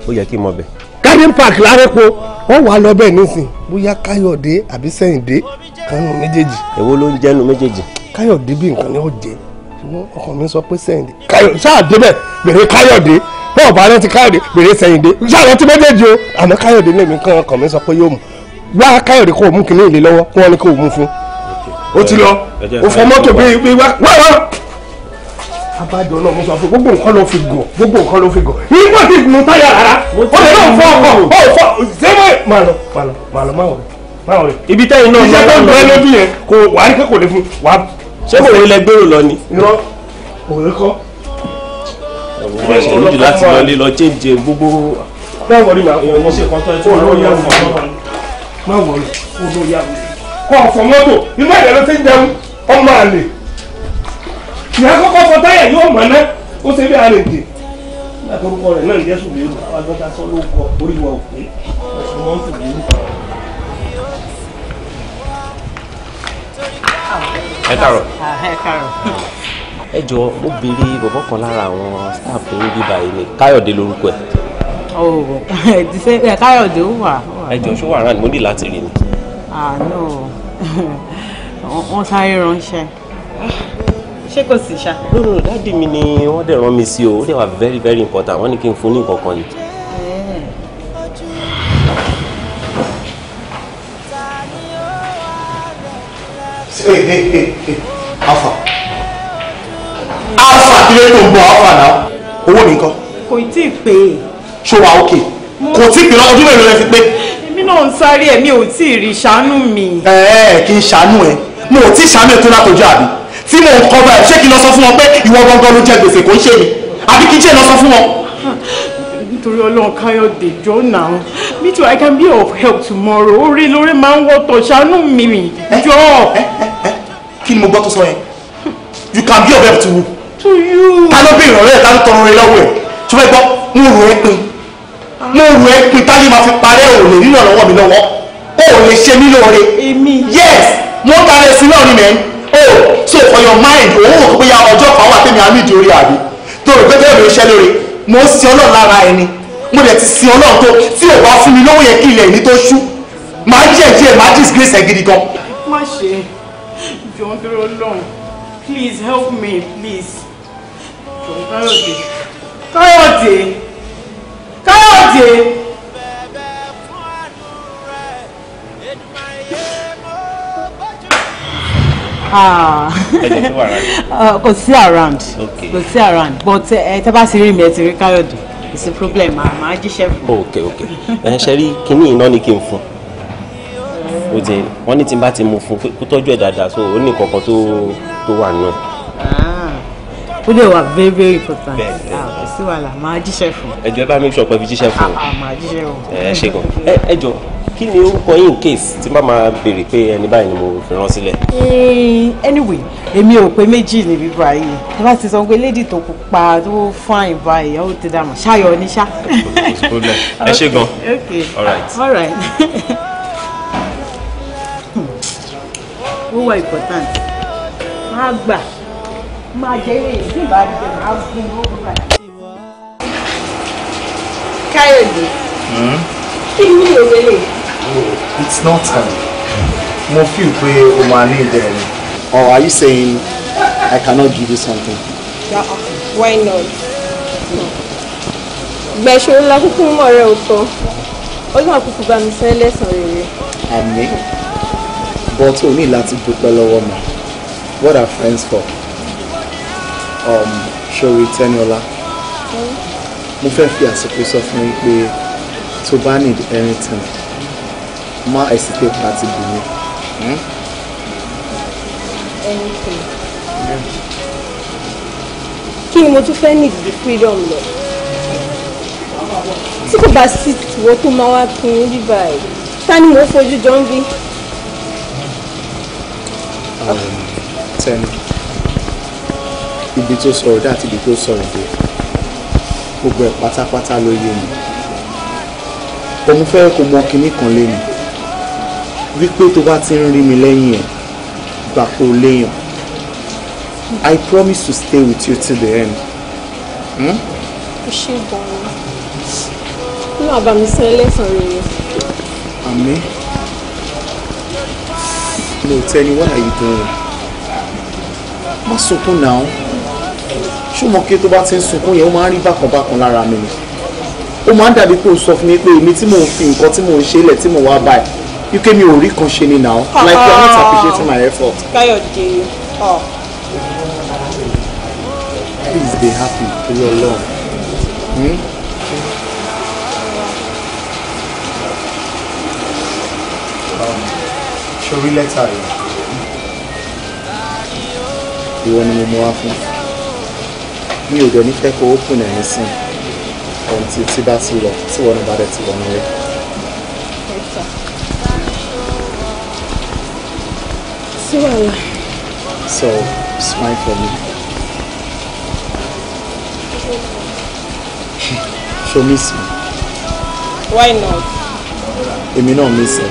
ó yẹ kí n mọ bẹ́ẹ̀. garden park lárẹ́kọ̀ọ́ wọ́n wà lọ bẹ́ẹ̀ nísìn bóyá káyọ̀dé àbí sẹ́yìndé kanu méjèèjì. èwo ló ń jẹ́nu méjèèjì. káyọ̀dé bí nǹkan ni ó jẹ́ ṣùgbọ́n ọkàn mi sọ pé sẹ́yìndé káyọ̀dé sáà débẹ̀ bẹ̀rẹ̀ káyọ̀dé bọ́ ọ̀bá rẹ ti káyọ̀dé bèrè sẹ́yìndé yàrá ti méjèèjì o àmọ́ káyọ̀dé lèmi kan ọkàn mi sọ pé yóò mú wá káyọ̀dé kó o mú kinní ìlé lọ́wọ́ kó wọ́n ní kó o mú fún. o ti lọ o fọ mọ́tò bíi bíi wá wá wá. abájọ náà mo sọ fún gbogbo nǹkan ló fi gọ̀ gbogbo nǹkan ló fi gọ̀ nígbà tí mo táyà rárá o lè náà fọ ọkọ o fọ zẹ́wọ̀ máa lọ máa lọ máa lọ máa wọ̀ máa wọ̀ ibi tẹ́yìn náà iṣẹ́ tó ń bẹ́ẹ̀ lójú yẹn kò wá ní kò lè fún wa. ṣé kò wọlé gbèrò lọ ni. irọ́ òwe kọ́ ọ̀rọ̀ ẹ̀ṣẹ̀ lójú láti lọ lé lọ chéńjẹ gbogbo. báwo ni màá fọ ọmọ sí kọ́tọ́ ẹ̀ tó ló yà wù báwo ni ó ló yà kọ́ ọ̀fọ̀ mọ́tò inú ẹ̀rẹ́ ló ti ń jẹun ọmọ àlè ìyá kọ́kọ́ fọ táyà yóò mọ̀ ná ó ṣe bí àlè dè látọrúkọ rẹ̀ náà ń jẹ́ sùn lérò àgbọ̀tà sọ ló orí wa òkè ẹ̀sùn wọn sùn lérò. ẹ káàárọ̀. Ah, ẹ káàárọ̀ ẹ jọ mo béèrè bọ̀bọ̀ kan lára àwọn staff ní bíbá yìí ni káyọ̀dé lórúkọ ẹ̀. ọ̀ oh, káyọ̀dé ó wà. ẹ jọ ṣó wà rán ni mo ní láti rí ni. àánú ah, wọn sáré ránṣẹ́ ṣé kò sì ṣá. no no dáàdi mi ni wọ́n dẹ̀ rán mi sí o ó dẹ̀ wà very very important wọ́n ní kí n fún ní nǹkan ni. Hey, eh, eh, hey, eh, hey, hey. Alpha alpha kílé tó ń bọ̀ alpha náà owó mi nǹkan. kò tí ì pé. ṣó wa ok kò tí ì pé ọdún mélòó lẹ fi pé. èmi náà ń sáré ẹ̀ mi ò tí ì rí ṣàánú mi. ẹ ẹ kí n ṣàánú ẹ mo ò tí ì ṣàánú ètò látọjú àbí tí mo ń kọba ẹ ṣé kí n lọ sọ fún wọn pé ìwọ gangan ló jẹ gbèsè kò ń ṣe mi àbí kí n ṣe lọ sọ fún wọn. nítorí ọlọ́run káyọ̀dé jọ́nà me too i can be of help tomorrow orí lórí máa ń wọ́tọ̀ ṣàánú mi jọ. kí ni mo gbọ́ tó sọ yẹn you can be of help to to you. ta ló bí ìrànlọ́yẹ ta ló tọrọ rẹ lọ́wọ́ ẹ̀ tó fẹ́ gbọ́ mo rò ẹ́ pin mo rò ẹ́ pin táyé máa fi parẹ́ òòlù nínú ọ̀lọ́wọ́ mi lọ́wọ́ o lè ṣe mí lóore. èmi yes mo ń tara ẹsùn náà ni mẹ́ oh so for your mind òun ò pé ya ọjọ́ kan wà tẹ́mi àmì ìdí orí àbí tó rò pé bẹ́ẹ̀ mi ò ṣẹ́ lóore mo ń sin ọlọ́run lára ẹni mo dẹ̀ ti sin ọlọ́run tó tí ò bá fún mi lówó yẹ kí ilẹ̀ ìní tó ṣú màá jẹ́ díẹ̀ màá disgrace ẹ̀ gidi gan. má ṣe jọ̀ọ́ dúró lọ́hùn please help me please káyọ̀dé káyọ̀dé káyọ̀dé. Ah. Uh, kò sí around kò sí around but eh, tẹ bá ti rí mi ẹ ti rí káyọ̀dé kò sí problem màá jíṣẹ́ fún. ok ok ẹ ṣe rí kínní iná ni kí n fún o ti wọ́n ní tí n bá ti mú fún kó tọ́jú ẹ̀ dáadáa so ó ní kankan tó wà náà ó dẹ̀ wà very very important ah, kò sí wàhálà máa jíṣẹ́ fún. ẹjọ ẹ bá mi sọ pé fi jíṣẹ́ fún o ah, ah, máa jíṣẹ́ o. ẹ ṣe gan ẹ ẹjọ kí ni ó kọ yín case tí má máa béèrè pé ẹni báyìí ni mo fi rán sílẹ̀. Eh, anyway èmi ò pé méjì ní bíbá yìí tí wọ́n ti sọ pé lady tó pupa tó fine báyìí ó ti dààmú ṣáyọ ní ṣá. ẹ ṣe gan all right. All right. ó wà important má gbà máa jẹ hmm? oh, it's not time mo feel pé o máa ní ìdẹ̀rẹ̀ ni. or are you saying I cannot give you something. Yeah, why not? gbẹ̀ṣọ́ ńlá kúkú mọ̀ rẹ̀ ò tọ́ ọlọ́run kúkú bá mi sẹ́ lẹ́sàn-án rere. àmín but o ní láti dúpẹ́ lọ́wọ́ mi what are friends for um, sori Tẹ́níọlá mo fẹ́ fi àsìkò sọ fún yín pé tó bá need anything má hesitate láti bù mí. Hmm? kí ni mo tún fẹ́ need the freedom lọ tí kò bá sí ìwọ tó máa wá kí n bíbá ẹ ta ni mo fojú jọ ń bí. Um, Tẹ́ni ibi tó sọ̀rọ̀ dé àti ibi tó sọ̀rọ̀ dé gbogbo ẹ̀ pátápátá ló yé mi òun fẹ́ kó mọ kinní kan lé mi wípé tó bá ti ń rí mi lẹ́yìn ẹ̀ gbà kó léèyàn I promise to stay with you till the end. Hmm? ó ṣe gan-an nínú àbàmì sí ẹlẹ́sàn rere. àmì mi ò tẹ́ni what are you doing? so sunkún náà ṣùmọ̀kí tó bá ti ń sunkún yẹn ó máa ń rí bákanbákan lára mi ó máa ń dàbí kó o sọ fún mi pé èmi tí mò ń fi nǹkan tí mò ń ṣe lẹ̀ tí mò ń wá báyìí wípé mi ò rí kan ṣe ni now ah, like you not appreciating my effort. káyọ̀dé ọ̀. Ah. please be happy your ọlọ́run. Hmm? Um, ṣorí lẹ́tà rẹ̀. ìwọ ni mo mọ wá fún mi ò dẹ̀ ní fẹ́ kó open ẹ̀ nísìn ohun tí tí bá ti lọ tí wọn bá dẹ̀ ti wọ̀ nílé. sí wàhálà. So smile for me. Show me some. Why not? Èmi náà miss it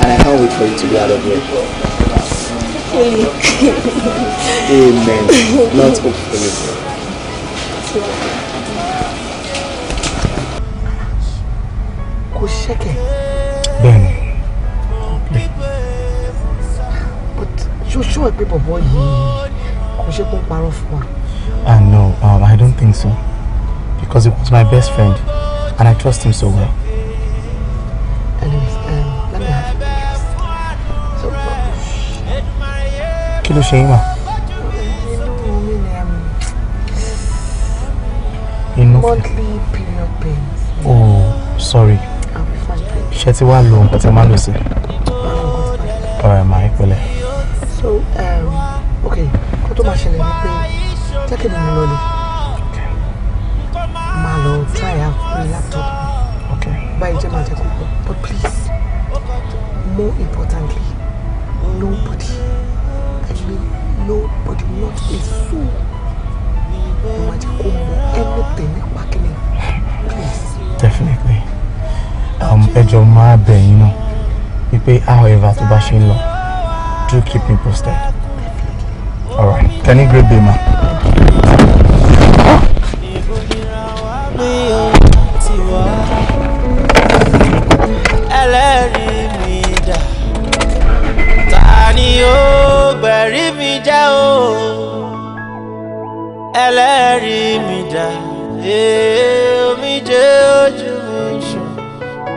and I can't wait for you to be out of here. Amen. Not hopefully ṣe wá. kò ṣẹ́kẹ̀. bẹ́ẹ̀ni but ṣoṣo ẹ pé bọ̀bọ̀ yìí kò ṣe kó parọ́ fún wa. ah no um, I don't think so because he was my best friend and I trust him so well. Um, kí ló ṣe yín wá. monthly period pains. oh sorry ṣe ti wá lo nǹkan tí máa lò sí. ọ̀rọ̀ ẹ̀ máa ń pẹ̀lẹ́. so um, ok kó tó máa ṣẹlẹ̀ ni pé jẹ́ kí ni mo lọ lè máa lọ try out ní laptop Okay. jẹ́ máa jẹ́ kó but please more importantly nobody I mean nobody not a soul máa jẹ́ kó Definitely. Um, mí pa kí ni. definitely ẹjọ́ máa bẹ̀ yín náà wípé however tó bá ṣe ń lọ do keep me posted. all right can you grab me ma.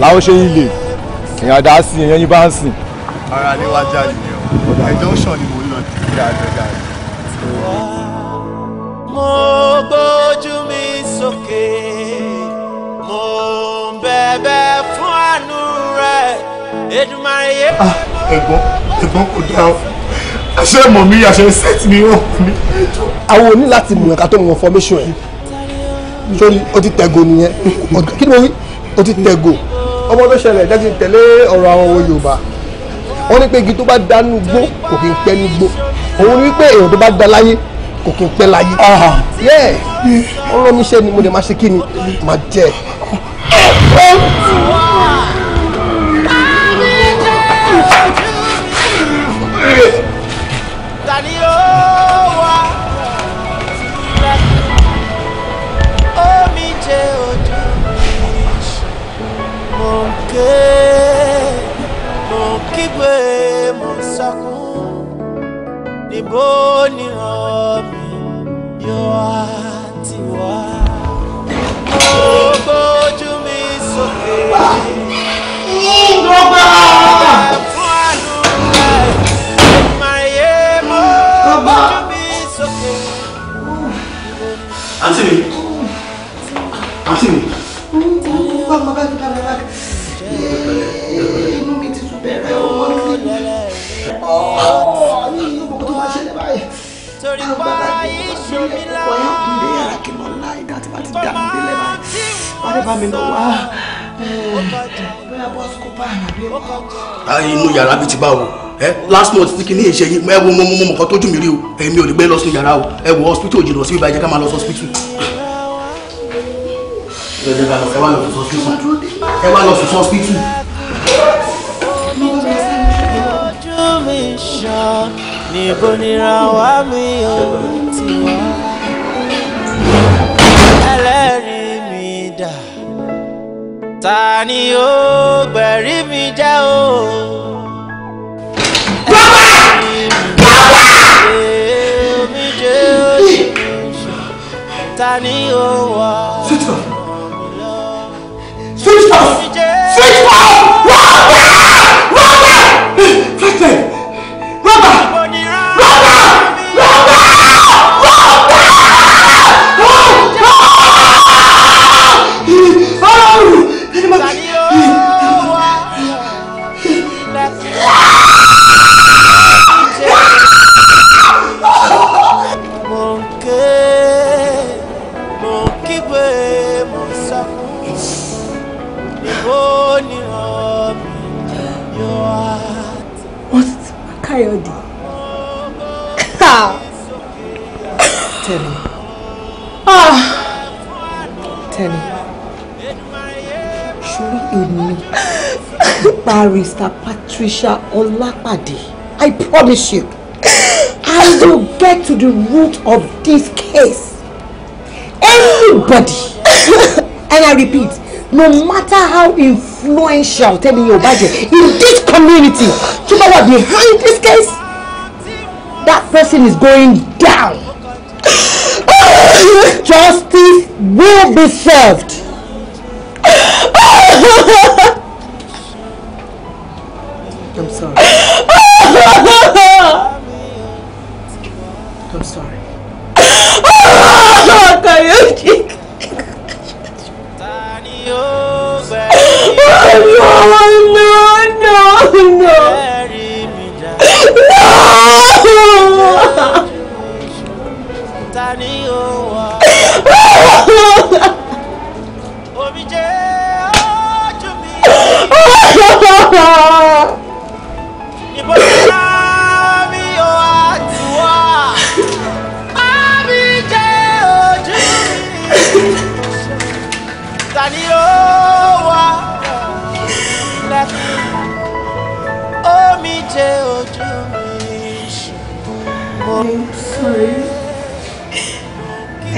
làwọn ṣe ilé èèyàn àdá sí èèyàn yín bá ń sìn. ara ni wàá jáde ni o ẹjọ ń ṣàn ni mò ń lọ sí àjọjà rẹ. mo gbójú mi sókè mo bẹ̀bẹ̀ fún àánú rẹ̀ Èdùmàrè yé. Ah, ẹ̀gbọ́n ẹ̀gbọ́n kò dáa àṣẹ mọ̀ mi àṣẹ set mi ó mi. àwọn oní láti mú ẹ̀ka tó mú information ẹ̀ sórí ó ti tẹ̀gọ́ nìyẹn kí ni mo wí ó ti tẹ̀gò ọmọ tó ṣẹlẹ̀ jẹ́ tẹ̀lé ọ̀rọ̀ àwọn Yorùbá wọ́n ní pé igi tó bá dánú gbó kò kí n pẹ́ ní gbó òun ní pé èèyàn tó bá dá láyé kò kí n pẹ́ láyé yẹ́ẹ̀ ọlọ́míṣẹ́ ni mo lè máa ṣe kí ni máa jẹ́ ẹ̀. why. Ah, inú yàrá bíi ti bá o ẹ last month ní kíní ìṣe yìí ẹ wo mo mọ nǹkan tójú mi rí o èmi ò lè gbé lọ sínú yàrá o ẹ wo hospital òjìnà síbi ìbàjẹ́ ká máa lọ sí hospital. ẹ wá lọ sí hospital. ẹ wá lọ sí hospital. níbo ni ra wá mi ò ti wá. ta ni ó gbẹ̀rí mi jẹ́ o. bàbá bàbá. omi jẹ́ oṣù ta ni ó switch off switch off switch off. Patricia Olapade. I promise you, I will get to the root of this case. Anybody, and I repeat, no matter how influential tell me your budget in this community You know wà behind this case, that person is going down. Justice will be served.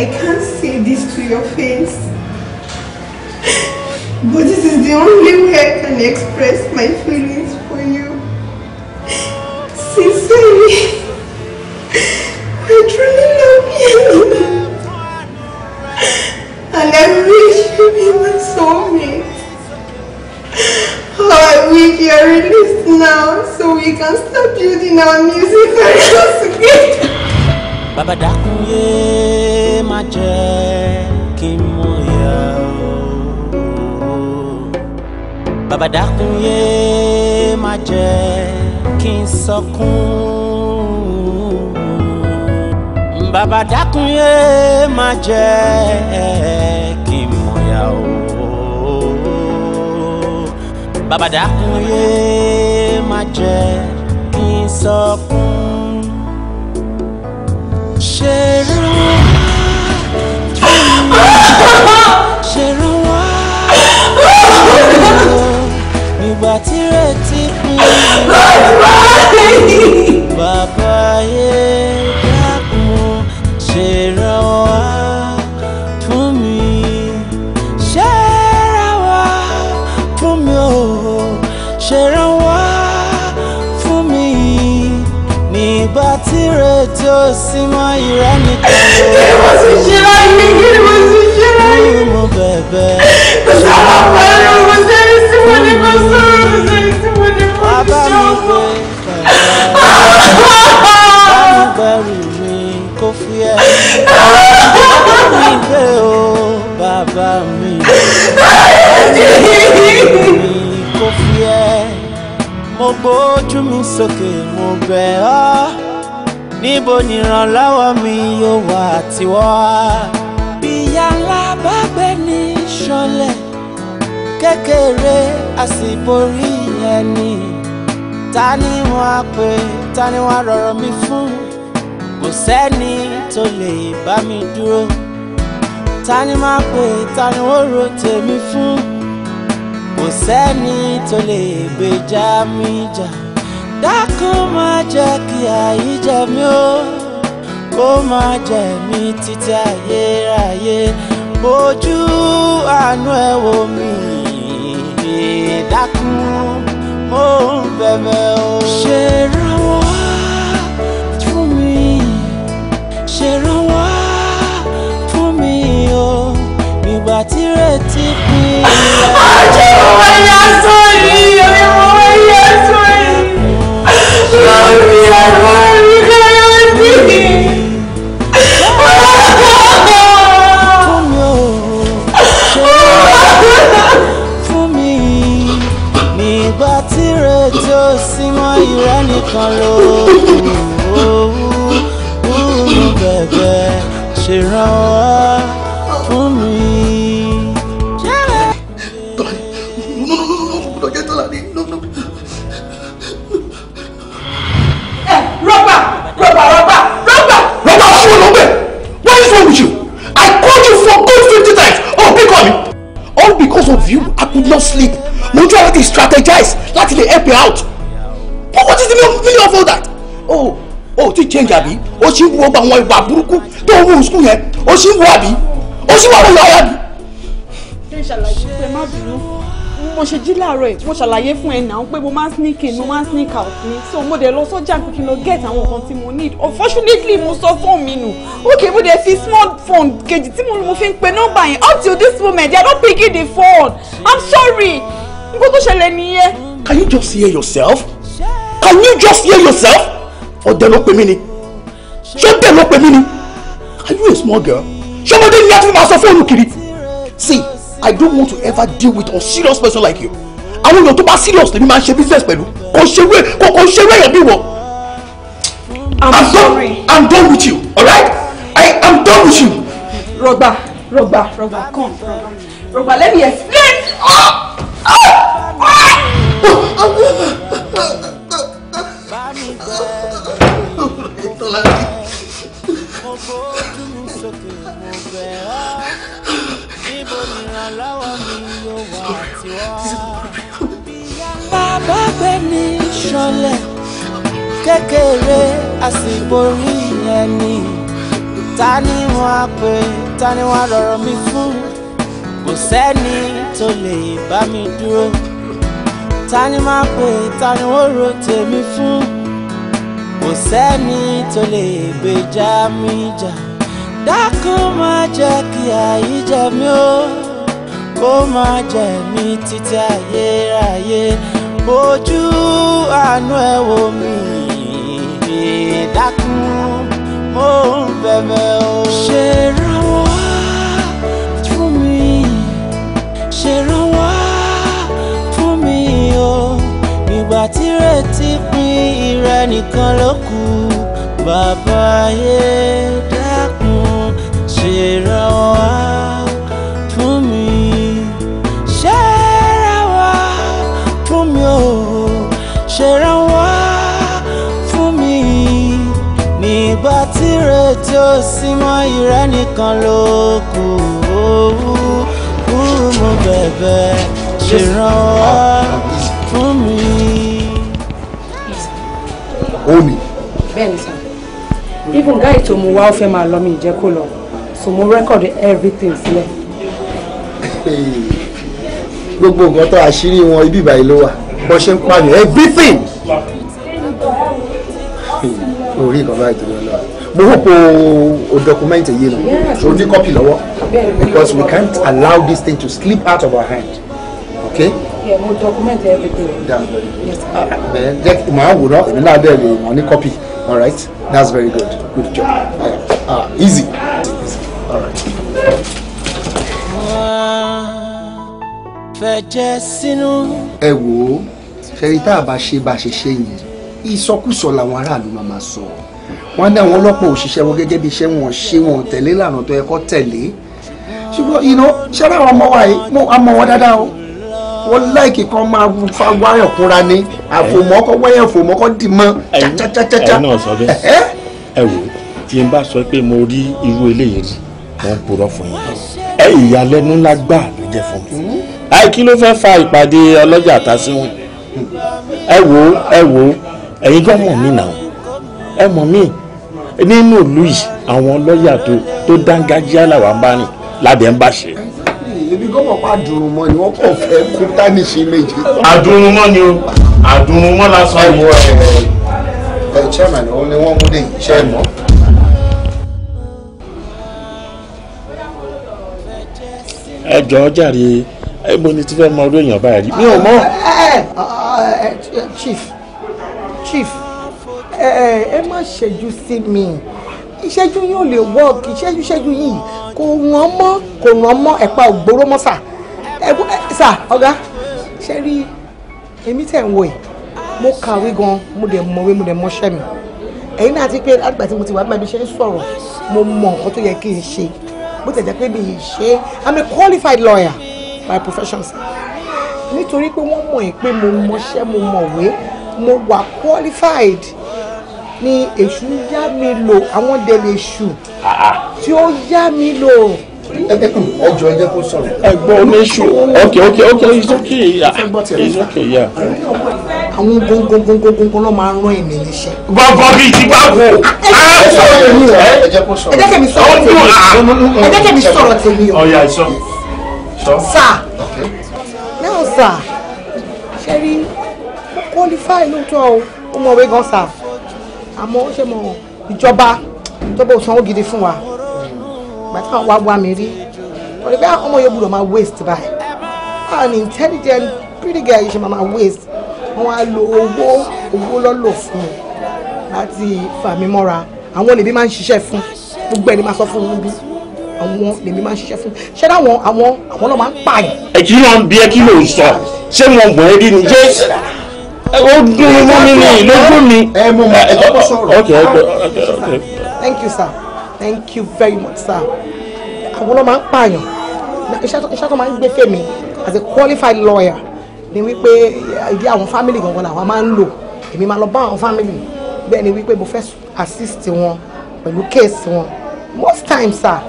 I can't say this to your face. But this is the only way I can express my feelings for you. Sincerely, I truly love you. And I wish you were my soulmate. Oh, I wish you are released now so we can start building our music careers together. Baba Dakunye má jẹ́ kí n mọ ìyà o. Bàbá dákun yé má jẹ́ kí n sọkún. Bàbá dákun yé má jẹ́ kí n mọ ìyà o. Bàbá yé má jẹ́ kí n sọkún. Ṣerú ìgbà tí retí kún bàbá ayé dákun ṣèrànwá fún mi ṣèrànwá fún mi ò ṣèrànwá fún mi nígbà tí retí ó sì mọ ìrẹ́nìkan. kí ni mo sì ṣe láyé kí ni mo bẹ́ẹ̀. kò sábà pariwo kò sẹ́ni tí mo ní kó sọ̀rọ̀ kò sẹ́ni tí mo ní kó sọ̀rọ̀. bámúbẹ̀rù mi kò fúyẹ́ bámi gbé o bàbá mi bámi kò fúyẹ́ mo gbójú mi sókè mo bẹ̀ ọ́ níbo nìrànlọ́wọ́ mi yóò wà tiwọ́. kékeré àsìborí yẹn ni ta ni wọ́n á pè ta ni wọ́n á rọrọ mi fún kò sẹ́ni tó lè bá mi dúró ta ni máa pè ta ni wọ́n ro tèmi fún kò sẹ́ni tó lè gbèjà mi jà dákun má jẹ́ kí àyí jẹ mí o kó má jẹ mí títí ayérayé ojú àánú ẹ̀ wò mí dákun mo ń bẹ̀bẹ̀ o. ṣe rànwọ́ fún mi ṣe rànwọ́ fún mi o ìgbà tí retí pin. ọjọ́ ìwé ya sọ yìí ìwé ya sọ yìí. lọ́ọ̀rì àgbọ̀n. kan lókun òwú bẹ̀bẹ̀ ṣèrànwọ́ fún mi. Eh, rọ́bà! Rọ́bà! Rọ́bà! Rọ́bà! Rọ́bà! Ṣé o lọ bẹ̀? What is wrong with you? I called you for good fifty times. Oh, pick on me. All because of you, I could not sleep. Mo jẹ́ láti strategize láti lè help you out what is the meaning of all that oh oh ti change àbí o ṣì ń wo gbogbo àwọn ìwà burúkú tó ń wù skul yẹn o ṣì ń wo àbí o ṣì wà wọ ìyá àbí. ṣé ìṣàlàyé pé má bínú mo ṣe jí láàárọ̀ ẹ̀ mo ṣàlàyé fún ẹ náà pé mo máa sneak in mo máa ń sneak out ni so mo dẹ̀ lọ sọ́jà pé kí n get àwọn nǹkan tí mo need unfortunately mo sọ fóònù mi nù ok mo dẹ̀ fi phone. kejì tí mo fi ń pe nọ́mbà yẹn up till this moment they are not picking the phone i'm sorry nǹkan tó ṣẹlẹ̀ nìyẹn. can you just hear yourself? can you just hear yourself? ọ̀dẹ̀ ló pè mí ni ṣé bẹ́ẹ̀ ló pè mí ni are you a small girl? ṣé ọmọdé ni a ti máa sọ fóònù kiri? see I don't want to ever deal with a serious person like you. àwọn èèyàn tó bá serious lèmi máa ń ṣe business pẹ̀lú kò ṣe wé kò kò ṣe wé èèyàn wọ. I'm, I'm sorry. Done, I'm done with you, alright? I am done with you. Rọgbà, Rọgbà, Rọgbà, come, Rọgbà, let me explain. Ah! Ah! Ah! Oh! Oh! Oh! oh, oh mi bẹ̀rẹ̀ mo bẹ̀rẹ̀ mo ni ta ni wọ́n á pè ta ni wọ́n á rọ̀rọ̀ mi fún kò sẹ́ni tó lè bá mi dúró ta ni máa pè ta ni wọ́n ro tèmi kò sẹ́ni tó lè gbèjà mi jà dákun má jẹ́ kí àyí jẹ mí o kó má jẹ mí títí ayérayé ojú àánú ẹ wò mí dákun mo ń bẹ̀bẹ̀ o. ṣèrànwọ́ through me ṣèrànwọ́. àti retí pín ìrẹ́ nìkan ló kù bàbá ayé dákun ṣèrànwọ́ fún mi ṣèrànwọ́ fún mi ò ṣèrànwọ́ fún mi nígbà tí retí ó sì mọ́ ìrẹ́ nìkan ló kù ó wú mo bẹ̀bẹ̀ ṣèrànwọ́. ó mi. bẹ́ẹ̀ni sá even guy tó mu wá ó fẹ́ máa lọ mi ìjẹ́ kó lọ so mo record everything sílẹ̀. gbogbo nǹkan tó àṣírí wọn ibi ìbàyí ló wà bó ṣe ń pààyàn everything. orí ìkan báyìí tó lọ lọ mo hope o document yìí lọ So ní copy lọ́wọ́ because we can't allow this thing to slip out of our hand okay. Yeah, mo document everything. That's very good. Yes. Uh, jẹ́ uh, màá wòrán èmi not dẹ̀ lè copy. All right. That's very good. Good job. Uh, uh easy. Easy. All right. Fẹ̀jẹ̀ sínú. Ẹ wo, ṣẹ̀rí tá a bá ṣe bá a ṣe ṣe yẹn, ìsọkúsọ làwọn aráàlú máa ma sọ. Wọ́n dá àwọn ọlọ́pàá òṣìṣẹ́ wọn gẹ́gẹ́ bí iṣẹ́ wọn ṣe wọn tẹ̀lé ìlànà tó yẹ tẹ̀lé. Ṣùgbọ́n ìná ṣẹ́ra àwọn ọmọ wa yìí, a mọ̀ wọn dáadáa o wọ́n láìkì kan máa fa wáyàn kúnra ni àfòmọ́kọ́ wáyàn fòmọ́kọ́ dì mọ́ cháchácháchá. ẹ̀yin náà sọ bẹ́ẹ̀ ẹ wò tí n bá sọ pé mo rí irú eléyìí rí wọ́n purọ́ fún yín ẹ ìyàlẹ́nu ńlá gbà ló jẹ́ fún mi. Hmm. àì kí ló fẹ́ẹ́ fa ìpàdé ọlọ́jà àtàsíwìn ẹ wò ẹ wò ẹ̀yin gan mọ̀ mí nà ẹ mọ̀ mí nínú ìlú yìí àwọn lọ́ọ̀yà tó tó dángájíá làwọn bá rìn lábẹ́ ń bàṣẹ́ ebi gọ́mọ̀ pa àdùrùmọ́ ni wọ́n kàn fẹ́ kú tánìṣe méje. àdùrùmọ́ ni o àdùrùmọ́ lásán. ẹ wo ẹ ẹ chairman òun ni wọ́n mú lè ṣe é mọ́. ẹ jọ̀ọ́ jàre ẹ mo ní ti fẹ́ mọ èèyàn báyìí mi ò mọ̀. chief chief ẹ ẹ má ṣẹ́jú sí mi ìṣẹ́jú yìí ò lè wọ́ọ̀kì ìṣẹ́jú ìṣẹ́jú yìí kò wọ́n mọ́ kò wọ́n mọ́ ẹ̀pà ògbóró mọ́ sà sà ọ̀gá ṣe rí èmi tẹ̀ ń wò ẹ̀ mo kàwé gan mo dẹ̀ mọ̀wé mo dẹ̀ mọṣẹ́ mi ẹ̀yin náà ti pé àgbà tí mo ti wà bí ṣe ń sọ̀rọ̀ mo mọ nǹkan tó yẹ kí n ṣe bó tẹ̀ jẹ́ pé mi ì ṣe I'm a qualified lawyer by profession sir nítorí pé wọ́n mọ̀ ẹ́ pé mo mọṣẹ́ mo mọ̀wé mo wà qualified ni èṣù yá mi lò àwọn dẹ̀lẹ̀ èṣù ah, ah. tí ó yá mi lò ẹjọ ẹjẹ kó sọ̀rọ̀. ẹ̀gbọ́n oníṣù ok ok ok it's okay yeah it's okay yeah. àwọn gongongongongongon ló máa ń rán èmi níṣẹ́. bàbá bíi ti bá wò. ẹ ah! sọ̀rọ̀ tèmi o ẹ jẹ́ kẹ́mi sọ̀rọ̀ tèmi o oh, ẹ jẹ́ kẹ́mi sọ̀rọ̀ tèmi o. ọ̀ya ìsọ. sà náà sà ṣe rí kọ́lífà lóòótọ́ o ó mọ̀ wé gan sà àmọ́ ó ṣe mọ̀ ìjọba ìjọba ò sanwó gidi fún wa gbàtí àwọn wá wá mi rí ọ̀rẹ́ bí ah, ọmọ yóò gbúdọ̀ máa waste báyìí ah, an intelligent pretty girl ṣe máa waste wọ́n á lo owó owó lọ́lọ́ fún un láti fà mí mọ́ra àwọn lèmi máa ń ṣiṣẹ́ fún gbogbo ẹni máa sọ fún un bí àwọn lèmi máa ń ṣiṣẹ́ fún ṣé láwọn àwọn àwọn náà máa ń pààyàn. ẹ kí ló ń bí ẹ kí ló ń sọ ṣé wọn gbọ́n ẹ bí ni jẹ́ ó dúró mọ́ mi ní lójú mi. ẹ mọ mọ ẹ lọ́kọ̀ sọ̀rọ̀. ok ok ok. thank you sir thank you very much sir. àwọn ọmọ máa ń pààyàn iṣẹ́ tó máa ń gbé fèmí as a qualified lawyer ni wípé ìdí àwọn family gangan làwọn máa ń lò èmi máa lọ bá àwọn family bẹ́ẹ̀ ni wípé mo fẹ́ assist wọn pẹ̀lú case wọn most times sir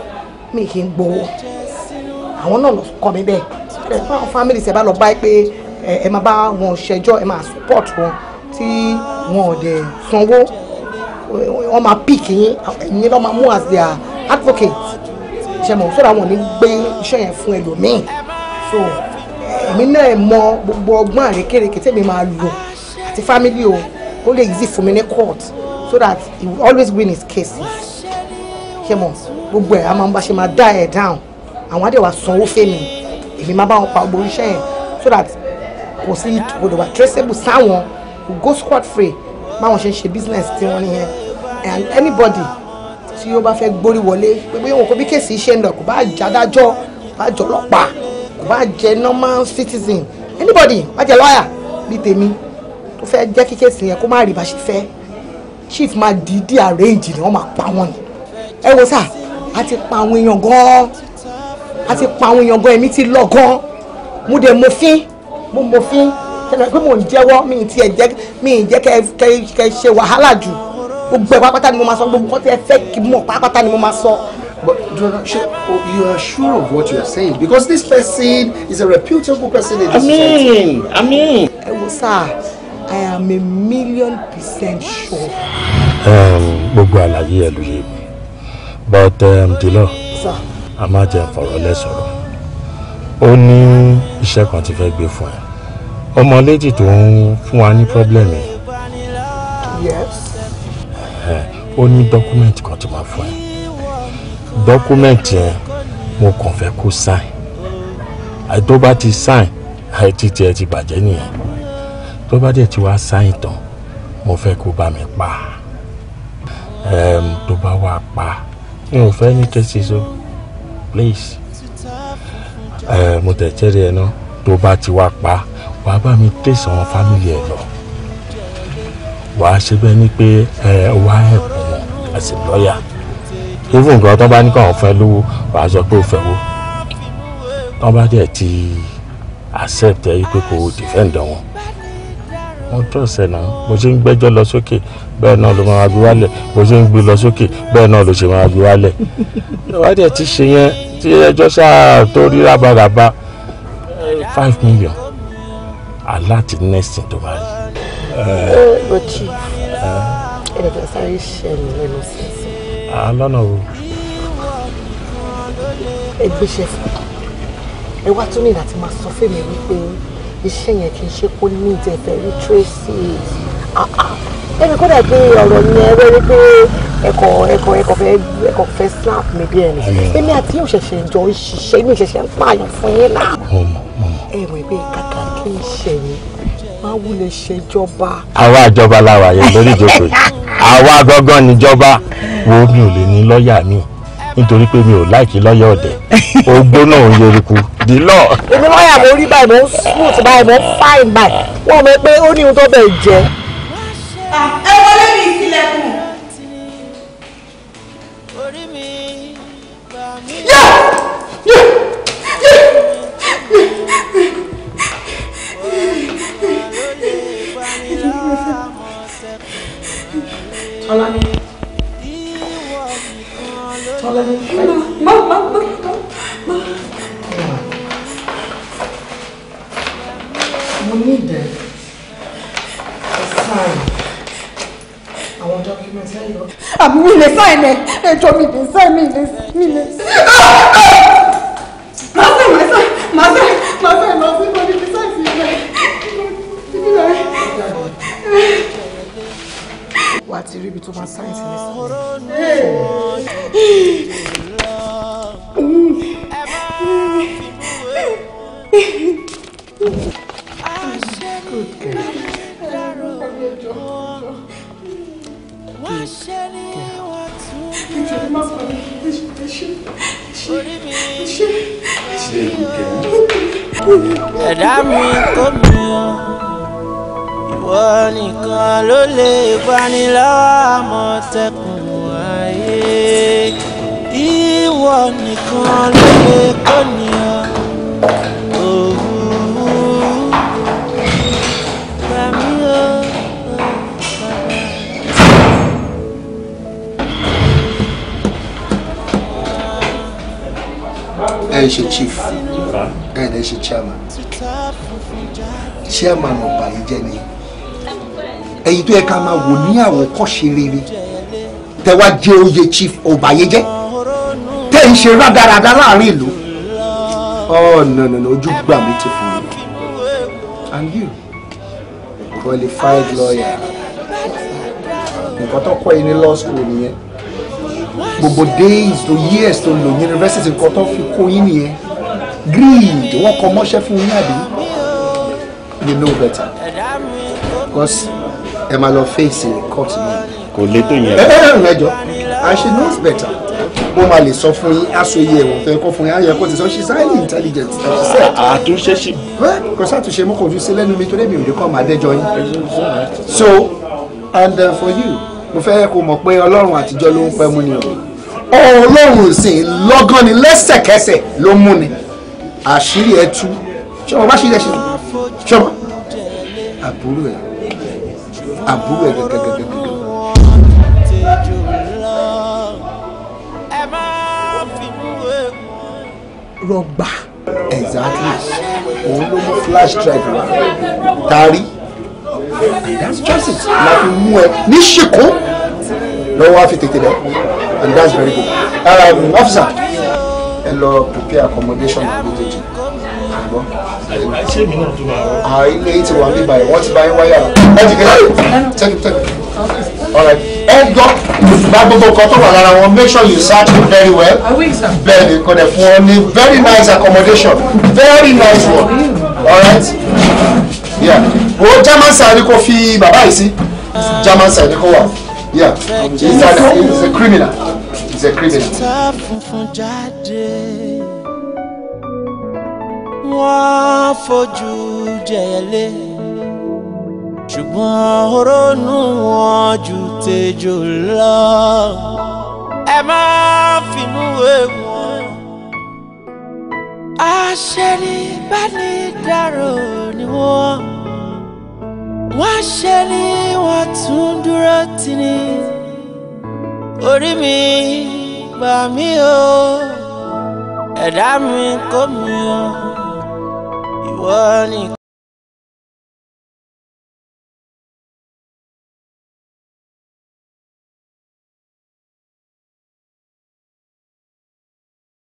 mi kì í gbowó àwọn náà lọ kọ́ mi bẹ́ẹ̀ bẹ́ẹ̀ fún àwọn family ṣẹ̀ bá lọ báyìí pé ẹ máa bá wọn ṣẹjọ́ ẹ máa support wọn tí wọn ò dẹ̀ sanwó wọn máa pick yín ẹ̀yin lọ́ máa mú as their advocate ṣe mọ̀ sọ́dọ̀ àwọn ò ní gbé iṣẹ́ yẹn fún ẹlòmíì so èmi náà mọ gbogbo ọgbọ́n àrékèrèké tèmi máa lò àti family o ó lè easy fún mi ní court so that he will always win his cases ṣe mọ̀ gbogbo ẹ̀ a máa ń bá ṣe máa dá ẹ̀ down àwọn adé wa sanwó fẹ́mi èmi máa bá wọn pa gbogbo iṣẹ́ yẹn so that kò sí kò dẹ̀ wà traceable sáwọn go squat free báwọn ṣe ń ṣe business tí wọ́n nìyẹn and anybody tí ó bá fẹ́ gbórí wọlé pé bóyá òun kò bí kéèsì iṣẹ́ ń lọ kò bá jádájọ́ kò bá jọ ọlọ́pàá kò bá jẹ normal citizen anybody má jẹ lọ́ọ̀yà bíi tèmi tó fẹ́ jẹ́ kí kéèsì yẹn kó má rí bá ṣe fẹ́ chief máa dìídì arrange ni wọ́n máa pa wọ́n ni ẹ wo sà á ti pa àwọn èèyàn gan-an á ti pa àwọn èèyàn gan-an èmi ti lọ gan mo dẹ̀ mo fín mo mọ fín pé mò ń jẹ́wọ́ mi ì tiẹ̀ jẹ́ mi ì jẹ́ kẹ́ ṣe wàhálà jù gbogbo ẹ̀ pápátá ni mo máa sọ gbogbo nǹkan tí ẹ fẹ́ kí mọ̀ pápátá ni mo máa sọ. But you are sure of what you are saying because this person is a reputable person in this society. I mean, I mean. Ẹ wo I am a million percent sure. Um, gbogbo àlàyé ẹ̀ lóye, but um, Dilo, a máa jẹ́ ìfọ̀rọ̀lẹ́sọ̀rọ̀ ó ní iṣẹ́ kan tí fẹ́ gbé fún ẹ ọmọ lady tó ń fún wa ní problem yẹn yes ó ní document kan tí máa fún ẹ document yẹn mo kàn fẹ́ kó sign àìtó bá ti sign àìtí tiẹ̀ ti bàjẹ́ nìyẹn tó bá dẹ̀ ti wá sign tán mo fẹ́ kó bá mi pa tó bá wà pa mi ò fẹ́ ní cases o please ẹ mo tẹ̀ ẹ ná tó bá ti wá pa wàá bá mi tẹ̀sí àwọn fámìlì ẹ lọ wàá ṣe bẹ́ẹ̀ ni pé ẹ wá ẹ̀kú wọn àti lọ́ọ̀yà even gan tó bá ní káwọn fẹ́ lówó wàá sọ pé ó fẹ́ wó tó bá dẹ̀ ti accept ẹ yí pé kò defend wọn wọn tọ̀sẹ̀ náà mo ṣe ń gbẹ́jọ́ lọ sókè bẹ́ẹ̀ náà ló máa gbé wálẹ̀ bó ṣe ń gbé lọ sókè bẹ́ẹ̀ náà ló ṣe máa gbé wálẹ̀ ìwádìí ẹ̀ ti ṣe yẹn tí ẹjọ́ ṣáà tó rí rábàràbà five million aláàtì next tó máa rí. bó ti ẹ̀ẹ́dẹ̀ sáré ṣẹlẹ̀ lẹ́nu sísè. àlọ́nà o. ẹ gbéṣẹ́ fún ẹ wá tún ní láti máa sọ fún mi wípé iṣẹ́ yẹn kì í ṣe kó ní ìtẹ̀fẹ́ tracy ah, ah ẹni kódà pé ọ̀rọ̀ yẹn wẹ́rẹ́ pé ẹ̀kọ́ ẹ̀kọ́ ẹ̀kọ́ fẹ́ ẹ̀kọ́ fẹ́ snap mi bí ẹni èmi àti yóò ṣẹ̀ṣẹ̀ jọ ń ṣiṣẹ́ inú ìṣẹ̀ṣẹ̀ ń pààyàn fún yín náà. ẹ̀rọ ìgbé kàkà kí n ṣẹ̀yìn máa wulẹ̀ ṣèjọba. àwa àjọba làwà yẹn lórí ìjókòó yìí àwa gangan níjọba wo mi ò lè ní lọ́ọ̀yà mi nítorí pé mi ò láìkí lọ́yọ̀ ọ̀dẹ̀ ogbó náà ń yeriku di lọ. èmi lọ́ọ̀yà mo rí báyìí mo ń smooth báyìí mo ń fine báyìí wọ́n mọ̀ pé ó ní ohun tó bẹ̀ jẹ́ Ah, ẹ wọlé mi ìkìlẹ̀kùn. àmì mi lè sáì nẹ ẹjọ́ mi lè sáì mi lè mi lè. màá sẹ́ màá sẹ́ màá sẹ́ màá sẹ́ màá sẹ́ màá lè sáì sí ibẹ̀ ibẹ̀. wà ti rí ibi tó máa sáì sí ní ṣẹ̀dá mi tó mi o ìwọ nìkan ló lè gbani àmọ̀tẹ́kùn ayé ìwọ nìkan ló lè kóni o òwú ẹ ṣe chief ẹ ṣe chairman chairman ọ̀bà yìí ni ẹ̀yin tó yẹ ká máa wò ní àwọn kọ́ṣe rere tẹ́ jẹ oyè chief ọ̀bà yìí jẹ́ tẹ́ ṣe rádaràda láàrin ìlú oh no ojú gbà mí ti fún mi and you qualified lawyer nǹkan tó kọ́ yín ní law school nìyẹn gbogbo days to years to lò ní university nǹkan tó fi kó yín nìyẹn greed wọ́n kọ́ mọ́ṣẹ́ fún yín àbí you know better because ẹ máa lọ face court mi. kò lè tó yẹn. Eh, eh, eh, ẹ and she knows better mo máa lè sọ fún yín aṣọ iye ẹ̀wọ̀n tó yẹ fún yín ayẹyẹ kó ti sọ she's highly intelligent as she said. àtúnṣe ṣe. bẹ́ẹ̀ kò sàtúnṣe mọ́ kò fi sí lẹ́nu mi torí èmi ò lè kọ́ máa dẹ́jọ́ yín. so and uh, for you mo fẹ́ kó mọ̀ pé ọlọ́run àtijọ́ ló ń pẹ́ mú ni o ọlọ́run sì lọ́gán ni lẹ́sẹ̀kẹsẹ̀ ló mú ni àṣírí ẹ̀ tú ṣé wọn bá ṣírí ẹ̀ ṣe ṣọmọ àbúrò ẹ àbúrò ẹ rọgbà. exactly òun ló mú flash drive wa tari that's just it la fi mú ẹ ní ṣìkó lọ́wọ́ á fi tètè dẹ and that's very good um, officer ẹ lọ prepare accommodation for the gbọ́. ṣé èmi náà tó máa rọ. àwọn ilé yìí ti wà ní ìbàdàn wọ́n ti bá yín wáyà ẹ gbọ́ bá gbogbo nǹkan tó wà lára wọn make sure you search it very well bẹ́ẹ̀ ni kò dẹ̀ fún ọ ní very nice accommodation very nice one alright yeah wo German side kò fi bàbá yìí sí German side kò wà yeah he's a, he's a criminal he's a criminal wọ́n fojú jẹ̀yẹ̀lé ṣùgbọ́n ronú wọn ju tejò lọ ẹ má fi mú wọn. aṣẹ́ni ni wọ́n wọ́n ṣe ni wọ́n tún dúró tì orí mi gbà mí o ẹ̀dá mi kò mí o. والك